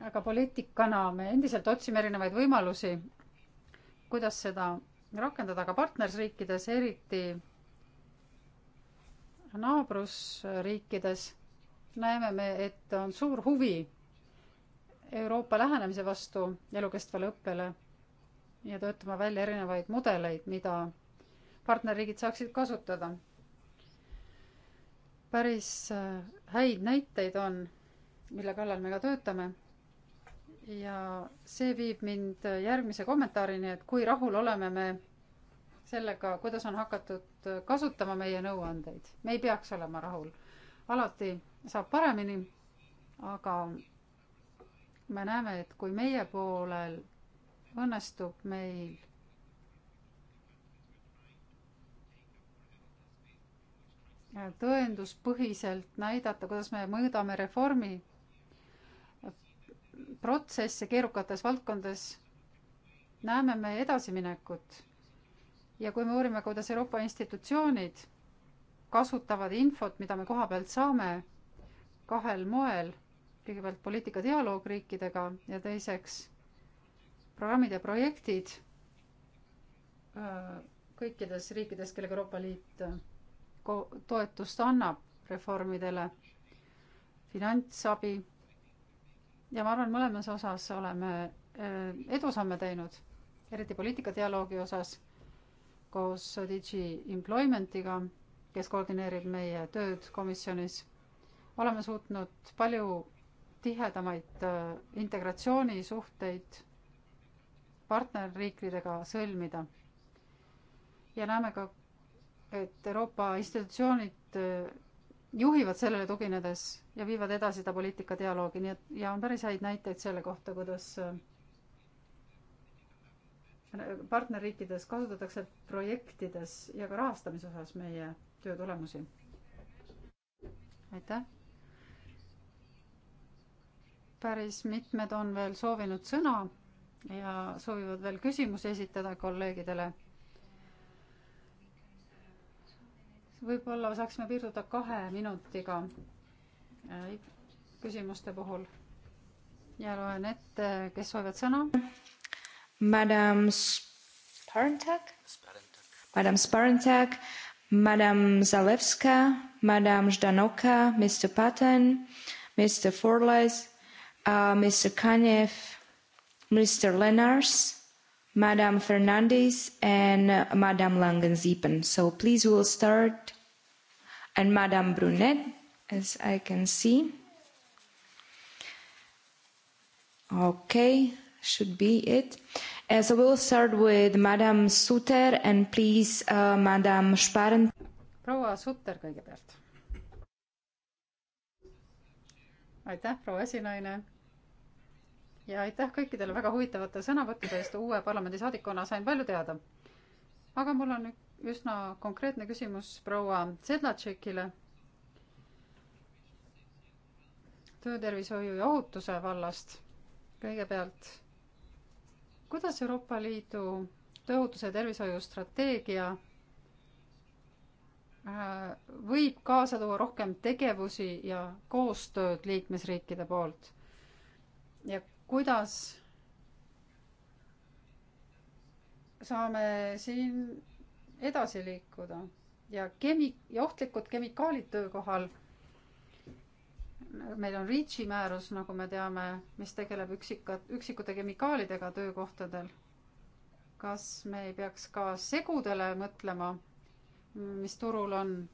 aga poliitikana me endiselt otsime erinevaid võimalusi, kuidas seda rakendada, aga partnersriikides, eriti naabrusriikides, näeme me, et on suur huvi Euroopa lähenemise vastu elukestvale õppele ja töötama välja erinevaid mudeleid, mida partnerriigid saaksid kasutada. päris äh, häid näiteid on, mille kallal me ka töötame. ja see viib mind järgmise kommentaarini, et kui rahul oleme me sellega, kuidas on hakatud kasutama meie nõuandeid. me ei peaks olema rahul. alati saab paremini, aga me näeme, et kui meie poolel õnnestub meil tõenduspõhiselt näidata, kuidas me mõõdame reformi protsesse keerukates valdkondades, näeme me edasiminekut. ja kui me uurime, kuidas Euroopa institutsioonid kasutavad infot, mida me koha pealt saame, kahel moel kõigepealt poliitikadialoog riikidega ja teiseks programmid ja projektid äh, kõikides riikides, kellega Euroopa Liit äh, toetust annab reformidele, finantsabi ja ma arvan, mõlemas osas oleme äh, edusamme teinud, eriti poliitikadialoogi osas koos Digi Employmentiga, kes koordineerib meie tööd komisjonis. oleme suutnud palju tihedamaid äh, integratsioonisuhteid partnerriikidega sõlmida. ja näeme ka, et Euroopa institutsioonid äh, juhivad sellele tuginedes ja viivad edasi seda poliitikadialoogi, nii et ja on päris häid näiteid selle kohta, kuidas äh, partnerriikides kasutatakse projektides ja ka rahastamise osas meie töö tulemusi. aitäh! päris mitmed on veel soovinud sõna ja soovivad veel küsimusi esitada kolleegidele. võib-olla saaksime piirduda kahe minutiga äh, küsimuste puhul. ja loen ette, kes soovivad sõna. Madam Sparentak, Madam Sparentak, Madam Zalewska, Madam Ždanoka, Mr Patten, Mr Forlais uh, Mr. Kanev, Mr. Lenars, Madame Fernandez, and uh, Madame Langenziepen. So please we'll start. And Madame Brunet, as I can see. Okay, should be it. Uh, so we'll start with Madame Suter and please uh, Madame Sparen. proua Suter kõigepealt aitäh, proua esinaine. ja aitäh kõikidele väga huvitavate sõnavõttude eest, uue parlamendisaadikuna sain palju teada. aga mul on üsna konkreetne küsimus proua Sedlatšekile. töötervishoiu ja ohutuse vallast kõigepealt, kuidas Euroopa Liidu tööohutuse ja tervishoiu strateegia Äh, võib kaasa tuua rohkem tegevusi ja koostööd liikmesriikide poolt. ja kuidas saame siin edasi liikuda ja kemi- ja ohtlikud kemikaalid töökohal. meil on REACH-i määrus, nagu me teame, mis tegeleb üksikat, üksikute kemikaalidega töökohtadel. kas me ei peaks ka segudele mõtlema? mis turul on.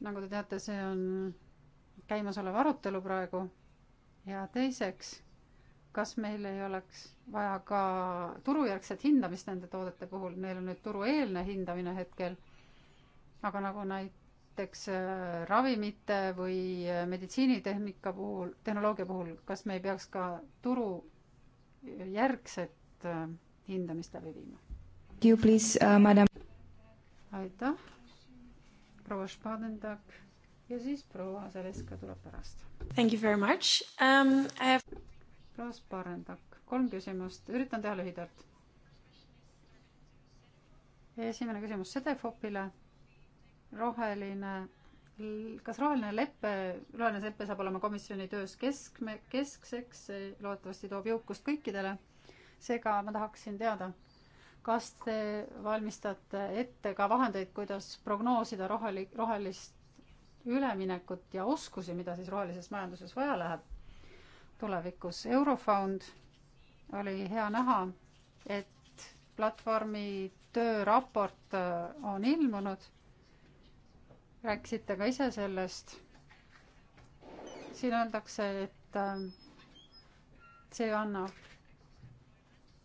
nagu te teate, see on käimasolev arutelu praegu. ja teiseks, kas meil ei oleks vaja ka turujärgset hindamist nende toodete puhul, neil on nüüd turueelne hindamine hetkel. aga nagu näiteks äh, ravimite või äh, meditsiinitehnika puhul, tehnoloogia puhul, kas me ei peaks ka turujärgset äh, hindamist läbi viima? You please uh,, madam aitäh, proua Spadendak ja siis proua Zaleska tuleb pärast. Thank you very much um,. I have. proua Spadendak, kolm küsimust, üritan teha lühidalt. esimene küsimus Sedefopile. roheline, kas roheline lepe, roheline lepe saab olema komisjoni töös keskme, keskseks, loodetavasti toob jõukust kõikidele. seega ma tahaksin teada kas te valmistate ette ka vahendeid, kuidas prognoosida roheli-, rohelist üleminekut ja oskusi, mida siis rohelises majanduses vaja läheb tulevikus? Eurofond oli hea näha, et platvormi tööraport äh, on ilmunud. rääkisite ka ise sellest. siin öeldakse, et äh, see annab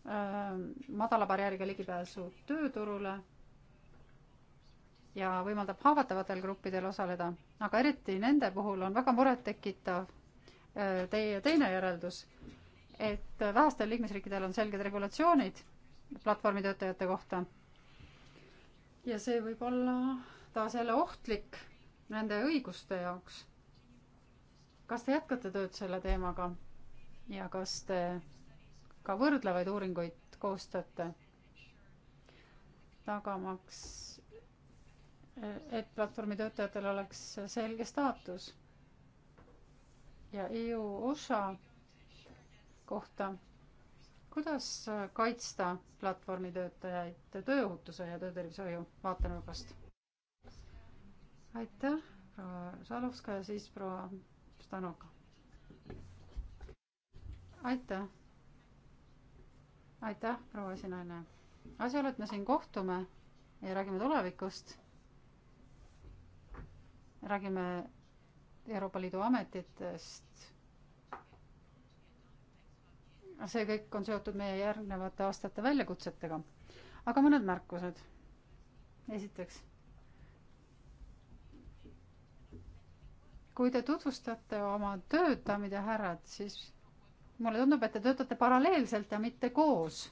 Äh, madala barjääriga ligipääsu tööturule ja võimaldab haavatavatel gruppidel osaleda, aga eriti nende puhul on väga murettekitav äh, teie teine järeldus, et vähestel liikmesriikidel on selged regulatsioonid platvormi töötajate kohta. ja see võib olla taas jälle ohtlik nende õiguste jaoks. kas te jätkate tööd selle teemaga ja kas te ka võrdlevaid uuringuid koostate, tagamaks, et platvormi töötajatel oleks selge staatus. ja EU osa kohta, kuidas kaitsta platvormi töötajaid tööohutuse ja töötervishoiu vaatenurgast? aitäh, proua Salovska ja siis proua Stanoka. aitäh aitäh, proua esinaine. asjaolu, et me siin kohtume ja räägime tulevikust, räägime Euroopa Liidu ametitest, see kõik on seotud meie järgnevate aastate väljakutsetega. aga mõned märkused. esiteks, kui te tutvustate oma tööd, daamid ja härrad, siis mulle tundub, et te töötate paralleelselt ja mitte koos.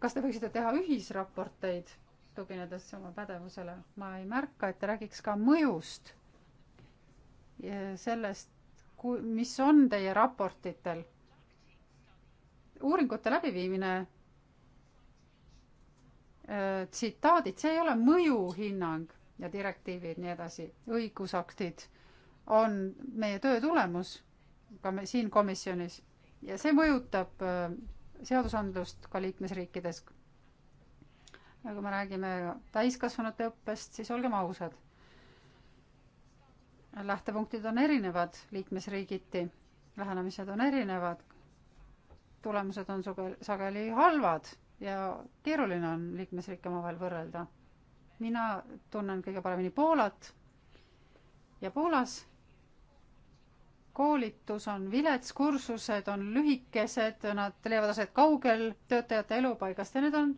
kas te võiksite teha ühisraporteid, tuginedes oma pädevusele? ma ei märka, et te räägiks ka mõjust ja sellest, kui, mis on teie raportitel. uuringute läbiviimine äh, tsitaadid, see ei ole mõjuhinnang ja direktiivid, nii edasi, õigusaktid on meie töö tulemus ka me siin komisjonis ja see mõjutab äh, seadusandlust ka liikmesriikides. kui me räägime täiskasvanute õppest, siis olgem ausad, lähtepunktid on erinevad liikmesriigiti, lähenemised on erinevad, tulemused on suge-, sageli halvad ja keeruline on liikmesriike omavahel võrrelda. mina tunnen kõige paremini Poolat ja Poolas koolitus on vilets, kursused on lühikesed, nad leiavad aset kaugel töötajate elupaigast ja need on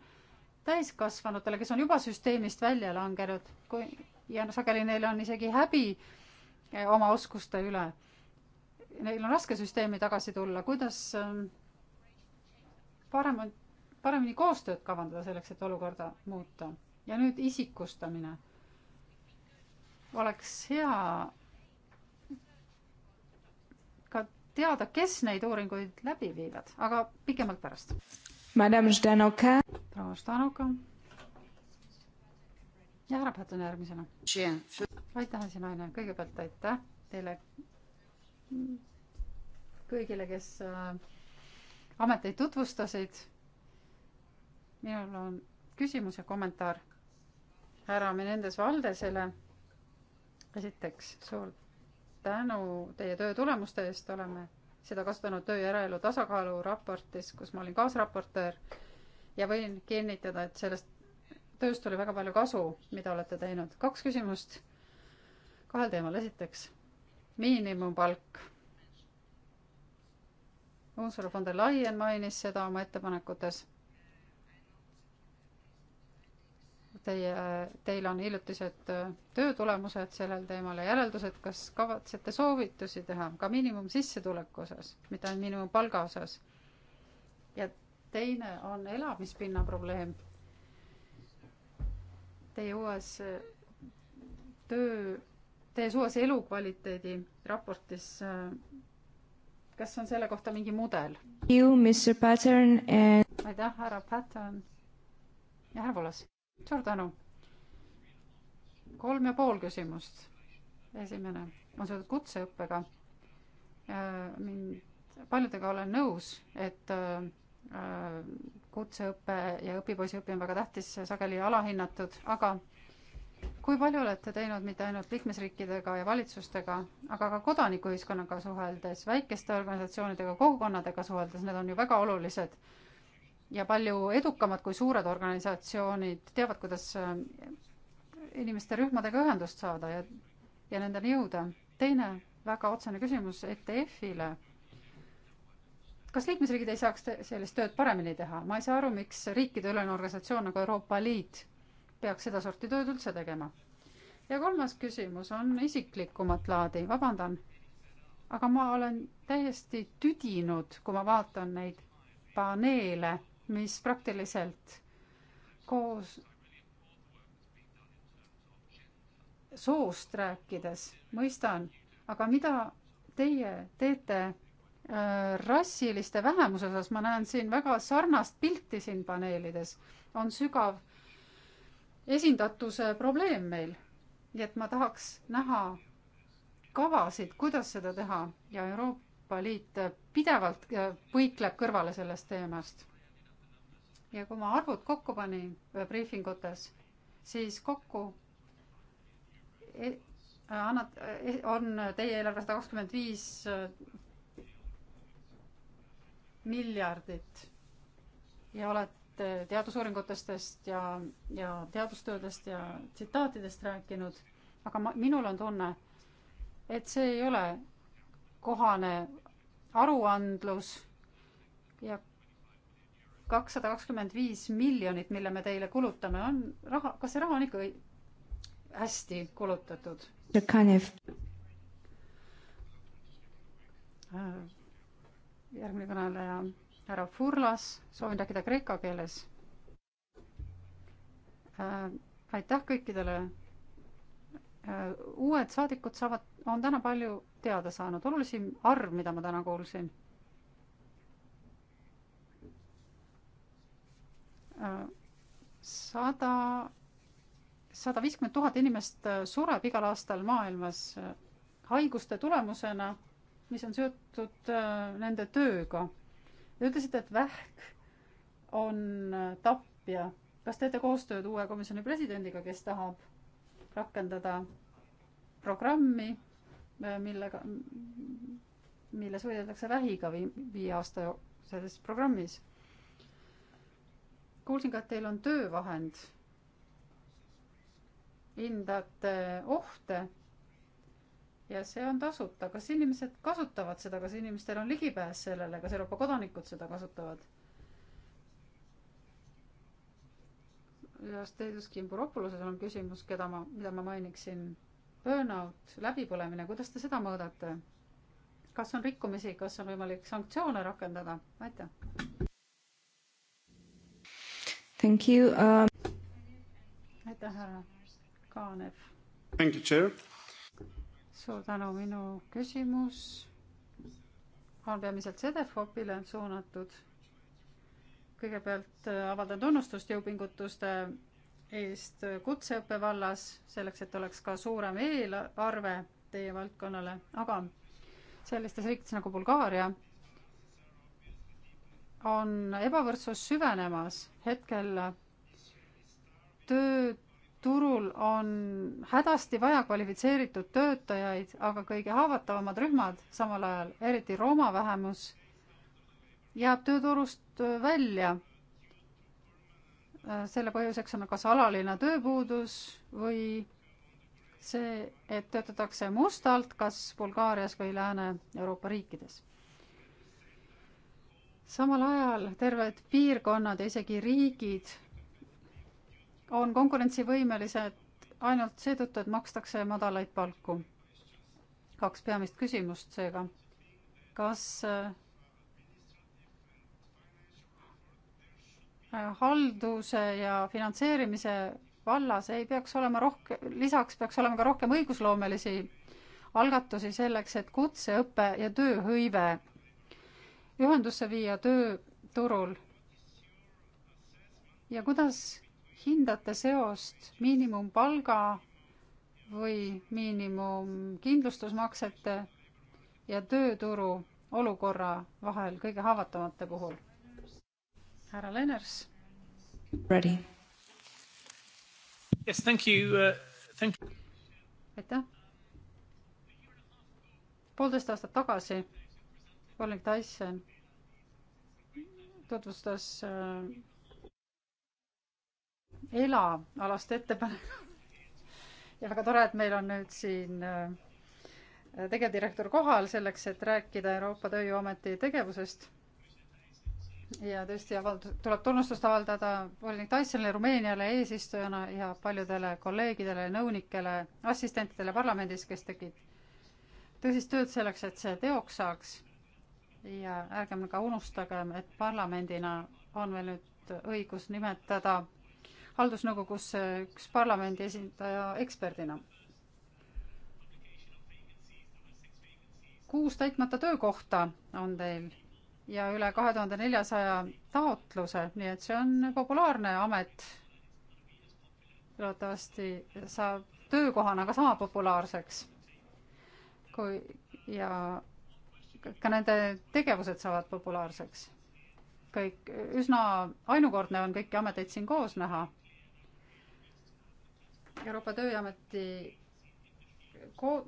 täiskasvanutele, kes on juba süsteemist välja langenud, kui ja no sageli neil on isegi häbi eh, oma oskuste üle. Neil on raske süsteemi tagasi tulla, kuidas ähm, parem, paremini koostööd kavandada selleks, et olukorda muuta. ja nüüd isikustamine. oleks hea teada, kes neid uuringuid läbi viivad, aga pikemalt pärast. Madame Ždanoka. proua Ždanoka. ja härra Pätsen järgmisena. aitäh, esinaine, kõigepealt aitäh teile kõigile, kes äh, ameteid tutvustasid. minul on küsimus ja kommentaar härra Menendez Valdesele. esiteks suur tänu teie töö tulemuste eest, oleme seda kasutanud töö ja eraelu tasakaalu raportis, kus ma olin kaasraportöör ja võin kinnitada, et sellest tööst oli väga palju kasu, mida olete teinud. kaks küsimust kahel teemal. esiteks, miinimumpalk. Ursula von der Leyen mainis seda oma ettepanekutes teie, teil on hiljutised äh, töö tulemused sellel teemal ja järeldused, kas kavatsete soovitusi teha ka miinimumsissetuleku osas, mitte ainult miinimumpalga osas? ja teine on elamispinna probleem. Teie uues äh, töö, teie uues elukvaliteedi raportis, äh, kas on selle kohta mingi mudel? aitäh, härra Pattern ja härra Volas suur tänu. kolm ja pool küsimust. esimene on seotud kutseõppega. Äh, mind, paljudega olen nõus, et äh, äh, kutseõpe ja õpipoisiõpe on väga tähtis, sageli alahinnatud, aga kui palju olete teinud mitte ainult liikmesriikidega ja valitsustega, aga ka kodanikuühiskonnaga suheldes, väikeste organisatsioonidega, kogukonnadega suheldes, need on ju väga olulised ja palju edukamad kui suured organisatsioonid teavad, kuidas äh, inimeste rühmadega ühendust saada ja, ja nendeni jõuda. teine väga otsene küsimus ETF-ile. kas liikmesriigid ei saaks sellist tööd paremini teha? ma ei saa aru, miks riikideülene organisatsioon nagu Euroopa Liit peaks sedasorti tööd üldse tegema. ja kolmas küsimus on isiklikumat laadi, vabandan, aga ma olen täiesti tüdinud, kui ma vaatan neid paneele mis praktiliselt koos soost rääkides, mõistan, aga mida teie teete äh, rassiliste vähemuse osas, ma näen siin väga sarnast pilti siin paneelides, on sügav esindatuse probleem meil. nii et ma tahaks näha kavasid, kuidas seda teha ja Euroopa Liit pidevalt põikleb äh, kõrvale sellest teemast ja kui ma arvud kokku panin äh, briifingutes, siis kokku e-, äh, annad, äh, e-, on teie eelarve sada kakskümmend viis miljardit ja olete teadusuuringutest ja, ja teadustöödest ja tsitaatidest rääkinud, aga ma, minul on tunne, et see ei ole kohane aruandlus ja kakssada kakskümmend viis miljonit, mille me teile kulutame, on raha, kas see raha on ikka hästi kulutatud? Äh, järgmine kõneleja, härra Furlas, soovin rääkida kreeka keeles. Äh, aitäh kõikidele. Äh, uued saadikud saavad, on täna palju teada saanud, olulisim arv, mida ma täna kuulsin sada, sada viiskümmend tuhat inimest äh, sureb igal aastal maailmas äh, haiguste tulemusena, mis on seotud äh, nende tööga. Te ütlesite, et vähk on tapja. kas teete koostööd uue komisjoni presidendiga, kes tahab rakendada programmi, millega, milles võideldakse vähiga vii-, viie aasta selles programmis? kuulsin ka, et teil on töövahend. hindate ohte ja see on tasuta. kas inimesed kasutavad seda, kas inimestel on ligipääs sellele, kas Euroopa kodanikud seda kasutavad? ja Stelios Kimburopuluses on küsimus, keda ma, mida ma mainiksin. Burnout, läbipõlemine, kuidas te seda mõõdate? kas on rikkumisi, kas on võimalik sanktsioone rakendada? aitäh! Thank you um.... aitäh, härra Kaanev. Thank you, chair. suur tänu, minu küsimus on peamiselt Sedefopile suunatud. kõigepealt äh, avaldan tunnustust jõupingutuste eest kutseõppe vallas, selleks et oleks ka suurem eelarve teie valdkonnale, aga sellistes riikides nagu Bulgaaria on ebavõrdsus süvenemas, hetkel tööturul on hädasti vaja kvalifitseeritud töötajaid, aga kõige haavatavamad rühmad samal ajal, eriti Rooma vähemus, jääb tööturust välja. selle põhjuseks on kas alaline tööpuudus või see, et töötatakse mustalt kas Bulgaarias või Lääne-Euroopa riikides samal ajal terved piirkonnad ja isegi riigid on konkurentsivõimelised ainult seetõttu, et makstakse madalaid palku. kaks peamist küsimust seega. kas äh, halduse ja finantseerimise vallas ei peaks olema rohkem, lisaks peaks olema ka rohkem õigusloomelisi algatusi selleks, et kutseõpe ja tööhõive ühendusse viia tööturul? ja kuidas hindate seost miinimumpalga või miinimumkindlustusmaksete ja tööturu olukorra vahel kõige haavatavamate puhul? härra Lenners. Ready. Yes, thank you uh,, thank you. aitäh. poolteist aastat tagasi kolleeg Tyson tutvustas äh, ELA alast ettepanekut ja väga tore, et meil on nüüd siin äh, tegevdirektor kohal selleks, et rääkida Euroopa Tööjõuameti tegevusest. ja tõesti avald-, tuleb tunnustust avaldada volinik Tysonile, Rumeeniale eesistujana ja paljudele kolleegidele, nõunikele, assistentidele parlamendis, kes tegid tõsist tööd selleks, et see teoks saaks ja ärgem ka unustagem, et parlamendina on meil nüüd õigus nimetada haldusnõukogusse üks parlamendi esindaja eksperdina. kuus täitmata töökohta on teil ja üle kahe tuhande neljasaja taotluse, nii et see on populaarne amet. loodetavasti saab töökohana ka sama populaarseks. kui ja ka nende tegevused saavad populaarseks. kõik, üsna ainukordne on kõiki ameteid siin koos näha. Euroopa Tööameti ko-,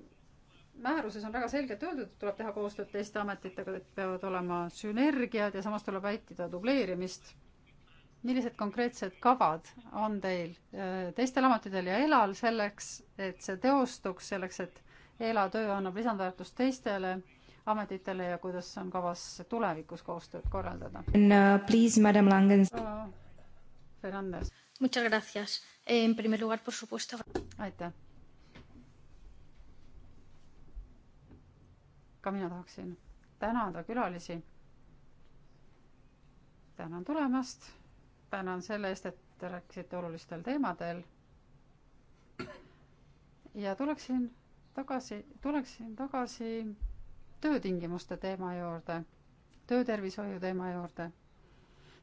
määruses on väga selgelt öeldud, et tuleb teha koostööd teiste ametitega, et peavad olema sünergiad ja samas tuleb vältida dubleerimist. millised konkreetsed kavad on teil äh, teistel ametitel ja ELAL selleks, et see teostuks, selleks, et ELA töö annab lisandväärtust teistele ametitele ja kuidas on kavas tulevikus koostööd korraldada? Uh, please, madam Langens. Fernandes. Muchas gracias. En primer lugar, por supuesto. aitäh. ka mina tahaksin tänada külalisi. tänan tulemast. tänan selle eest, et te rääkisite olulistel teemadel. ja tuleksin tagasi, tuleksin tagasi töötingimuste teema juurde, töötervishoiu teema juurde.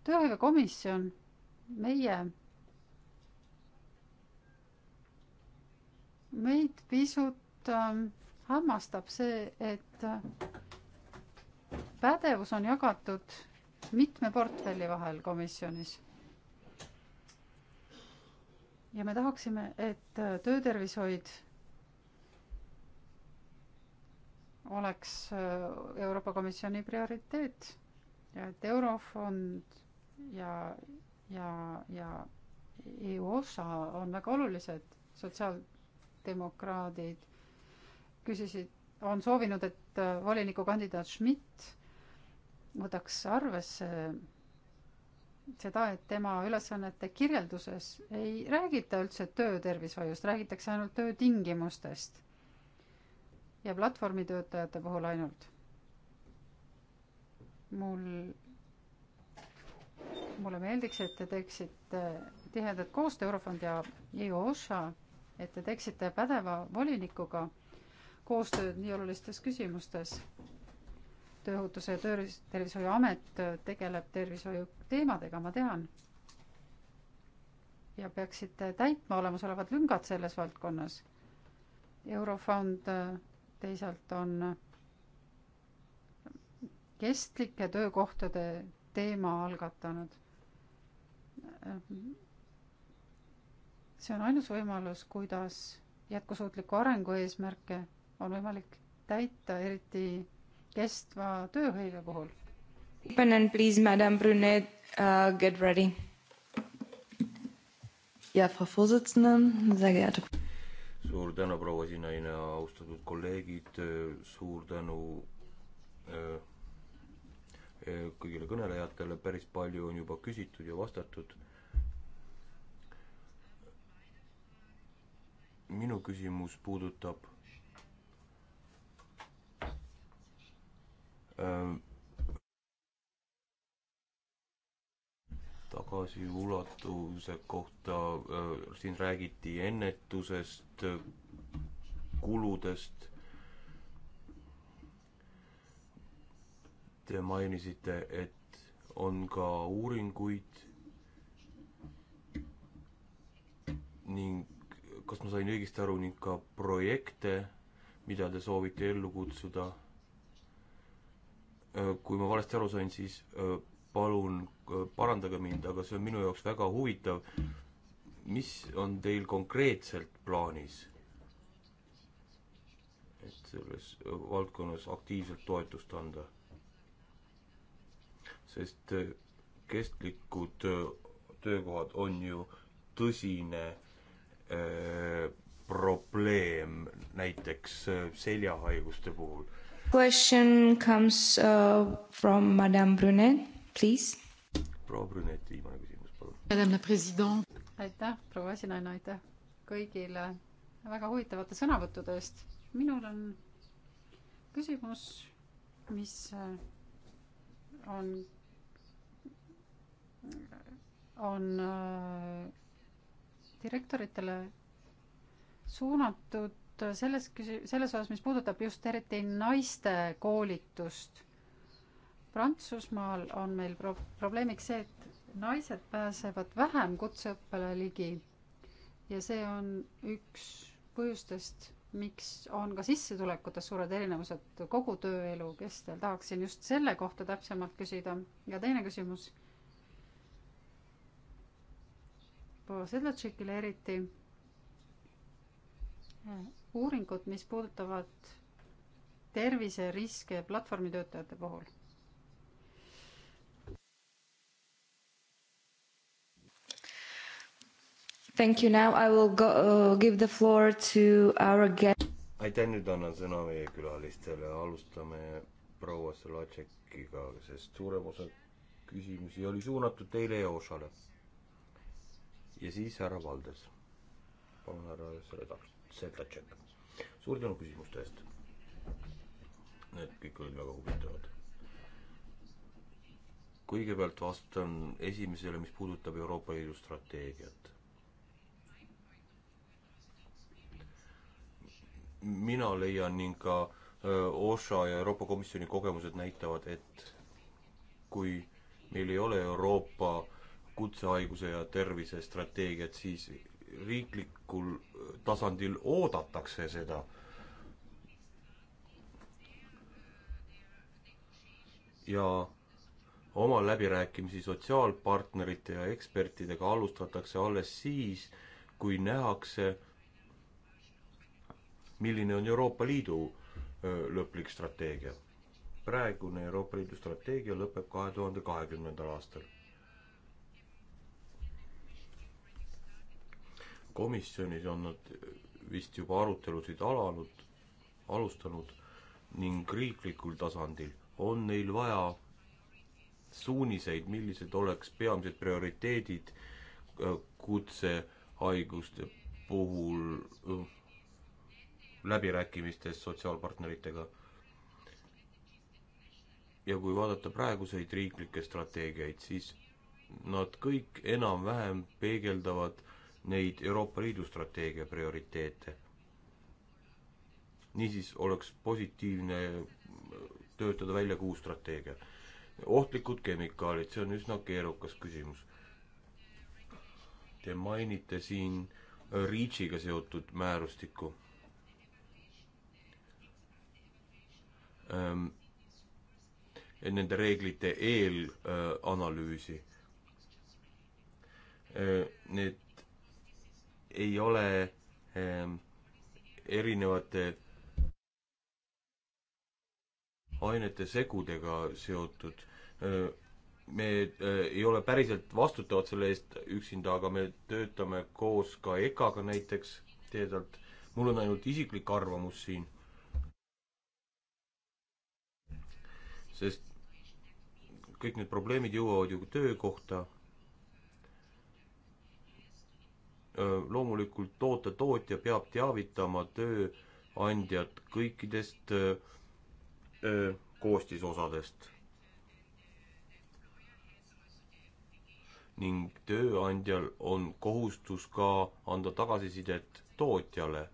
tööaega komisjon, meie, meid pisut äh, hämmastab see, et äh, pädevus on jagatud mitme portfelli vahel komisjonis. ja me tahaksime, et äh, töötervishoid oleks äh, Euroopa Komisjoni prioriteet ja et Eurofond ja, ja, ja EU osa on väga olulised. sotsiaaldemokraadid küsisid, on soovinud, et äh, volinikukandidaat Schmidt võtaks arvesse seda, et tema ülesannete kirjelduses ei räägita üldse töötervishoiust, räägitakse ainult töötingimustest ja platvormitöötajate puhul ainult. mul, mulle meeldiks, et te teeksite tihedat koostöö Eurofond ja EOSHA, et te teeksite pädeva volinikuga koostööd nii olulistes küsimustes. tööohutuse ja tööris-, tervishoiuamet tegeleb tervishoiuteemadega, ma tean. ja peaksite täitma olemasolevad lüngad selles valdkonnas Eurofond teisalt on kestlike töökohtade teema algatanud. see on ainus võimalus, kuidas jätkusuutliku arengu eesmärke on võimalik täita, eriti kestva tööhõive puhul. Panen, please, madam Brunet uh,, get ready. ja, Frau Vorsitzende, sehr geehrte suur tänu, proua Sinaine, austatud kolleegid, suur tänu äh, äh, kõigile kõnelejatele, päris palju on juba küsitud ja vastatud. minu küsimus puudutab äh, tagasiulatuvuse kohta äh, siin räägiti ennetusest, kuludest. Te mainisite, et on ka uuringuid ning kas ma sain õigesti aru, ning ka projekte, mida te soovite ellu kutsuda. Äh, kui ma valesti aru sain, siis äh, palun äh, parandage mind, aga see on minu jaoks väga huvitav. mis on teil konkreetselt plaanis? et selles äh, valdkonnas aktiivselt toetust anda. sest äh, kestlikud töökohad on ju tõsine öö, probleem näiteks seljahaiguste puhul. Question comes uh, from Madame Brunet please? proua Brünet, viimane küsimus, palun. aitäh, proua esinaine, aitäh kõigile väga huvitavate sõnavõttude eest. minul on küsimus, mis äh, on, on äh, direktoritele suunatud selles küsi-, selles osas, mis puudutab just eriti naiste koolitust Prantsusmaal on meil pro-, probleemiks see, et naised pääsevad vähem kutseõppele ligi ja see on üks põhjustest, miks on ka sissetulekutes suured erinevused kogu tööelu kestel, tahaksin just selle kohta täpsemalt küsida ja teine küsimus. Sedlatšikile eriti uuringud, mis puudutavad terviseriske platvormitöötajate puhul Thank you, now I will go, uh, give the floor to our guest. aitäh, nüüd annan sõna meie külalistele, alustame proua Solatšekiga, sest suurem osa küsimusi oli suunatud teile ja Ošale. ja siis härra Valdes. palun, härra Solatšek. suur tänu küsimuste eest. Need kõik olid väga huvitavad. kõigepealt vastan esimesele, mis puudutab Euroopa Liidu strateegiat mina leian ning ka OSHA ja Euroopa Komisjoni kogemused näitavad, et kui meil ei ole Euroopa kutsehaiguse ja tervise strateegiat, siis riiklikul tasandil oodatakse seda. ja oma läbirääkimisi sotsiaalpartnerite ja ekspertidega alustatakse alles siis, kui nähakse, milline on Euroopa Liidu lõplik strateegia. praegune Euroopa Liidu strateegia lõpeb kahe tuhande kahekümnendal aastal. komisjonis on nad vist juba arutelusid alanud, alustanud ning riiklikul tasandil on neil vaja suuniseid, millised oleks peamised prioriteedid kutsehaiguste puhul läbirääkimistes sotsiaalpartneritega. ja kui vaadata praeguseid riiklikke strateegiaid, siis nad kõik enam-vähem peegeldavad neid Euroopa Liidu strateegia prioriteete. niisiis oleks positiivne töötada välja ka uus strateegia. ohtlikud kemikaalid, see on üsna keerukas küsimus. Te mainite siin REACH-iga seotud määrustikku Ähm, nende reeglite eelanalüüsi. Äh, need ei ole ähm, erinevate ainete segudega seotud. Äh, me äh, ei ole päriselt vastutavad selle eest üksinda, aga me töötame koos ka EKA-ga näiteks teedalt. mul on ainult isiklik arvamus siin sest kõik need probleemid jõuavad ju töökohta. loomulikult toote tootja peab teavitama tööandjat kõikidest koostisosadest. ning tööandjal on kohustus ka anda tagasisidet tootjale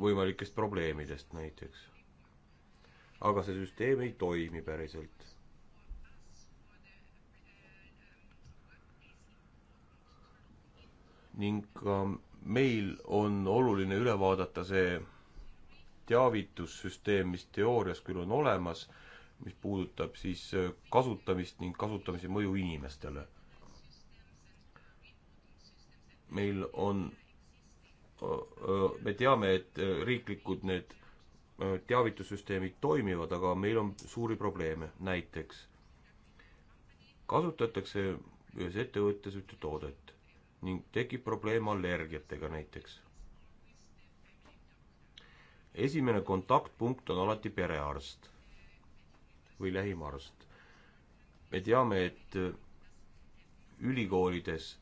võimalikest probleemidest näiteks. aga see süsteem ei toimi päriselt. ning ka meil on oluline üle vaadata see teavitussüsteem, mis teoorias küll on olemas, mis puudutab siis äh, kasutamist ning kasutamise mõju inimestele. meil on Äh, äh, me teame, et äh, riiklikud need teavitussüsteemid toimivad, aga meil on suuri probleeme, näiteks kasutatakse ühes ettevõttes ühte toodet ning tekib probleem allergiatega näiteks. esimene kontaktpunkt on alati perearst või lähim arst. me teame, et ülikoolides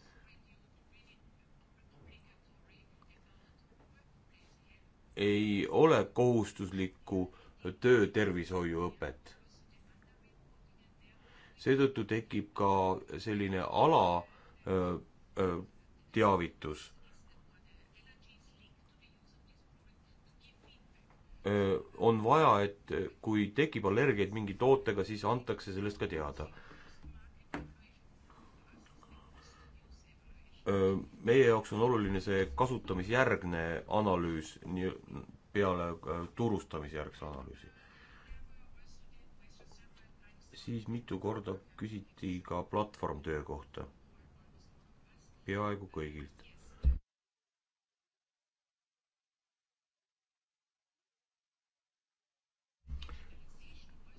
ei ole kohustuslikku töötervishoiuõpet. seetõttu tekib ka selline ala öö, öö, teavitus. on vaja, et kui tekib allergiaid mingi tootega, siis antakse sellest ka teada meie jaoks on oluline see kasutamisjärgne analüüs, nii peale turustamisjärgse analüüsi. siis mitu korda küsiti ka platvormtöö kohta. peaaegu kõigilt.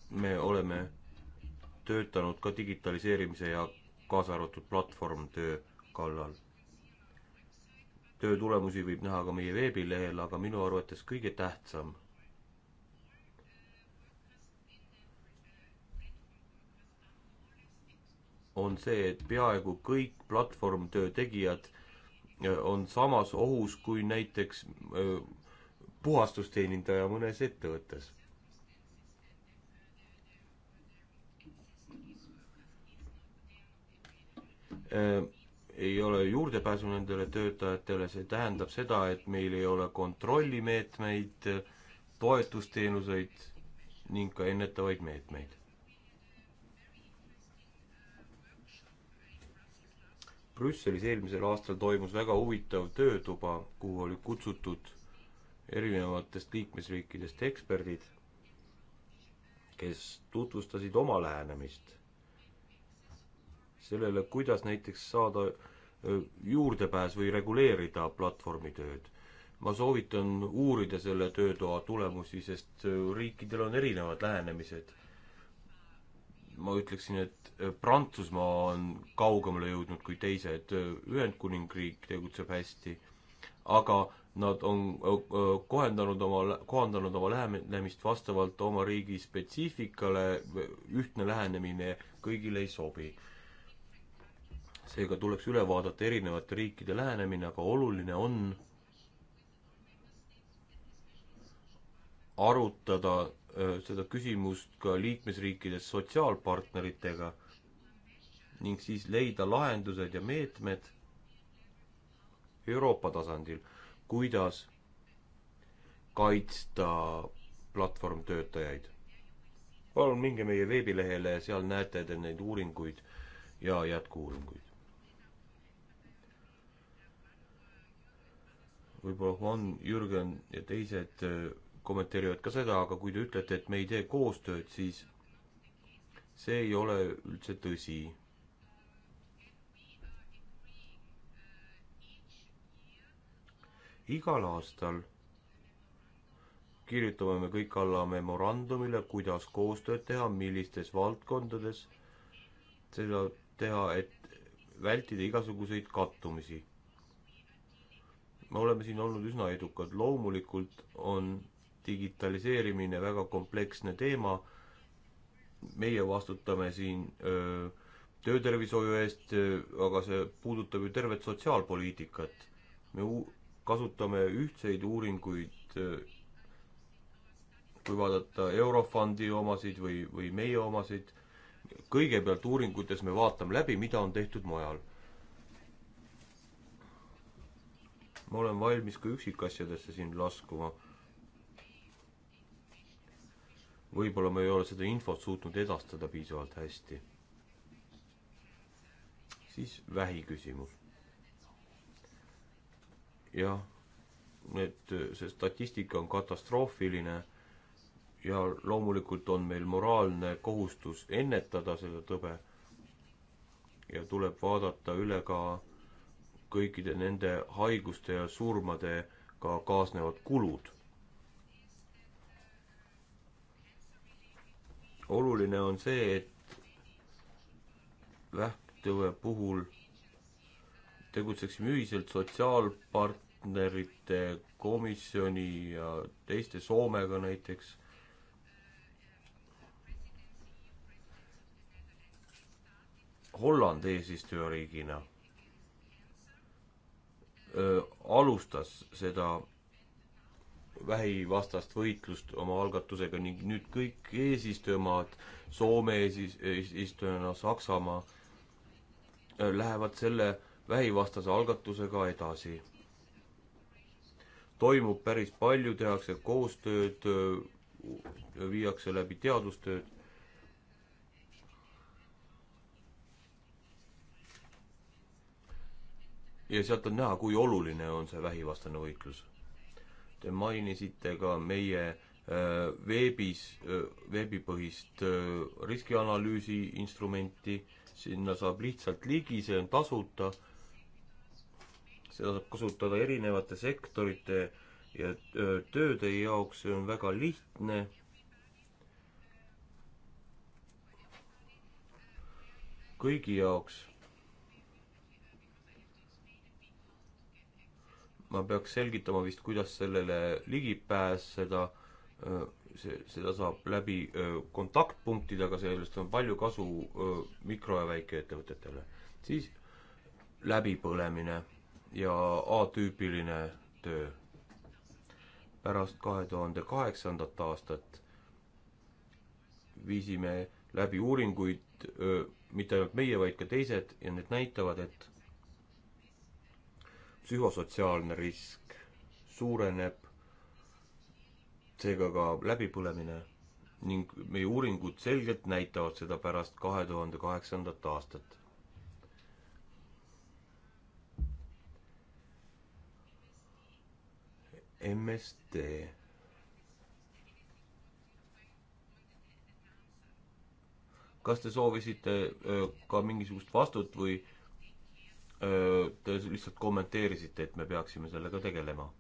me oleme töötanud ka digitaliseerimise ja kaasa arvatud platvormtöö kallal. töö tulemusi võib näha ka meie veebilehel, aga minu arvates kõige tähtsam on see, et peaaegu kõik platvormtöö tegijad äh, on samas ohus kui näiteks äh, puhastusteenindaja mõnes ettevõttes. Äh, ei ole juurdepääsu nendele töötajatele, see tähendab seda, et meil ei ole kontrollimeetmeid, toetusteenuseid ning ka ennetavaid meetmeid. Brüsselis eelmisel aastal toimus väga huvitav töötuba, kuhu olid kutsutud erinevatest liikmesriikidest eksperdid, kes tutvustasid oma lähenemist sellele, kuidas näiteks saada juurdepääs või reguleerida platvormi tööd. ma soovitan uurida selle töötoa tulemusi, sest riikidel on erinevad lähenemised. ma ütleksin, et Prantsusmaa on kaugemale jõudnud kui teised, Ühendkuningriik tegutseb hästi, aga nad on kohendanud oma, kohandanud oma lähenemist vastavalt oma riigi spetsiifikale, ühtne lähenemine kõigile ei sobi seega tuleks üle vaadata erinevate riikide lähenemine, aga oluline on arutada seda küsimust ka liikmesriikides sotsiaalpartneritega ning siis leida lahendused ja meetmed Euroopa tasandil, kuidas kaitsta platvormtöötajaid. palun minge meie veebilehele, seal näete te neid uuringuid ja jätku-uuringuid. võib-olla Juan, Jürgen ja teised äh, kommenteerivad ka seda, aga kui te ütlete, et me ei tee koostööd, siis see ei ole üldse tõsi. igal aastal kirjutame me kõik alla memorandumile, kuidas koostööd teha, millistes valdkondades seda teha, et vältida igasuguseid kattumisi me oleme siin olnud üsna edukad, loomulikult on digitaliseerimine väga kompleksne teema, meie vastutame siin öö, töötervishoiu eest, aga see puudutab ju tervet sotsiaalpoliitikat. me kasutame ühtseid uuringuid, kui vaadata Eurofondi omasid või, või meie omasid, kõigepealt uuringutes me vaatame läbi, mida on tehtud mujal ma olen valmis ka üksikasjadesse siin laskuma. võib-olla ma ei ole seda infot suutnud edastada piisavalt hästi. siis vähiküsimus. jah, need, see statistika on katastroofiline ja loomulikult on meil moraalne kohustus ennetada seda tõbe ja tuleb vaadata üle ka kõikide nende haiguste ja surmadega ka kaasnevad kulud. oluline on see, et vähktõve puhul tegutseksime ühiselt sotsiaalpartnerite komisjoni ja teiste Soomega näiteks. Holland eesistujariigina alustas seda vähivastast võitlust oma algatusega ning nüüd kõik eesistujamaad, Soome eesis-, eesistujana Saksamaa, lähevad selle vähivastase algatusega edasi. toimub päris palju, tehakse koostööd, viiakse läbi teadustööd ja sealt on näha, kui oluline on see vähivastane võitlus. Te mainisite ka meie äh, veebis, äh, veebipõhist äh, riskianalüüsi instrumenti, sinna saab lihtsalt ligi, see on tasuta, seda saab kasutada erinevate sektorite ja tööde jaoks, see on väga lihtne. kõigi jaoks ma peaks selgitama vist, kuidas sellele ligi pääseda, see, seda saab läbi kontaktpunktidega, sellest on palju kasu mikro- ja väikeettevõtetele. siis läbipõlemine ja atüüpiline töö. pärast kahe tuhande kaheksandat aastat viisime läbi uuringuid, mitte ainult meie, vaid ka teised, ja need näitavad, et psühhosotsiaalne risk suureneb, seega ka läbipõlemine ning meie uuringud selgelt näitavad seda pärast kahe tuhande kaheksandat aastat. MSD. kas te soovisite äh, ka mingisugust vastut või Te lihtsalt kommenteerisite, et me peaksime sellega tegelema.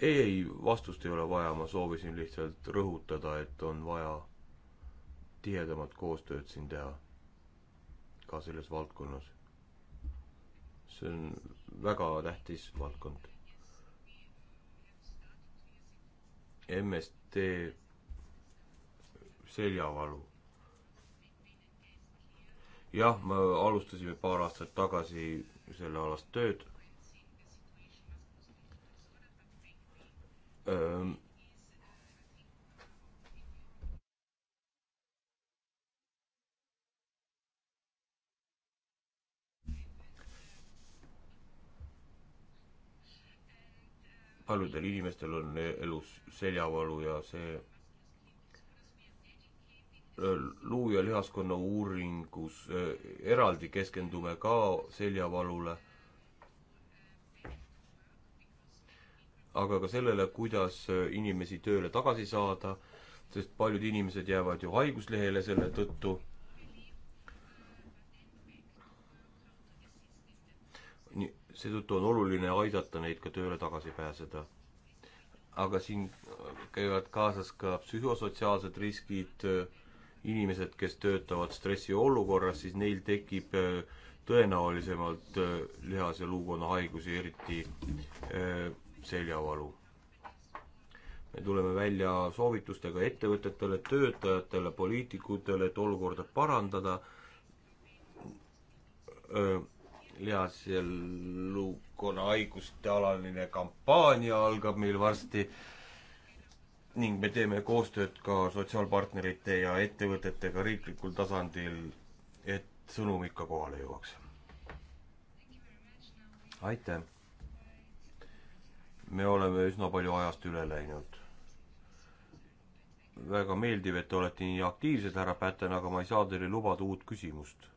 ei, ei, vastust ei ole vaja, ma soovisin lihtsalt rõhutada, et on vaja tihedamat koostööd siin teha. ka selles valdkonnas. see on väga tähtis valdkond. MST seljavalu jah, me alustasime paar aastat tagasi sellealast tööd. paljudel inimestel on elus seljavalu ja see luu- ja lihaskonna uuringus eraldi keskendume ka seljavalule, aga ka sellele, kuidas inimesi tööle tagasi saada, sest paljud inimesed jäävad ju haiguslehele selle tõttu. nii, seetõttu on oluline aidata neid ka tööle tagasi pääseda aga siin käivad kaasas ka psühhosotsiaalsed riskid, inimesed, kes töötavad stressiolukorras, siis neil tekib äh, tõenäolisemalt äh, lihas- ja luukonnahaigusi, eriti äh, seljavalu. me tuleme välja soovitustega ettevõtetele, töötajatele, poliitikutele, et olukorda parandada, lihas- ja luukonnahaiguste alaline kampaania algab meil varsti, ning me teeme koostööd ka sotsiaalpartnerite ja ettevõtetega riiklikul tasandil, et sõnum ikka kohale jõuaks. aitäh! me oleme üsna palju ajast üle läinud. väga meeldiv, et te olete nii aktiivsed, härra Päten, aga ma ei saa teile lubada uut küsimust.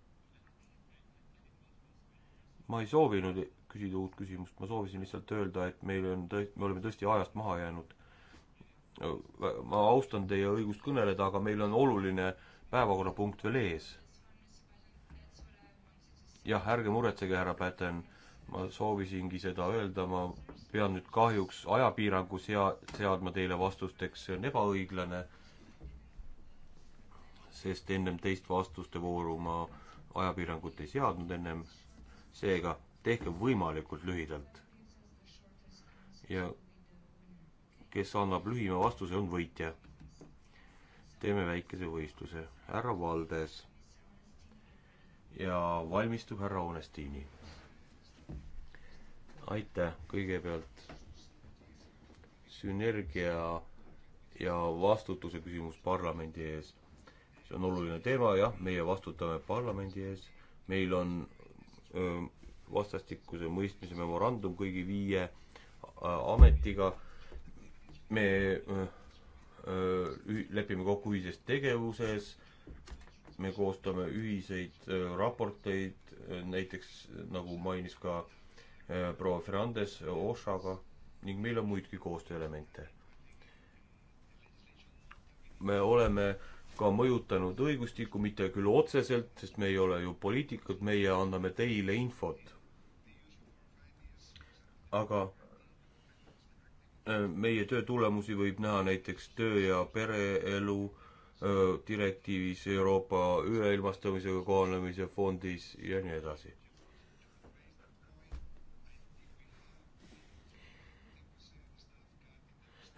ma ei soovinud küsida uut küsimust, ma soovisin lihtsalt öelda, et meil on tõesti, me oleme tõesti ajast maha jäänud Äh, ma austan teie õigust kõneleda, aga meil on oluline päevakorrapunkt veel ees. jah, ärge muretsege, härra Päten, ma soovisingi seda öelda, ma pean nüüd kahjuks ajapiirangu sea-, seadma teile vastusteks, see on ebaõiglane, sest ennem teist vastuste vooru ma ajapiirangut ei seadnud ennem, seega tehke võimalikult lühidalt. ja kes annab lühima vastuse, on võitja. teeme väikese võistluse. härra Valdes ja valmistub härra Onestini. aitäh, kõigepealt sünergia ja vastutuse küsimus parlamendi ees. see on oluline teema, jah, meie vastutame parlamendi ees, meil on öö, vastastikuse mõistmise memorandum kõigi viie ametiga me öö, äh, öö, äh, lepime kokku ühises tegevuses, me koostame ühiseid öö, äh, raporteid, näiteks nagu mainis ka proua Fernandes Ošaga ning meil on muidki koostööelemente. me oleme ka mõjutanud õigustikku, mitte küll otseselt, sest me ei ole ju poliitikud, meie anname teile infot. aga Äh, meie töö tulemusi võib näha näiteks töö- ja pereelu äh, direktiivis, Euroopa üleilmastamisega kohanemise fondis ja nii edasi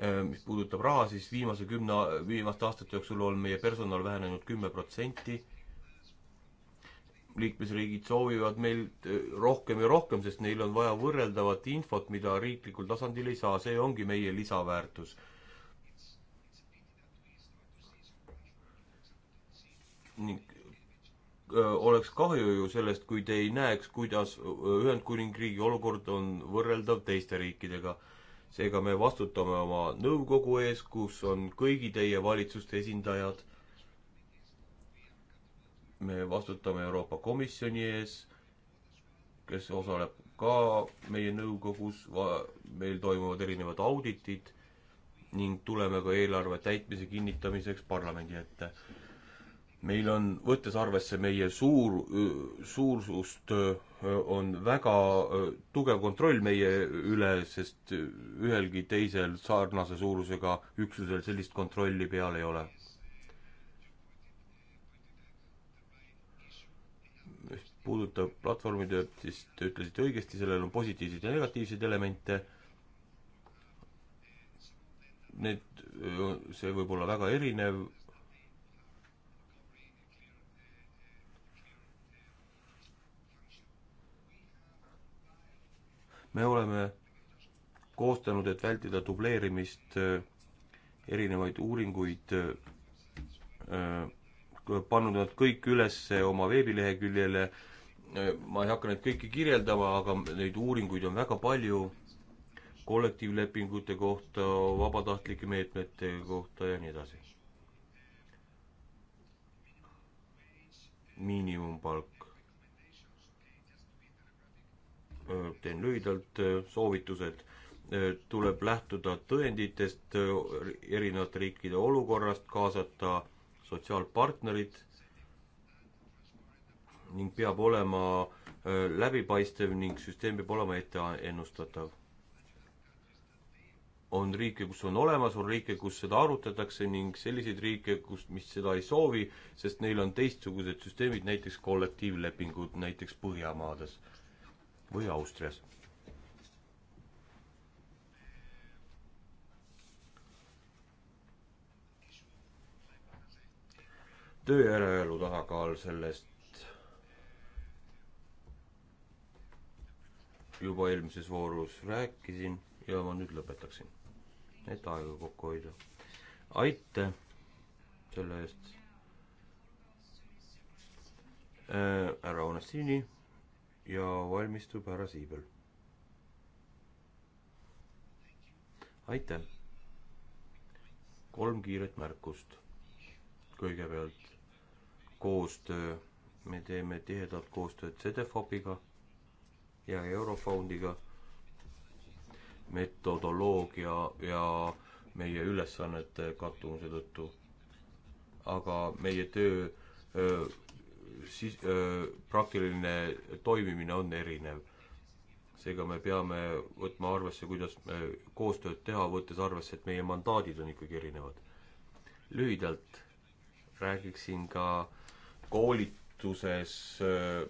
äh, mis puudutab raha, siis viimase kümne, viimaste aastate jooksul on meie personal vähenenud kümme protsenti liikmesriigid soovivad meilt äh, rohkem ja rohkem, sest neil on vaja võrreldavat infot, mida riiklikul tasandil ei saa, see ongi meie lisaväärtus. ning öö, äh, oleks kahju ju sellest, kui te ei näeks, kuidas äh, Ühendkuningriigi olukord on võrreldav teiste riikidega. seega me vastutame oma nõukogu ees, kus on kõigi teie valitsuste esindajad me vastutame Euroopa Komisjoni ees, kes osaleb ka meie nõukogus, meil toimuvad erinevad auditid ning tuleme ka eelarve täitmise kinnitamiseks parlamendi ette. meil on, võttes arvesse meie suur, suursust, on väga tugev kontroll meie üle, sest ühelgi teisel sarnase suurusega üksusel sellist kontrolli peal ei ole puudutab platvormitööd, siis te ütlesite õigesti, sellel on positiivseid ja negatiivseid elemente. Need, see võib olla väga erinev. me oleme koostanud, et vältida dubleerimist, äh, erinevaid uuringuid, äh, pannud nad kõik üles oma veebileheküljele ma ei hakka neid kõiki kirjeldama, aga neid uuringuid on väga palju kollektiivlepingute kohta, vabatahtlike meetmete kohta ja nii edasi. miinimumpalk. teen lühidalt äh, soovitused. Äh, tuleb lähtuda tõenditest, äh, erinevate riikide olukorrast, kaasata sotsiaalpartnerid ning peab olema äh, läbipaistev ning süsteem peab olema etteennustatav. on riike, kus on olemas, on riike, kus seda arutatakse ning selliseid riike, kus, mis seda ei soovi, sest neil on teistsugused süsteemid, näiteks kollektiivlepingud näiteks Põhjamaades või Austrias. töö ja eraelu tasakaal sellest juba eelmises voorus rääkisin ja ma nüüd lõpetaksin, et aega kokku hoida. aitäh selle eest äh,. härra Onestini ja valmistub härra Siibel. aitäh. kolm kiiret märkust. kõigepealt koostöö, me teeme tihedat koostööd CDFOP-iga ja Eurofondiga metodoloogia ja meie ülesannete kattumuse tõttu. aga meie töö öö, siis öö, praktiline toimimine on erinev. seega me peame võtma arvesse, kuidas me koostööd teha, võttes arvesse, et meie mandaadid on ikkagi erinevad. lühidalt räägiksin ka koolituses öö,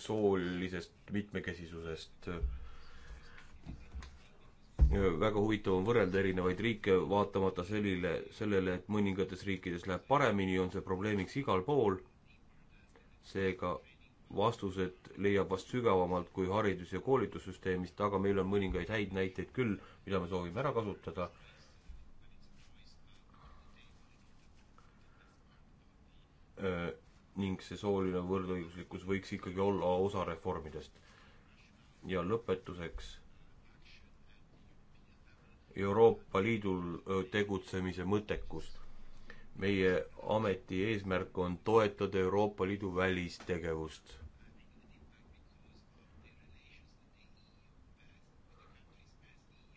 soolisest mitmekesisusest. väga huvitav on võrrelda erinevaid riike, vaatamata sellile, sellele, et mõningates riikides läheb paremini, on see probleemiks igal pool. seega vastused leiab vast sügavamalt kui haridus- ja koolitussüsteemist, aga meil on mõningaid häid näiteid küll, mida me soovime ära kasutada äh, ning see sooline võrdõiguslikkus võiks ikkagi olla osa reformidest. ja lõpetuseks. Euroopa Liidul tegutsemise mõttekus. meie ameti eesmärk on toetada Euroopa Liidu välistegevust.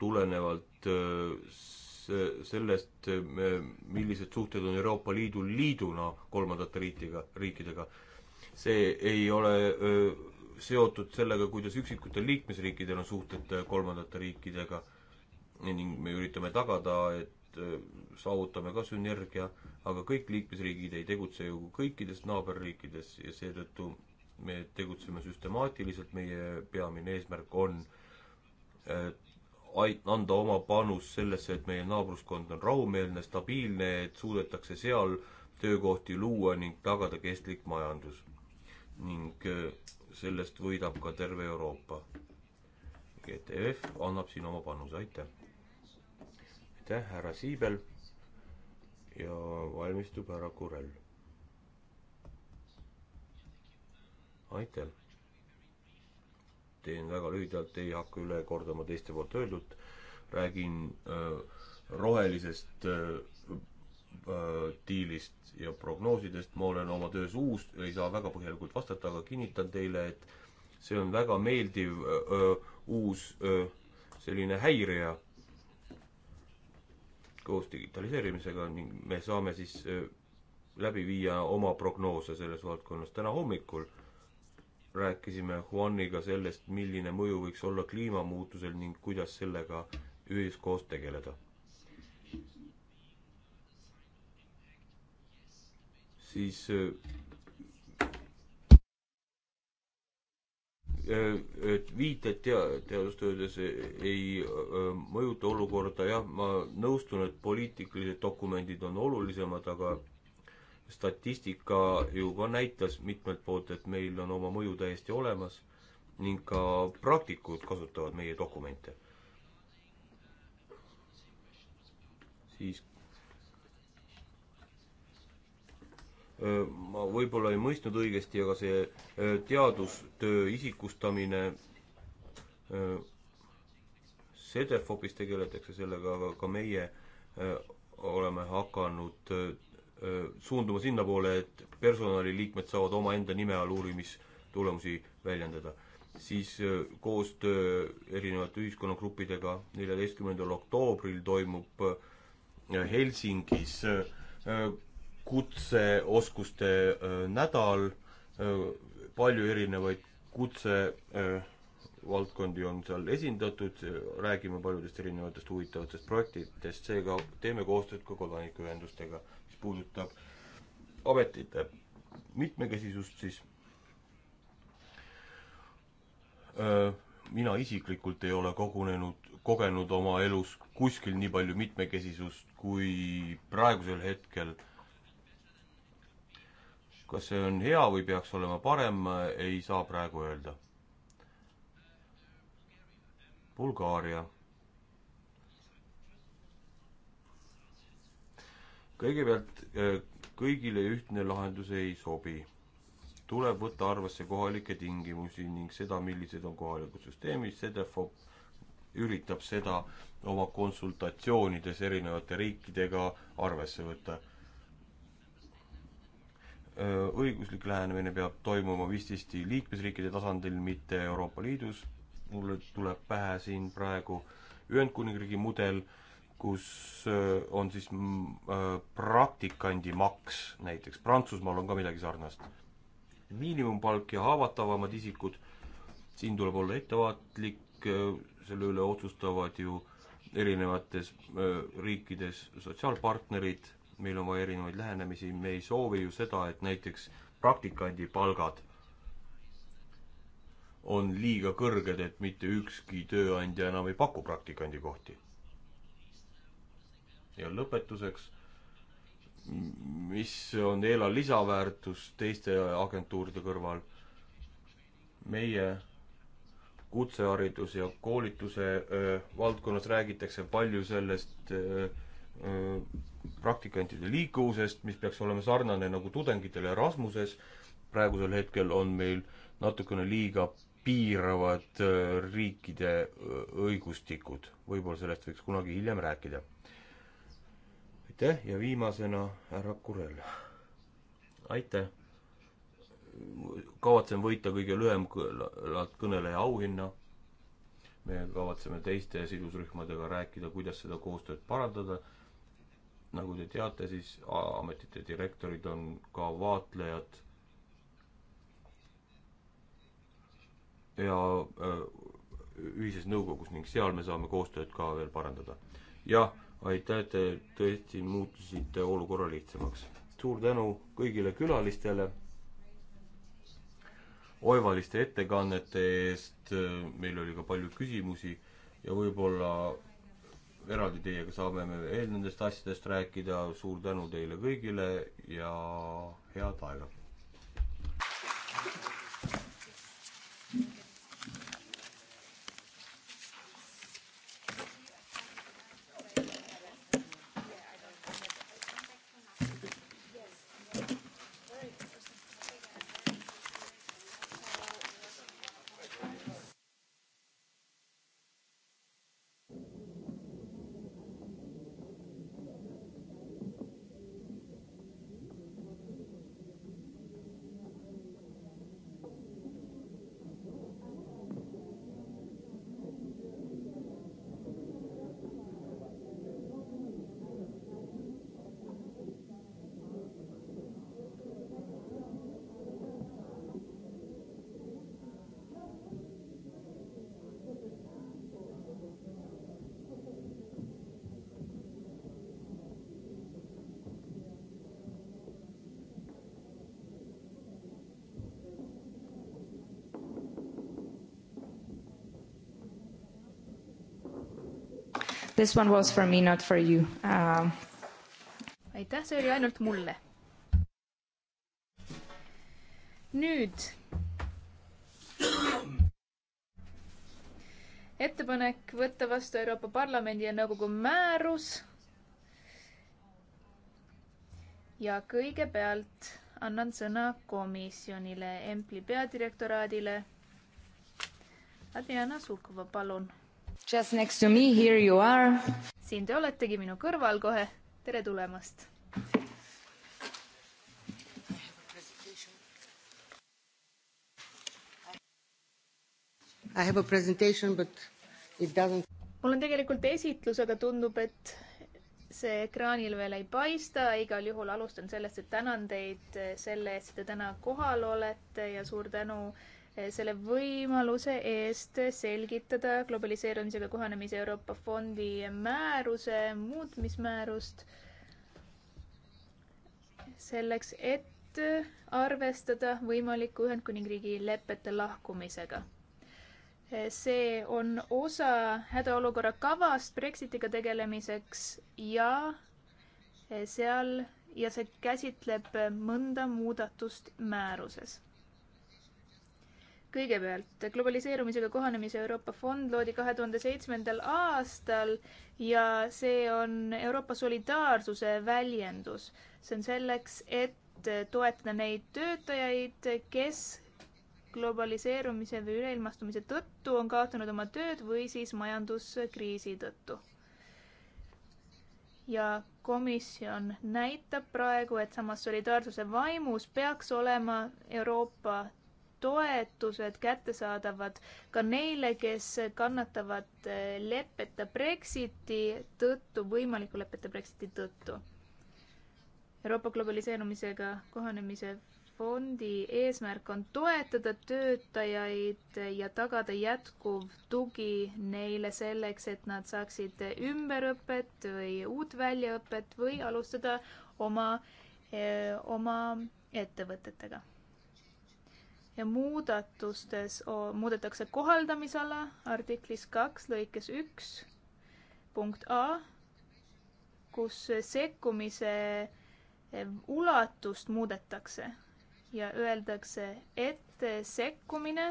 tulenevalt Äh, sellest, äh, millised suhted on Euroopa Liidul liiduna kolmandate riikidega, riikidega. see ei ole öö, äh, seotud sellega, kuidas üksikutel liikmesriikidel on suhted kolmandate riikidega ning me üritame tagada, et öö, saavutame ka sünergia, aga kõik liikmesriigid ei tegutse ju kõikides naaberriikides ja seetõttu me tegutseme süstemaatiliselt, meie peamine eesmärk on öö, ait-, anda oma panus sellesse, et meie naabruskond on rahumeelne, stabiilne, et suudetakse seal töökohti luua ning tagada kestlik majandus. ning äh, sellest võidab ka terve Euroopa. GTF e annab siin oma panuse, aitäh! aitäh, härra Siibel ja valmistub härra Kurel. aitäh! teen väga lühidalt, ei hakka üle kordama teiste poolt öeldut, räägin äh, rohelisest äh, äh, diilist ja prognoosidest, ma olen oma töös uus, ei saa väga põhjalikult vastata, aga kinnitan teile, et see on väga meeldiv öö, äh, äh, uus öö, selline häireja koos digitaliseerimisega ning me saame siis öö, läbi viia oma prognoose selles valdkonnas. täna hommikul rääkisime Juaniga sellest, milline mõju võiks olla kliimamuutusel ning kuidas sellega üheskoos tegeleda. siis äh, äh, viited tea-, teadustöödes ei äh, mõjuta olukorda, jah, ma nõustun, et poliitilised dokumendid on olulisemad, aga statistika juba näitas mitmelt poolt, et meil on oma mõju täiesti olemas ning ka praktikud kasutavad meie dokumente. siis ma võib-olla ei mõistnud õigesti, aga see teadustöö isikustamine, CDFOPis tegeletakse sellega, aga ka meie oleme hakanud suunduma sinnapoole, et personaliliikmed saavad omaenda nime all uurimistulemusi väljendada. siis koostöö erinevate ühiskonnagruppidega neljateistkümnendal oktoobril toimub Helsingis kutseoskuste nädal, palju erinevaid kutsevaldkondi on seal esindatud, räägime paljudest erinevatest huvitavatest projektidest, seega teeme koostööd ka kodanikuühendustega puudutab ametite mitmekesisust, siis öö, mina isiklikult ei ole kogunenud, kogenud oma elus kuskil nii palju mitmekesisust kui praegusel hetkel. kas see on hea või peaks olema parem, ei saa praegu öelda. Bulgaaria kõigepealt äh, kõigile ühtne lahendus ei sobi. tuleb võtta arvesse kohalikke tingimusi ning seda, millised on kohalikud süsteemid, CDFOP üritab seda oma konsultatsioonides erinevate riikidega arvesse võtta. Äh, õiguslik lähenemine peab toimuma vististi liikmesriikide tasandil, mitte Euroopa Liidus. mulle tuleb pähe siin praegu Ühendkuningriigi mudel kus äh, on siis mm, äh, praktikandi maks näiteks, Prantsusmaal on ka midagi sarnast. miinimumpalk ja haavatavamad isikud, siin tuleb olla ettevaatlik, äh, selle üle otsustavad ju erinevates riikides sotsiaalpartnerid, meil on vaja erinevaid lähenemisi, me ei soovi ju seda, et näiteks praktikandi palgad on liiga kõrged, et mitte ükski tööandja enam ei paku praktikandi kohti ja lõpetuseks, mis on ELA lisaväärtus teiste agentuuride kõrval? meie kutseharidus ja koolituse öö, valdkonnas räägitakse palju sellest öö, öö, praktikantide liikuvusest, mis peaks olema sarnane nagu tudengitele Erasmuses. praegusel hetkel on meil natukene liiga piiravad riikide õigustikud. võib-olla sellest võiks kunagi hiljem rääkida aitäh ja viimasena härra Kurel. aitäh. kavatsen võita kõige lühemalt kõneleja auhinna. me kavatseme teiste sidusrühmadega rääkida, kuidas seda koostööd parandada. nagu te teate, siis ametite direktorid on ka vaatlejad. ja äh, ühises nõukogus ning seal me saame koostööd ka veel parandada. jah aitäh, te tõesti muutusite olukorra lihtsamaks. suur tänu kõigile külalistele, oivaliste ettekannete eest, meil oli ka palju küsimusi ja võib-olla eraldi teiega saame me veel nendest asjadest rääkida, suur tänu teile kõigile ja head aega! This one was for me, not for you uh.... aitäh, see oli ainult mulle. nüüd. ettepanek võtta vastu Euroopa Parlamendi ja Nõukogu määrus. ja kõigepealt annan sõna komisjonile, Empli peadirektoraadile. Adriana Sulkova, palun Just next to me, here you are. siin te oletegi minu kõrval kohe. tere tulemast. I have a presentation but it doesn't. mul on tegelikult esitlus, aga tundub, et see ekraanil veel ei paista, igal juhul alustan sellest, et tänan teid selle eest, et te täna kohal olete ja suur tänu Eh, selle võimaluse eest selgitada globaliseerumisega kohanemise Euroopa Fondi määruse muutmismäärust selleks, et arvestada võimaliku Ühendkuningriigi lepete lahkumisega. Eh, see on osa hädaolukorra kavast Brexitiga tegelemiseks ja eh, seal ja see käsitleb mõnda muudatust määruses kõigepealt globaliseerumisega kohanemise Euroopa fond loodi kahe tuhande seitsmendal aastal ja see on Euroopa solidaarsuse väljendus. see on selleks, et toetada neid töötajaid, kes globaliseerumise või üleilmastumise tõttu on kaotanud oma tööd või siis majanduskriisi tõttu. ja komisjon näitab praegu, et samas solidaarsuse vaimus peaks olema Euroopa toetused kättesaadavad ka neile, kes kannatavad eh, leppeta Brexiti tõttu, võimaliku leppeta Brexiti tõttu. Euroopa globaliseerumisega kohanemise fondi eesmärk on toetada töötajaid ja tagada jätkuv tugi neile selleks, et nad saaksid ümberõpet või uut väljaõpet või alustada oma, eh, oma ettevõtetega ja muudatustes muudetakse kohaldamisala artiklis kaks lõikes üks punkt A, kus sekkumise ulatust muudetakse ja öeldakse, et sekkumine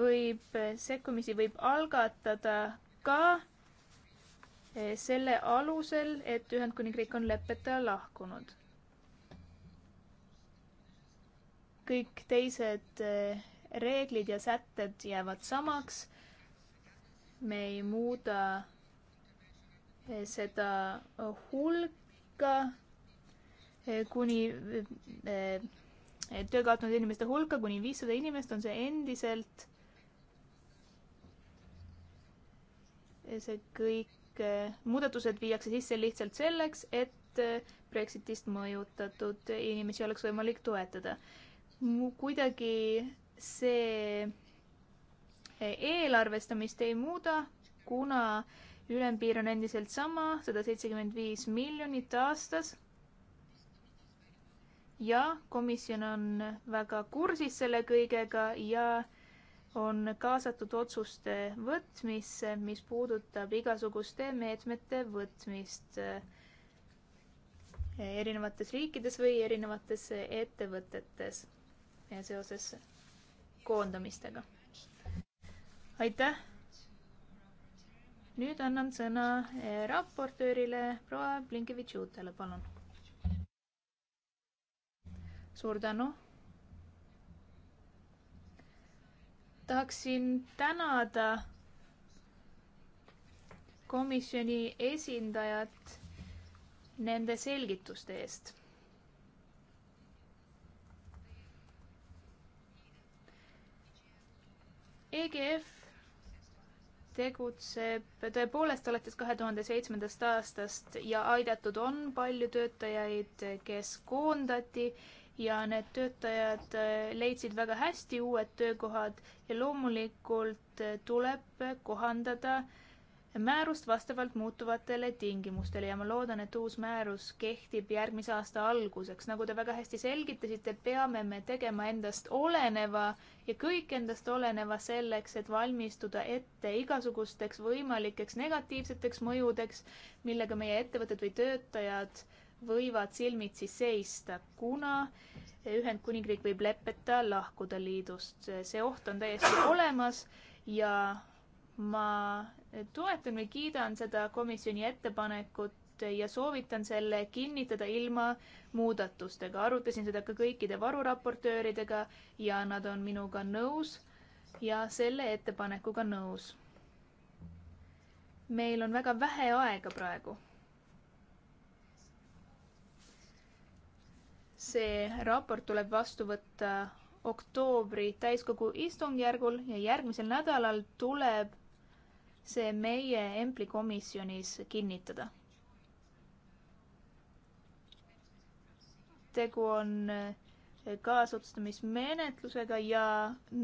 võib, sekkumisi võib algatada ka eh, selle alusel, et Ühendkuningriik on leppeta lahkunud kõik teised eh, reeglid ja sätted jäävad samaks. me ei muuda eh, seda hulka eh, kuni töö kaotanud inimeste hulka kuni viissada inimest on see endiselt. see kõik, muudatused viiakse sisse lihtsalt selleks, et Brexitist mõjutatud inimesi oleks võimalik toetada kuidagi see eh, eelarvestamist ei muuda, kuna ülempiir on endiselt sama, sada seitsekümmend viis miljonit aastas. ja komisjon on väga kursis selle kõigega ja on kaasatud otsuste võtmisse, mis puudutab igasuguste meetmete võtmist eh, erinevates riikides või erinevates eh, ettevõtetes seoses koondamistega. aitäh! nüüd annan sõna eh, raportöörile proua Blinkevitš-Uutele, palun. suur tänu. tahaksin tänada komisjoni esindajat nende selgituste eest. EGF tegutseb, tõepoolest alates kahe tuhande seitsmendast aastast ja aidatud on palju töötajaid, kes koondati ja need töötajad äh, leidsid väga hästi uued töökohad ja loomulikult äh, tuleb kohandada äh, määrust vastavalt muutuvatele tingimustele ja ma loodan, et uus määrus kehtib järgmise aasta alguseks. nagu te väga hästi selgitasite, peame me tegema endast oleneva ja kõik endast oleneva selleks, et valmistuda ette igasugusteks võimalikeks negatiivseteks mõjudeks, millega meie ettevõtted või töötajad võivad silmitsi seista, kuna Ühendkuningriik võib leppeta lahkuda liidust. see oht on täiesti olemas ja ma toetan või kiidan seda komisjoni ettepanekut ja soovitan selle kinnitada ilma muudatustega. arutasin seda ka kõikide varuraportööridega ja nad on minuga nõus ja selle ettepanekuga nõus. meil on väga vähe aega praegu. see raport tuleb vastu võtta oktoobri täiskogu istungjärgul ja järgmisel nädalal tuleb see meie EMPLi komisjonis kinnitada. tegu on eh, kaasotsustamismenetlusega ja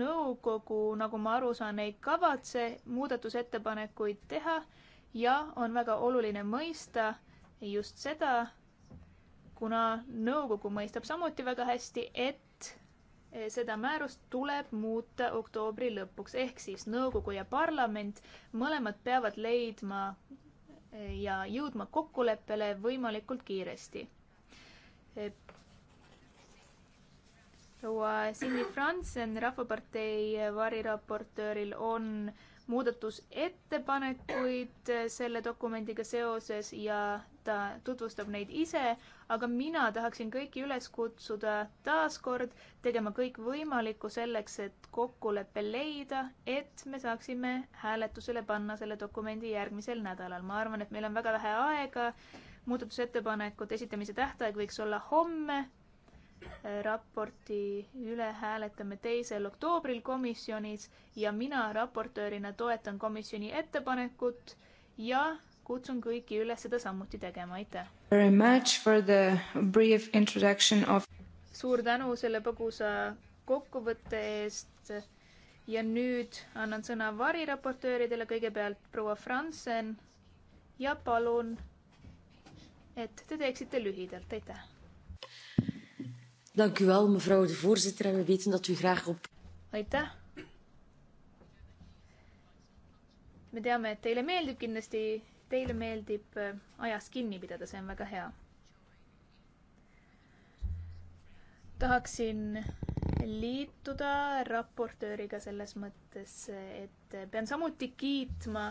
nõukogu, nagu ma aru saan, ei kavatse muudatusettepanekuid teha ja on väga oluline mõista just seda, kuna nõukogu mõistab samuti väga hästi, et Eh, seda määrust tuleb muuta oktoobri lõpuks, ehk siis nõukogu ja parlament mõlemad peavad leidma eh, ja jõudma kokkuleppele võimalikult kiiresti. Eh, proua Cindy Franzen, Rahvapartei variraportööril on muudatusettepanekuid selle dokumendiga seoses ja ta äh, tutvustab neid ise, aga mina tahaksin kõiki üles kutsuda taaskord tegema kõik võimalikku selleks, et kokkulepe leida, et me saaksime hääletusele panna selle dokumendi järgmisel nädalal. ma arvan, et meil on väga vähe aega, muudatusettepanekute esitamise tähtaeg võiks olla homme, äh, raporti üle hääletame teisel oktoobril komisjonis ja mina raportöörina toetan komisjoni ettepanekut ja kutsun kõiki üles seda samuti tegema, aitäh! Of... suur tänu selle põgusa kokkuvõtte eest ja nüüd annan sõna variraportööridele, kõigepealt proua Franzen ja palun, et te teeksite lühidalt, aitäh! Dank u wel, mevrouw de voorzitter, en we weten dat u graag op. Aitäh. me teame, et teile meeldib kindlasti teile meeldib äh, ajast kinni pidada, see on väga hea. tahaksin liituda raportööriga selles mõttes, et pean samuti kiitma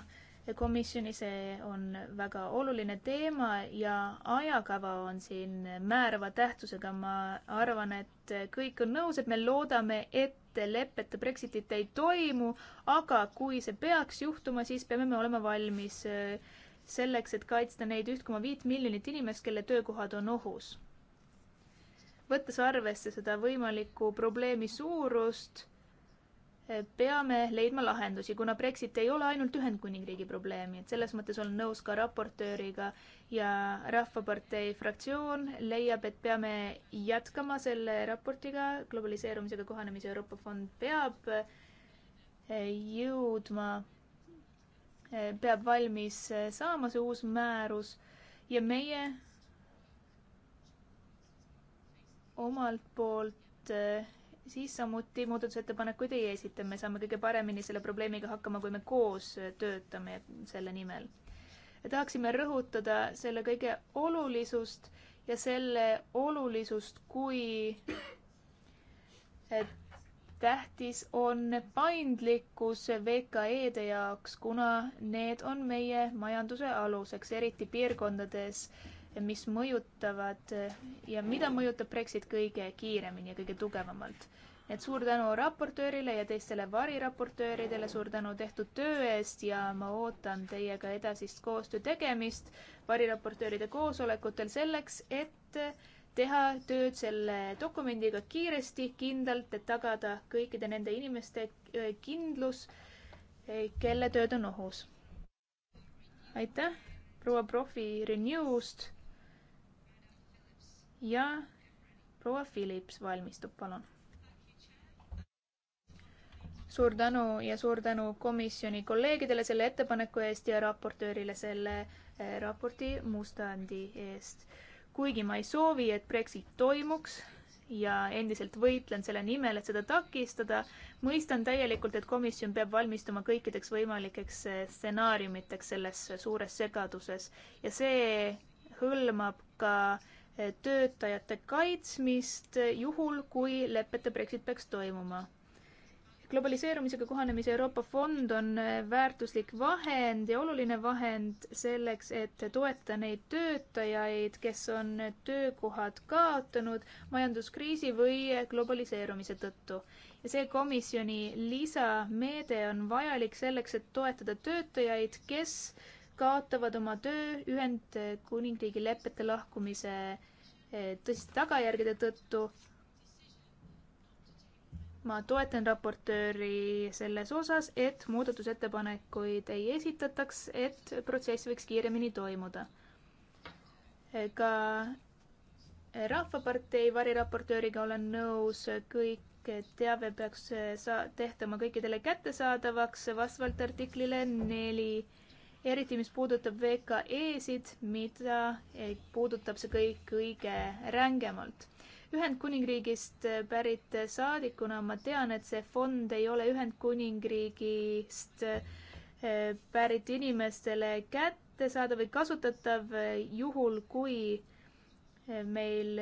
komisjoni, see on väga oluline teema ja ajakava on siin määrava tähtsusega. ma arvan, et kõik on nõus, et me loodame, et lepet Brexitit ei toimu, aga kui see peaks juhtuma, siis peame me olema valmis äh, selleks, et kaitsta neid üht koma viit miljonit inimest, kelle töökohad on ohus. võttes arvesse seda võimalikku probleemi suurust, eh, peame leidma lahendusi, kuna Brexit ei ole ainult Ühendkuningriigi probleemi, et selles mõttes olen nõus ka raportööriga ja Rahvapartei fraktsioon leiab, et peame jätkama selle raportiga, globaliseerumisega kohanemise Euroopa Fond peab eh, jõudma peab valmis saama see uus määrus ja meie omalt poolt eh, siis samuti muudatusettepanekuid ei esita, me saame kõige paremini selle probleemiga hakkama, kui me koos töötame selle nimel. tahaksime rõhutada selle kõige olulisust ja selle olulisust kui tähtis on paindlikkus VKE-de jaoks, kuna need on meie majanduse aluseks, eriti piirkondades, mis mõjutavad ja mida mõjutab Brexit kõige kiiremini ja kõige tugevamalt. et suur tänu raportöörile ja teistele variraportööridele, suur tänu tehtud töö eest ja ma ootan teiega edasist koostöö tegemist variraportööride koosolekutel selleks, et teha tööd selle dokumendiga kiiresti, kindlalt, et tagada kõikide nende inimeste äh, kindlus, äh, kelle tööd on ohus. aitäh, proua profi Renewst. ja proua Philips valmistub, palun. suur tänu ja suur tänu komisjoni kolleegidele selle ettepaneku eest ja raportöörile selle äh, raporti mustandi eest kuigi ma ei soovi, et Brexit toimuks ja endiselt võitlen selle nimel, et seda takistada, mõistan täielikult, et komisjon peab valmistuma kõikideks võimalikeks eh, stsenaariumiteks selles suures segaduses ja see hõlmab ka eh, töötajate kaitsmist juhul, kui lepete Brexit peaks toimuma globaliseerumisega kohanemise Euroopa fond on eh, väärtuslik vahend ja oluline vahend selleks, et toeta neid töötajaid, kes on töökohad kaotanud majanduskriisi või globaliseerumise tõttu. ja see komisjoni lisameede on vajalik selleks, et toetada töötajaid, kes kaotavad oma töö Ühendkuningriigi lepete lahkumise eh, tõsiste tagajärgede tõttu ma toetan raportööri selles osas, et muudatusettepanekuid ei esitataks, et protsess võiks kiiremini toimuda. ka Rahvapartei variraportööriga olen nõus, kõik teave peaks saa-, tehtama kõikidele kättesaadavaks vastavalt artiklile neli, eriti mis puudutab VKE-sid, mida puudutab see kõik kõige rängemalt Ühendkuningriigist pärit saadikuna ma tean, et see fond ei ole Ühendkuningriigist eh, pärit inimestele kättesaadav või kasutatav eh, juhul, kui eh, meil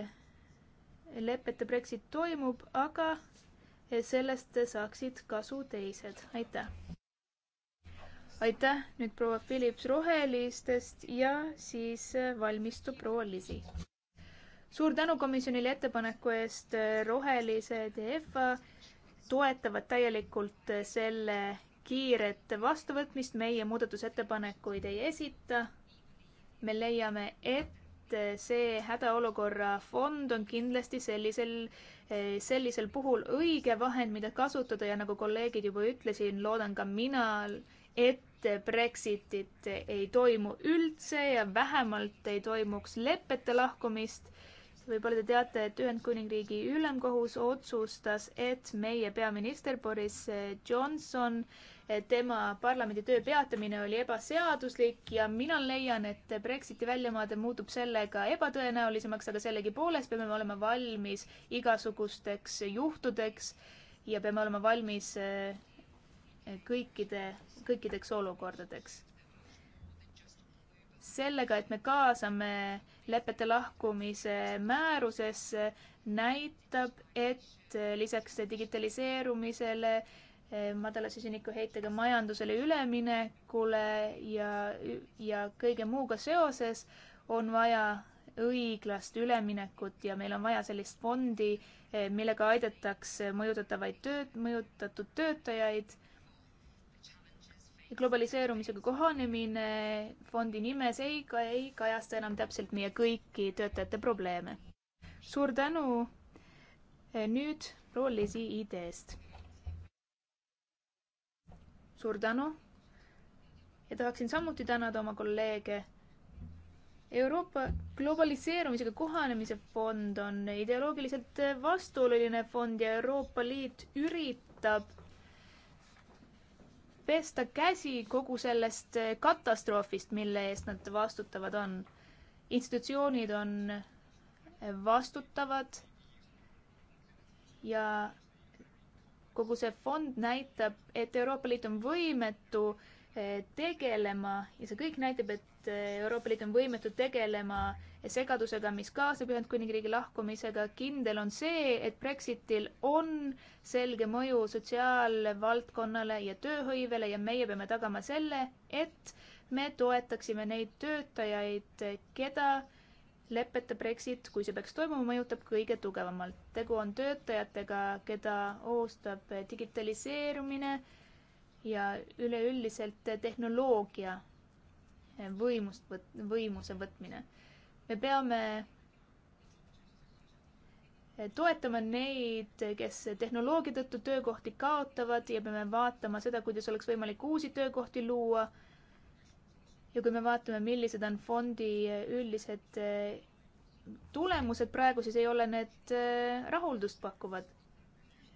lepete Brexit toimub, aga sellest saaksid kasu teised. aitäh! aitäh, nüüd proua Philips Rohelistest ja siis valmistub proua Lisi suur tänu komisjonile ettepaneku eest, rohelised ja EFA toetavad täielikult selle kiiret vastuvõtmist, meie muudatusettepanekuid ei esita. me leiame, et see hädaolukorra fond on kindlasti sellisel, sellisel puhul õige vahend, mida kasutada ja nagu kolleegid juba ütlesin, loodan ka mina, et Brexitit ei toimu üldse ja vähemalt ei toimuks lepete lahkumist võib-olla te teate, et Ühendkuningriigi ülemkohus otsustas, et meie peaminister Boris eh, Johnson, eh, tema parlamendi töö peatamine oli ebaseaduslik ja mina leian, et Brexiti väljamaade muutub sellega ebatõenäolisemaks, aga sellegipoolest peame olema valmis igasugusteks juhtudeks ja peame olema valmis eh, kõikide, kõikideks olukordadeks. sellega, et me kaasame lepete lahkumise määrusesse näitab, et lisaks digitaliseerumisele, eh, madala süsinikuheitega majandusele üleminekule ja, ja kõige muuga seoses on vaja õiglast üleminekut ja meil on vaja sellist fondi, eh, millega aidatakse mõjutatavaid tööd, mõjutatud töötajaid globaliseerumisega kohanemine fondi nimes ei, ei kajasta enam täpselt meie kõiki töötajate probleeme. suur tänu. Eh, nüüd proua Lisi ideest. suur tänu. ja tahaksin samuti tänada oma kolleege Euroopa globaliseerumisega kohanemise fond on ideoloogiliselt vastuoluline fond ja Euroopa Liit üritab pesta käsi kogu sellest eh, katastroofist, mille eest nad vastutavad on. institutsioonid on eh, vastutavad ja kogu see fond näitab, et Euroopa Liit on võimetu eh, tegelema ja see kõik näitab, et Eh, Euroopa Liit on võimetu tegelema segadusega, mis kaasneb Ühendkuningriigi lahkumisega. kindel on see, et Brexitil on selge mõju sotsiaalvaldkonnale ja tööhõivele ja meie peame tagama selle, et me toetaksime neid töötajaid, keda leppeta Brexit, kui see peaks toimuma, mõjutab kõige tugevamalt. tegu on töötajatega, keda ohustab digitaliseerumine ja üleüldiselt tehnoloogia võimust võt-, võimuse võtmine. me peame toetama neid, kes tehnoloogia tõttu töökohti kaotavad ja peame vaatama seda, kuidas oleks võimalik uusi töökohti luua. ja kui me vaatame, millised on fondi üldised eh, tulemused praegu, siis ei ole need eh, rahuldust pakkuvad.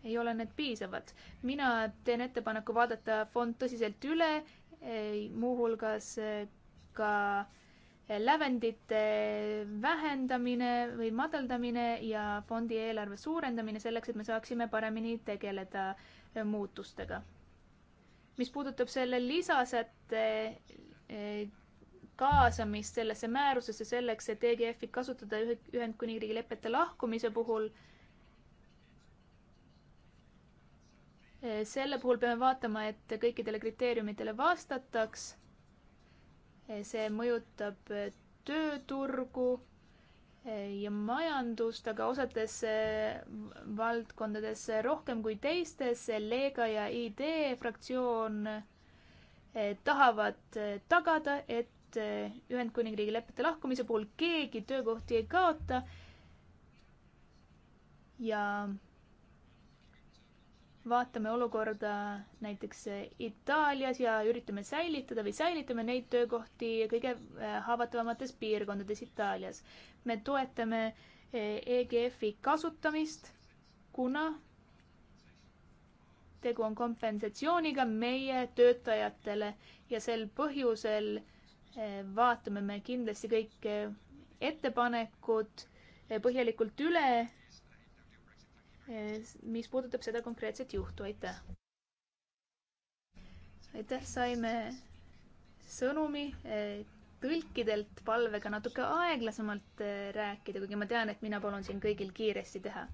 ei ole need piisavad. mina teen ettepaneku vaadata fond tõsiselt üle, eh, muuhulgas ka lävendite vähendamine või madaldamine ja fondi eelarve suurendamine selleks, et me saaksime paremini tegeleda muutustega. mis puudutab selle lisasätte eh, kaasamist sellesse määrusesse selleks, et EGF-i kasutada Ühendkuningriigi lepete lahkumise puhul, eh, selle puhul peame vaatama, et kõikidele kriteeriumitele vastataks see mõjutab tööturgu ja majandust, aga osades eh, valdkondades rohkem kui teistes. Lega ja ID fraktsioon eh, tahavad eh, tagada, et Ühendkuningriigi lepete lahkumise puhul keegi töökohti ei kaota. ja vaatame olukorda näiteks Itaalias ja üritame säilitada või säilitame neid töökohti kõige eh, haavatavamates piirkondades Itaalias. me toetame EGF-i eh, e kasutamist, kuna tegu on kompensatsiooniga meie töötajatele ja sel põhjusel eh, vaatame me kindlasti kõik ettepanekud põhjalikult üle mis puudutab seda konkreetset juhtu, aitäh. aitäh, saime sõnumi tõlkidelt palvega natuke aeglasemalt eh, rääkida, kuigi ma tean, et mina palun siin kõigil kiiresti teha.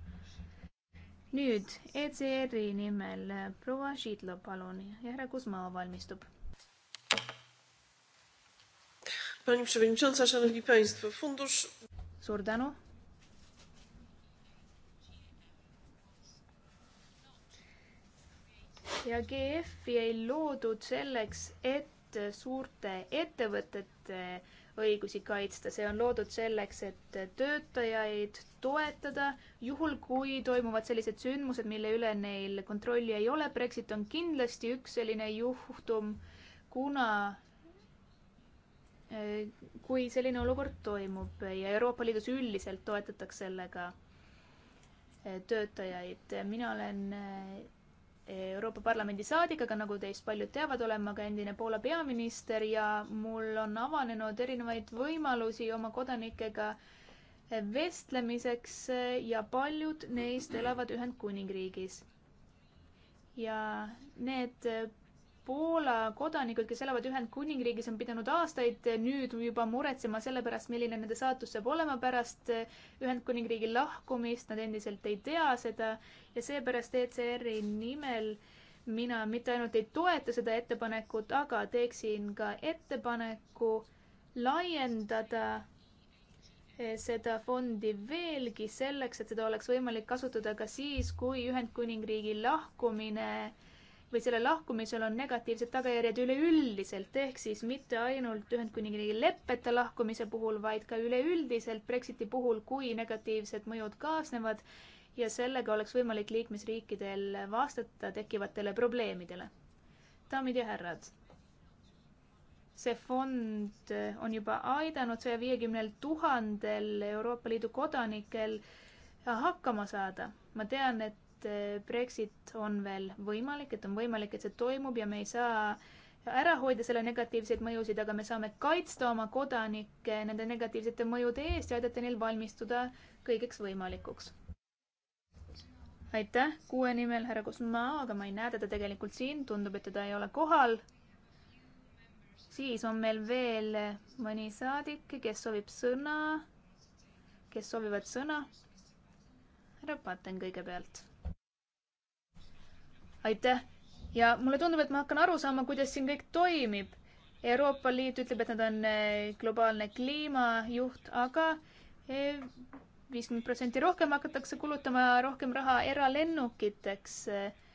nüüd ECR-i nimel eh, proua Šidlo, palun ja härra Kuzma valmistub. suur tänu ja GF-i ei loodud selleks, et suurte ettevõtete õigusi kaitsta, see on loodud selleks, et töötajaid toetada, juhul kui toimuvad sellised sündmused, mille üle neil kontrolli ei ole. Brexit on kindlasti üks selline juhtum, kuna äh, kui selline olukord toimub ja Euroopa Liidus üldiselt toetatakse sellega äh, töötajaid. mina olen äh, Euroopa Parlamendi saadik, aga nagu teist paljud teavad, olen ma ka endine Poola peaminister ja mul on avanenud erinevaid võimalusi oma kodanikega vestlemiseks ja paljud neist elavad Ühendkuningriigis. ja need Poola kodanikud, kes elavad Ühendkuningriigis, on pidanud aastaid nüüd juba muretsema selle pärast, milline nende saatus saab olema pärast Ühendkuningriigi lahkumist, nad endiselt ei tea seda ja seepärast ECR-i nimel mina mitte ainult ei toeta seda ettepanekut, aga teeksin ka ettepaneku laiendada eh, seda fondi veelgi selleks, et seda oleks võimalik kasutada ka siis, kui Ühendkuningriigi lahkumine äh, või selle lahkumisel on negatiivsed tagajärjed üleüldiselt, ehk siis mitte ainult Ühendkuningriigi leppeta lahkumise puhul, vaid ka üleüldiselt Brexiti puhul, kui negatiivsed mõjud kaasnevad ja sellega oleks võimalik liikmesriikidel vastata tekkivatele probleemidele. daamid ja härrad, see fond on juba aidanud saja viiekümnel tuhandel Euroopa Liidu kodanikel hakkama saada. ma tean, et et eh, Brexit on veel võimalik, et on võimalik, et see toimub ja me ei saa ära hoida selle negatiivseid mõjusid, aga me saame kaitsta oma kodanikke nende negatiivsete mõjude eest ja aidata neil valmistuda kõigeks võimalikuks. aitäh, kuue nimel härra Kusmaa, aga ma ei näe teda tegelikult siin, tundub, et teda ei ole kohal. siis on meil veel mõni saadik, kes soovib sõna, kes soovivad sõna. härra Patten kõigepealt aitäh! ja mulle tundub, et ma hakkan aru saama, kuidas siin kõik toimib. Euroopa Liit ütleb, et nad on eh, globaalne kliimajuht aga, aga eh, viiskümmend protsenti rohkem hakatakse kulutama rohkem raha eralennukiteks. Eh,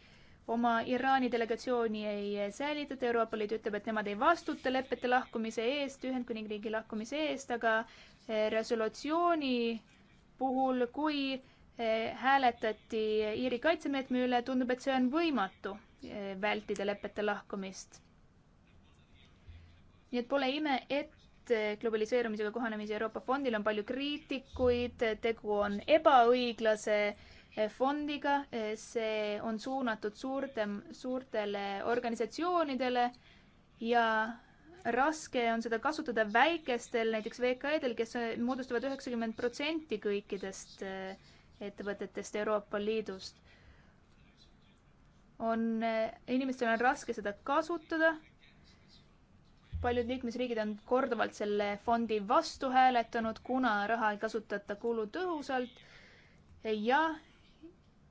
oma Iraani delegatsiooni ei säilitata, Euroopa Liit ütleb, et nemad ei vastuta lepete lahkumise eest, Ühendkuningriigi lahkumise eest, aga resolutsiooni puhul, kui Eh, hääletati Iiri kaitsemeetme üle, tundub, et see on võimatu eh, vältida lepete lahkumist. nii et pole ime, et eh, globaliseerumisega kohanemise Euroopa Fondil on palju kriitikuid, tegu on ebaõiglase fondiga, see on suunatud suurte, suurtele organisatsioonidele ja raske on seda kasutada väikestel, näiteks VKE-del, kes moodustavad üheksakümmend protsenti kõikidest äh, ettevõtetest Euroopa Liidust. on, inimestel on raske seda kasutada. paljud liikmesriigid on korduvalt selle fondi vastu hääletanud, kuna raha ei kasutata kulutõhusalt ja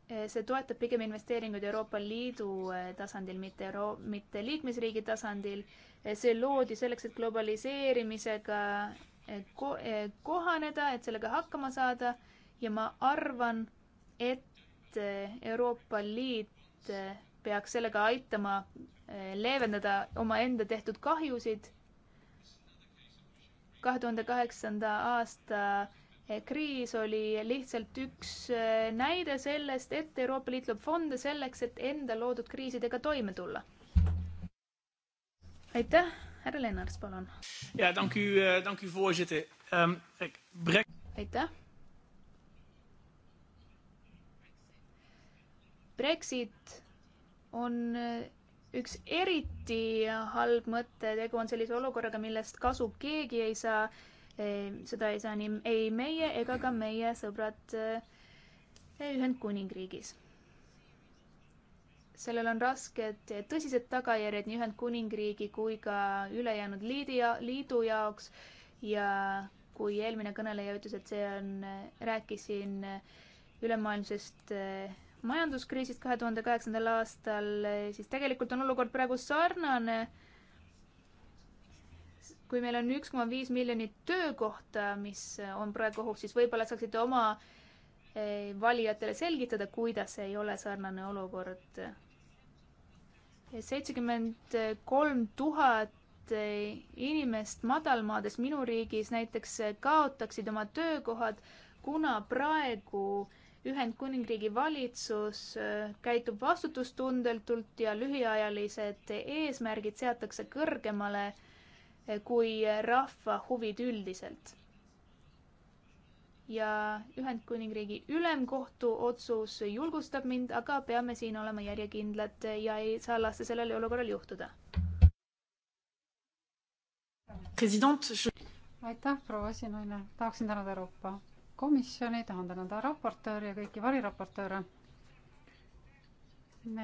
eh, see toetab pigem investeeringuid Euroopa Liidu eh, tasandil, mitte euro-, mitte liikmesriigi tasandil. Eh, see loodi selleks, et globaliseerimisega kohaneda, et sellega hakkama saada ja ma arvan, et eh, Euroopa Liit eh, peaks sellega aitama eh, leevendada omaenda tehtud kahjusid. kahe tuhande kaheksanda aasta kriis oli lihtsalt üks näide sellest, et Euroopa Liit loob fonde selleks, et enda loodud kriisidega toime tulla. aitäh, härra Lennart, palun. ja tänku, tänku, voorzitter um,. aitäh Brexit on äh, üks eriti halb mõte, tegu on sellise olukorraga, millest kasu keegi ei saa. Äh, seda ei saa nii ei meie ega ka meie sõbrad äh, Ühendkuningriigis. sellel on rasked, tõsised tagajärjed nii Ühendkuningriigi kui ka ülejäänud liidi ja liidu jaoks ja kui eelmine kõneleja ütles, et see on, rääkisin ülemaailmsest majanduskriisist kahe tuhande kaheksandal aastal, siis tegelikult on olukord praegu sarnane. kui meil on üks koma viis miljonit töökohta, mis on praegu ohuks, siis võib-olla saaksite oma eh, valijatele selgitada, kuidas ei ole sarnane olukord. seitsekümmend kolm tuhat eh, inimest madalmaades minu riigis näiteks kaotaksid oma töökohad, kuna praegu äh, Ühendkuningriigi valitsus äh, käitub vastutustundetult ja lühiajalised eesmärgid seatakse kõrgemale äh, kui rahva huvid üldiselt. ja Ühendkuningriigi ülemkohtu otsus julgustab mind, aga peame siin olema järjekindlad ja ei saa lasta sellel olukorral juhtuda. president. aitäh, proua esinaine, tahaksin tänada Euroopa komisjoni, tahan tänada raportööri ja kõiki variraportööre. me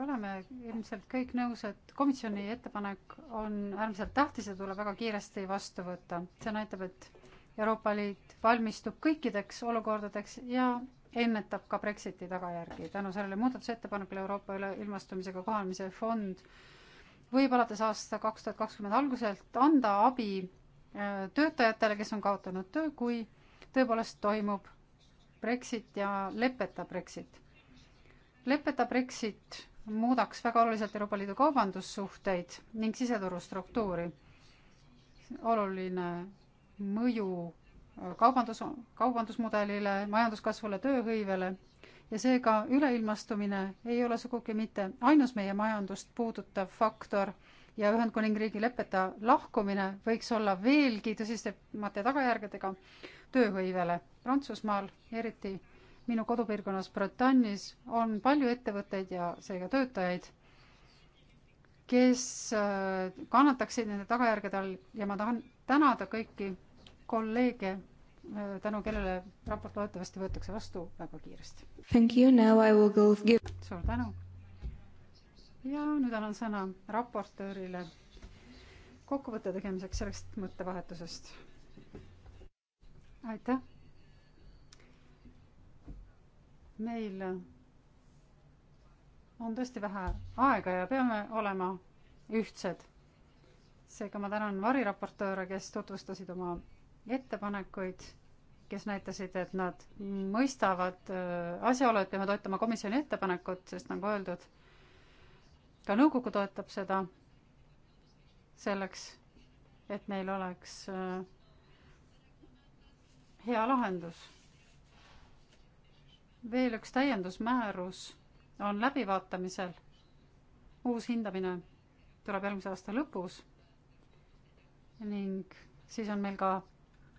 oleme ilmselt kõik nõus, et komisjoni ettepanek on äärmiselt tähtis ja tuleb väga kiiresti vastu võtta. see näitab, et Euroopa Liit valmistub kõikideks olukordadeks ja ennetab ka Brexiti tagajärgi. tänu sellele muudatusettepanekule Euroopa üleilmastumisega kohanemise fond võib alates aasta kaks tuhat kakskümmend alguselt anda abi äh, töötajatele, kes on kaotanud töö, kui tõepoolest toimub Brexit ja lepeta Brexit. lepeta Brexit muudaks väga oluliselt Euroopa Liidu kaubandussuhteid ning siseturu struktuuri. oluline mõju kaubandus, kaubandusmudelile, majanduskasvule, tööhõivele ja seega üleilmastumine ei ole sugugi mitte ainus meie majandust puudutav faktor ja Ühendkuningriigi lepeta lahkumine võiks olla veelgi tõsisemate tagajärgedega tööhõivele. Prantsusmaal, eriti minu kodupiirkonnas Bretagne'is, on palju ettevõtteid ja seega töötajaid, kes äh, kannataksid nende tagajärgede all ja ma tahan tänada kõiki kolleege, äh, tänu kellele raport loodetavasti võetakse vastu väga kiiresti. Go... suur tänu. ja nüüd annan sõna raportöörile kokkuvõtte tegemiseks sellest mõttevahetusest aitäh. meil on tõesti vähe aega ja peame olema ühtsed. seega ma tänan variraportööre, kes tutvustasid oma ettepanekuid, kes näitasid, et nad mõistavad äh, asjaolu, et peame toetama komisjoni ettepanekut, sest nagu öeldud, ka nõukogu toetab seda selleks, et neil oleks äh, hea lahendus. veel üks täiendusmäärus on läbivaatamisel. uus hindamine tuleb järgmise aasta lõpus ning siis on meil ka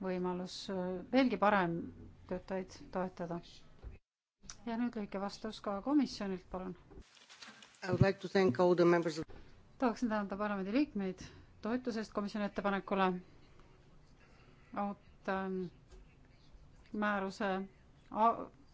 võimalus äh, veelgi parem töötajaid toetada. ja nüüd lühike vastus ka komisjonilt, palun. Like tahaksin tänada parlamendi liikmeid toetuse eest komisjoni ettepanekule. ootan määruse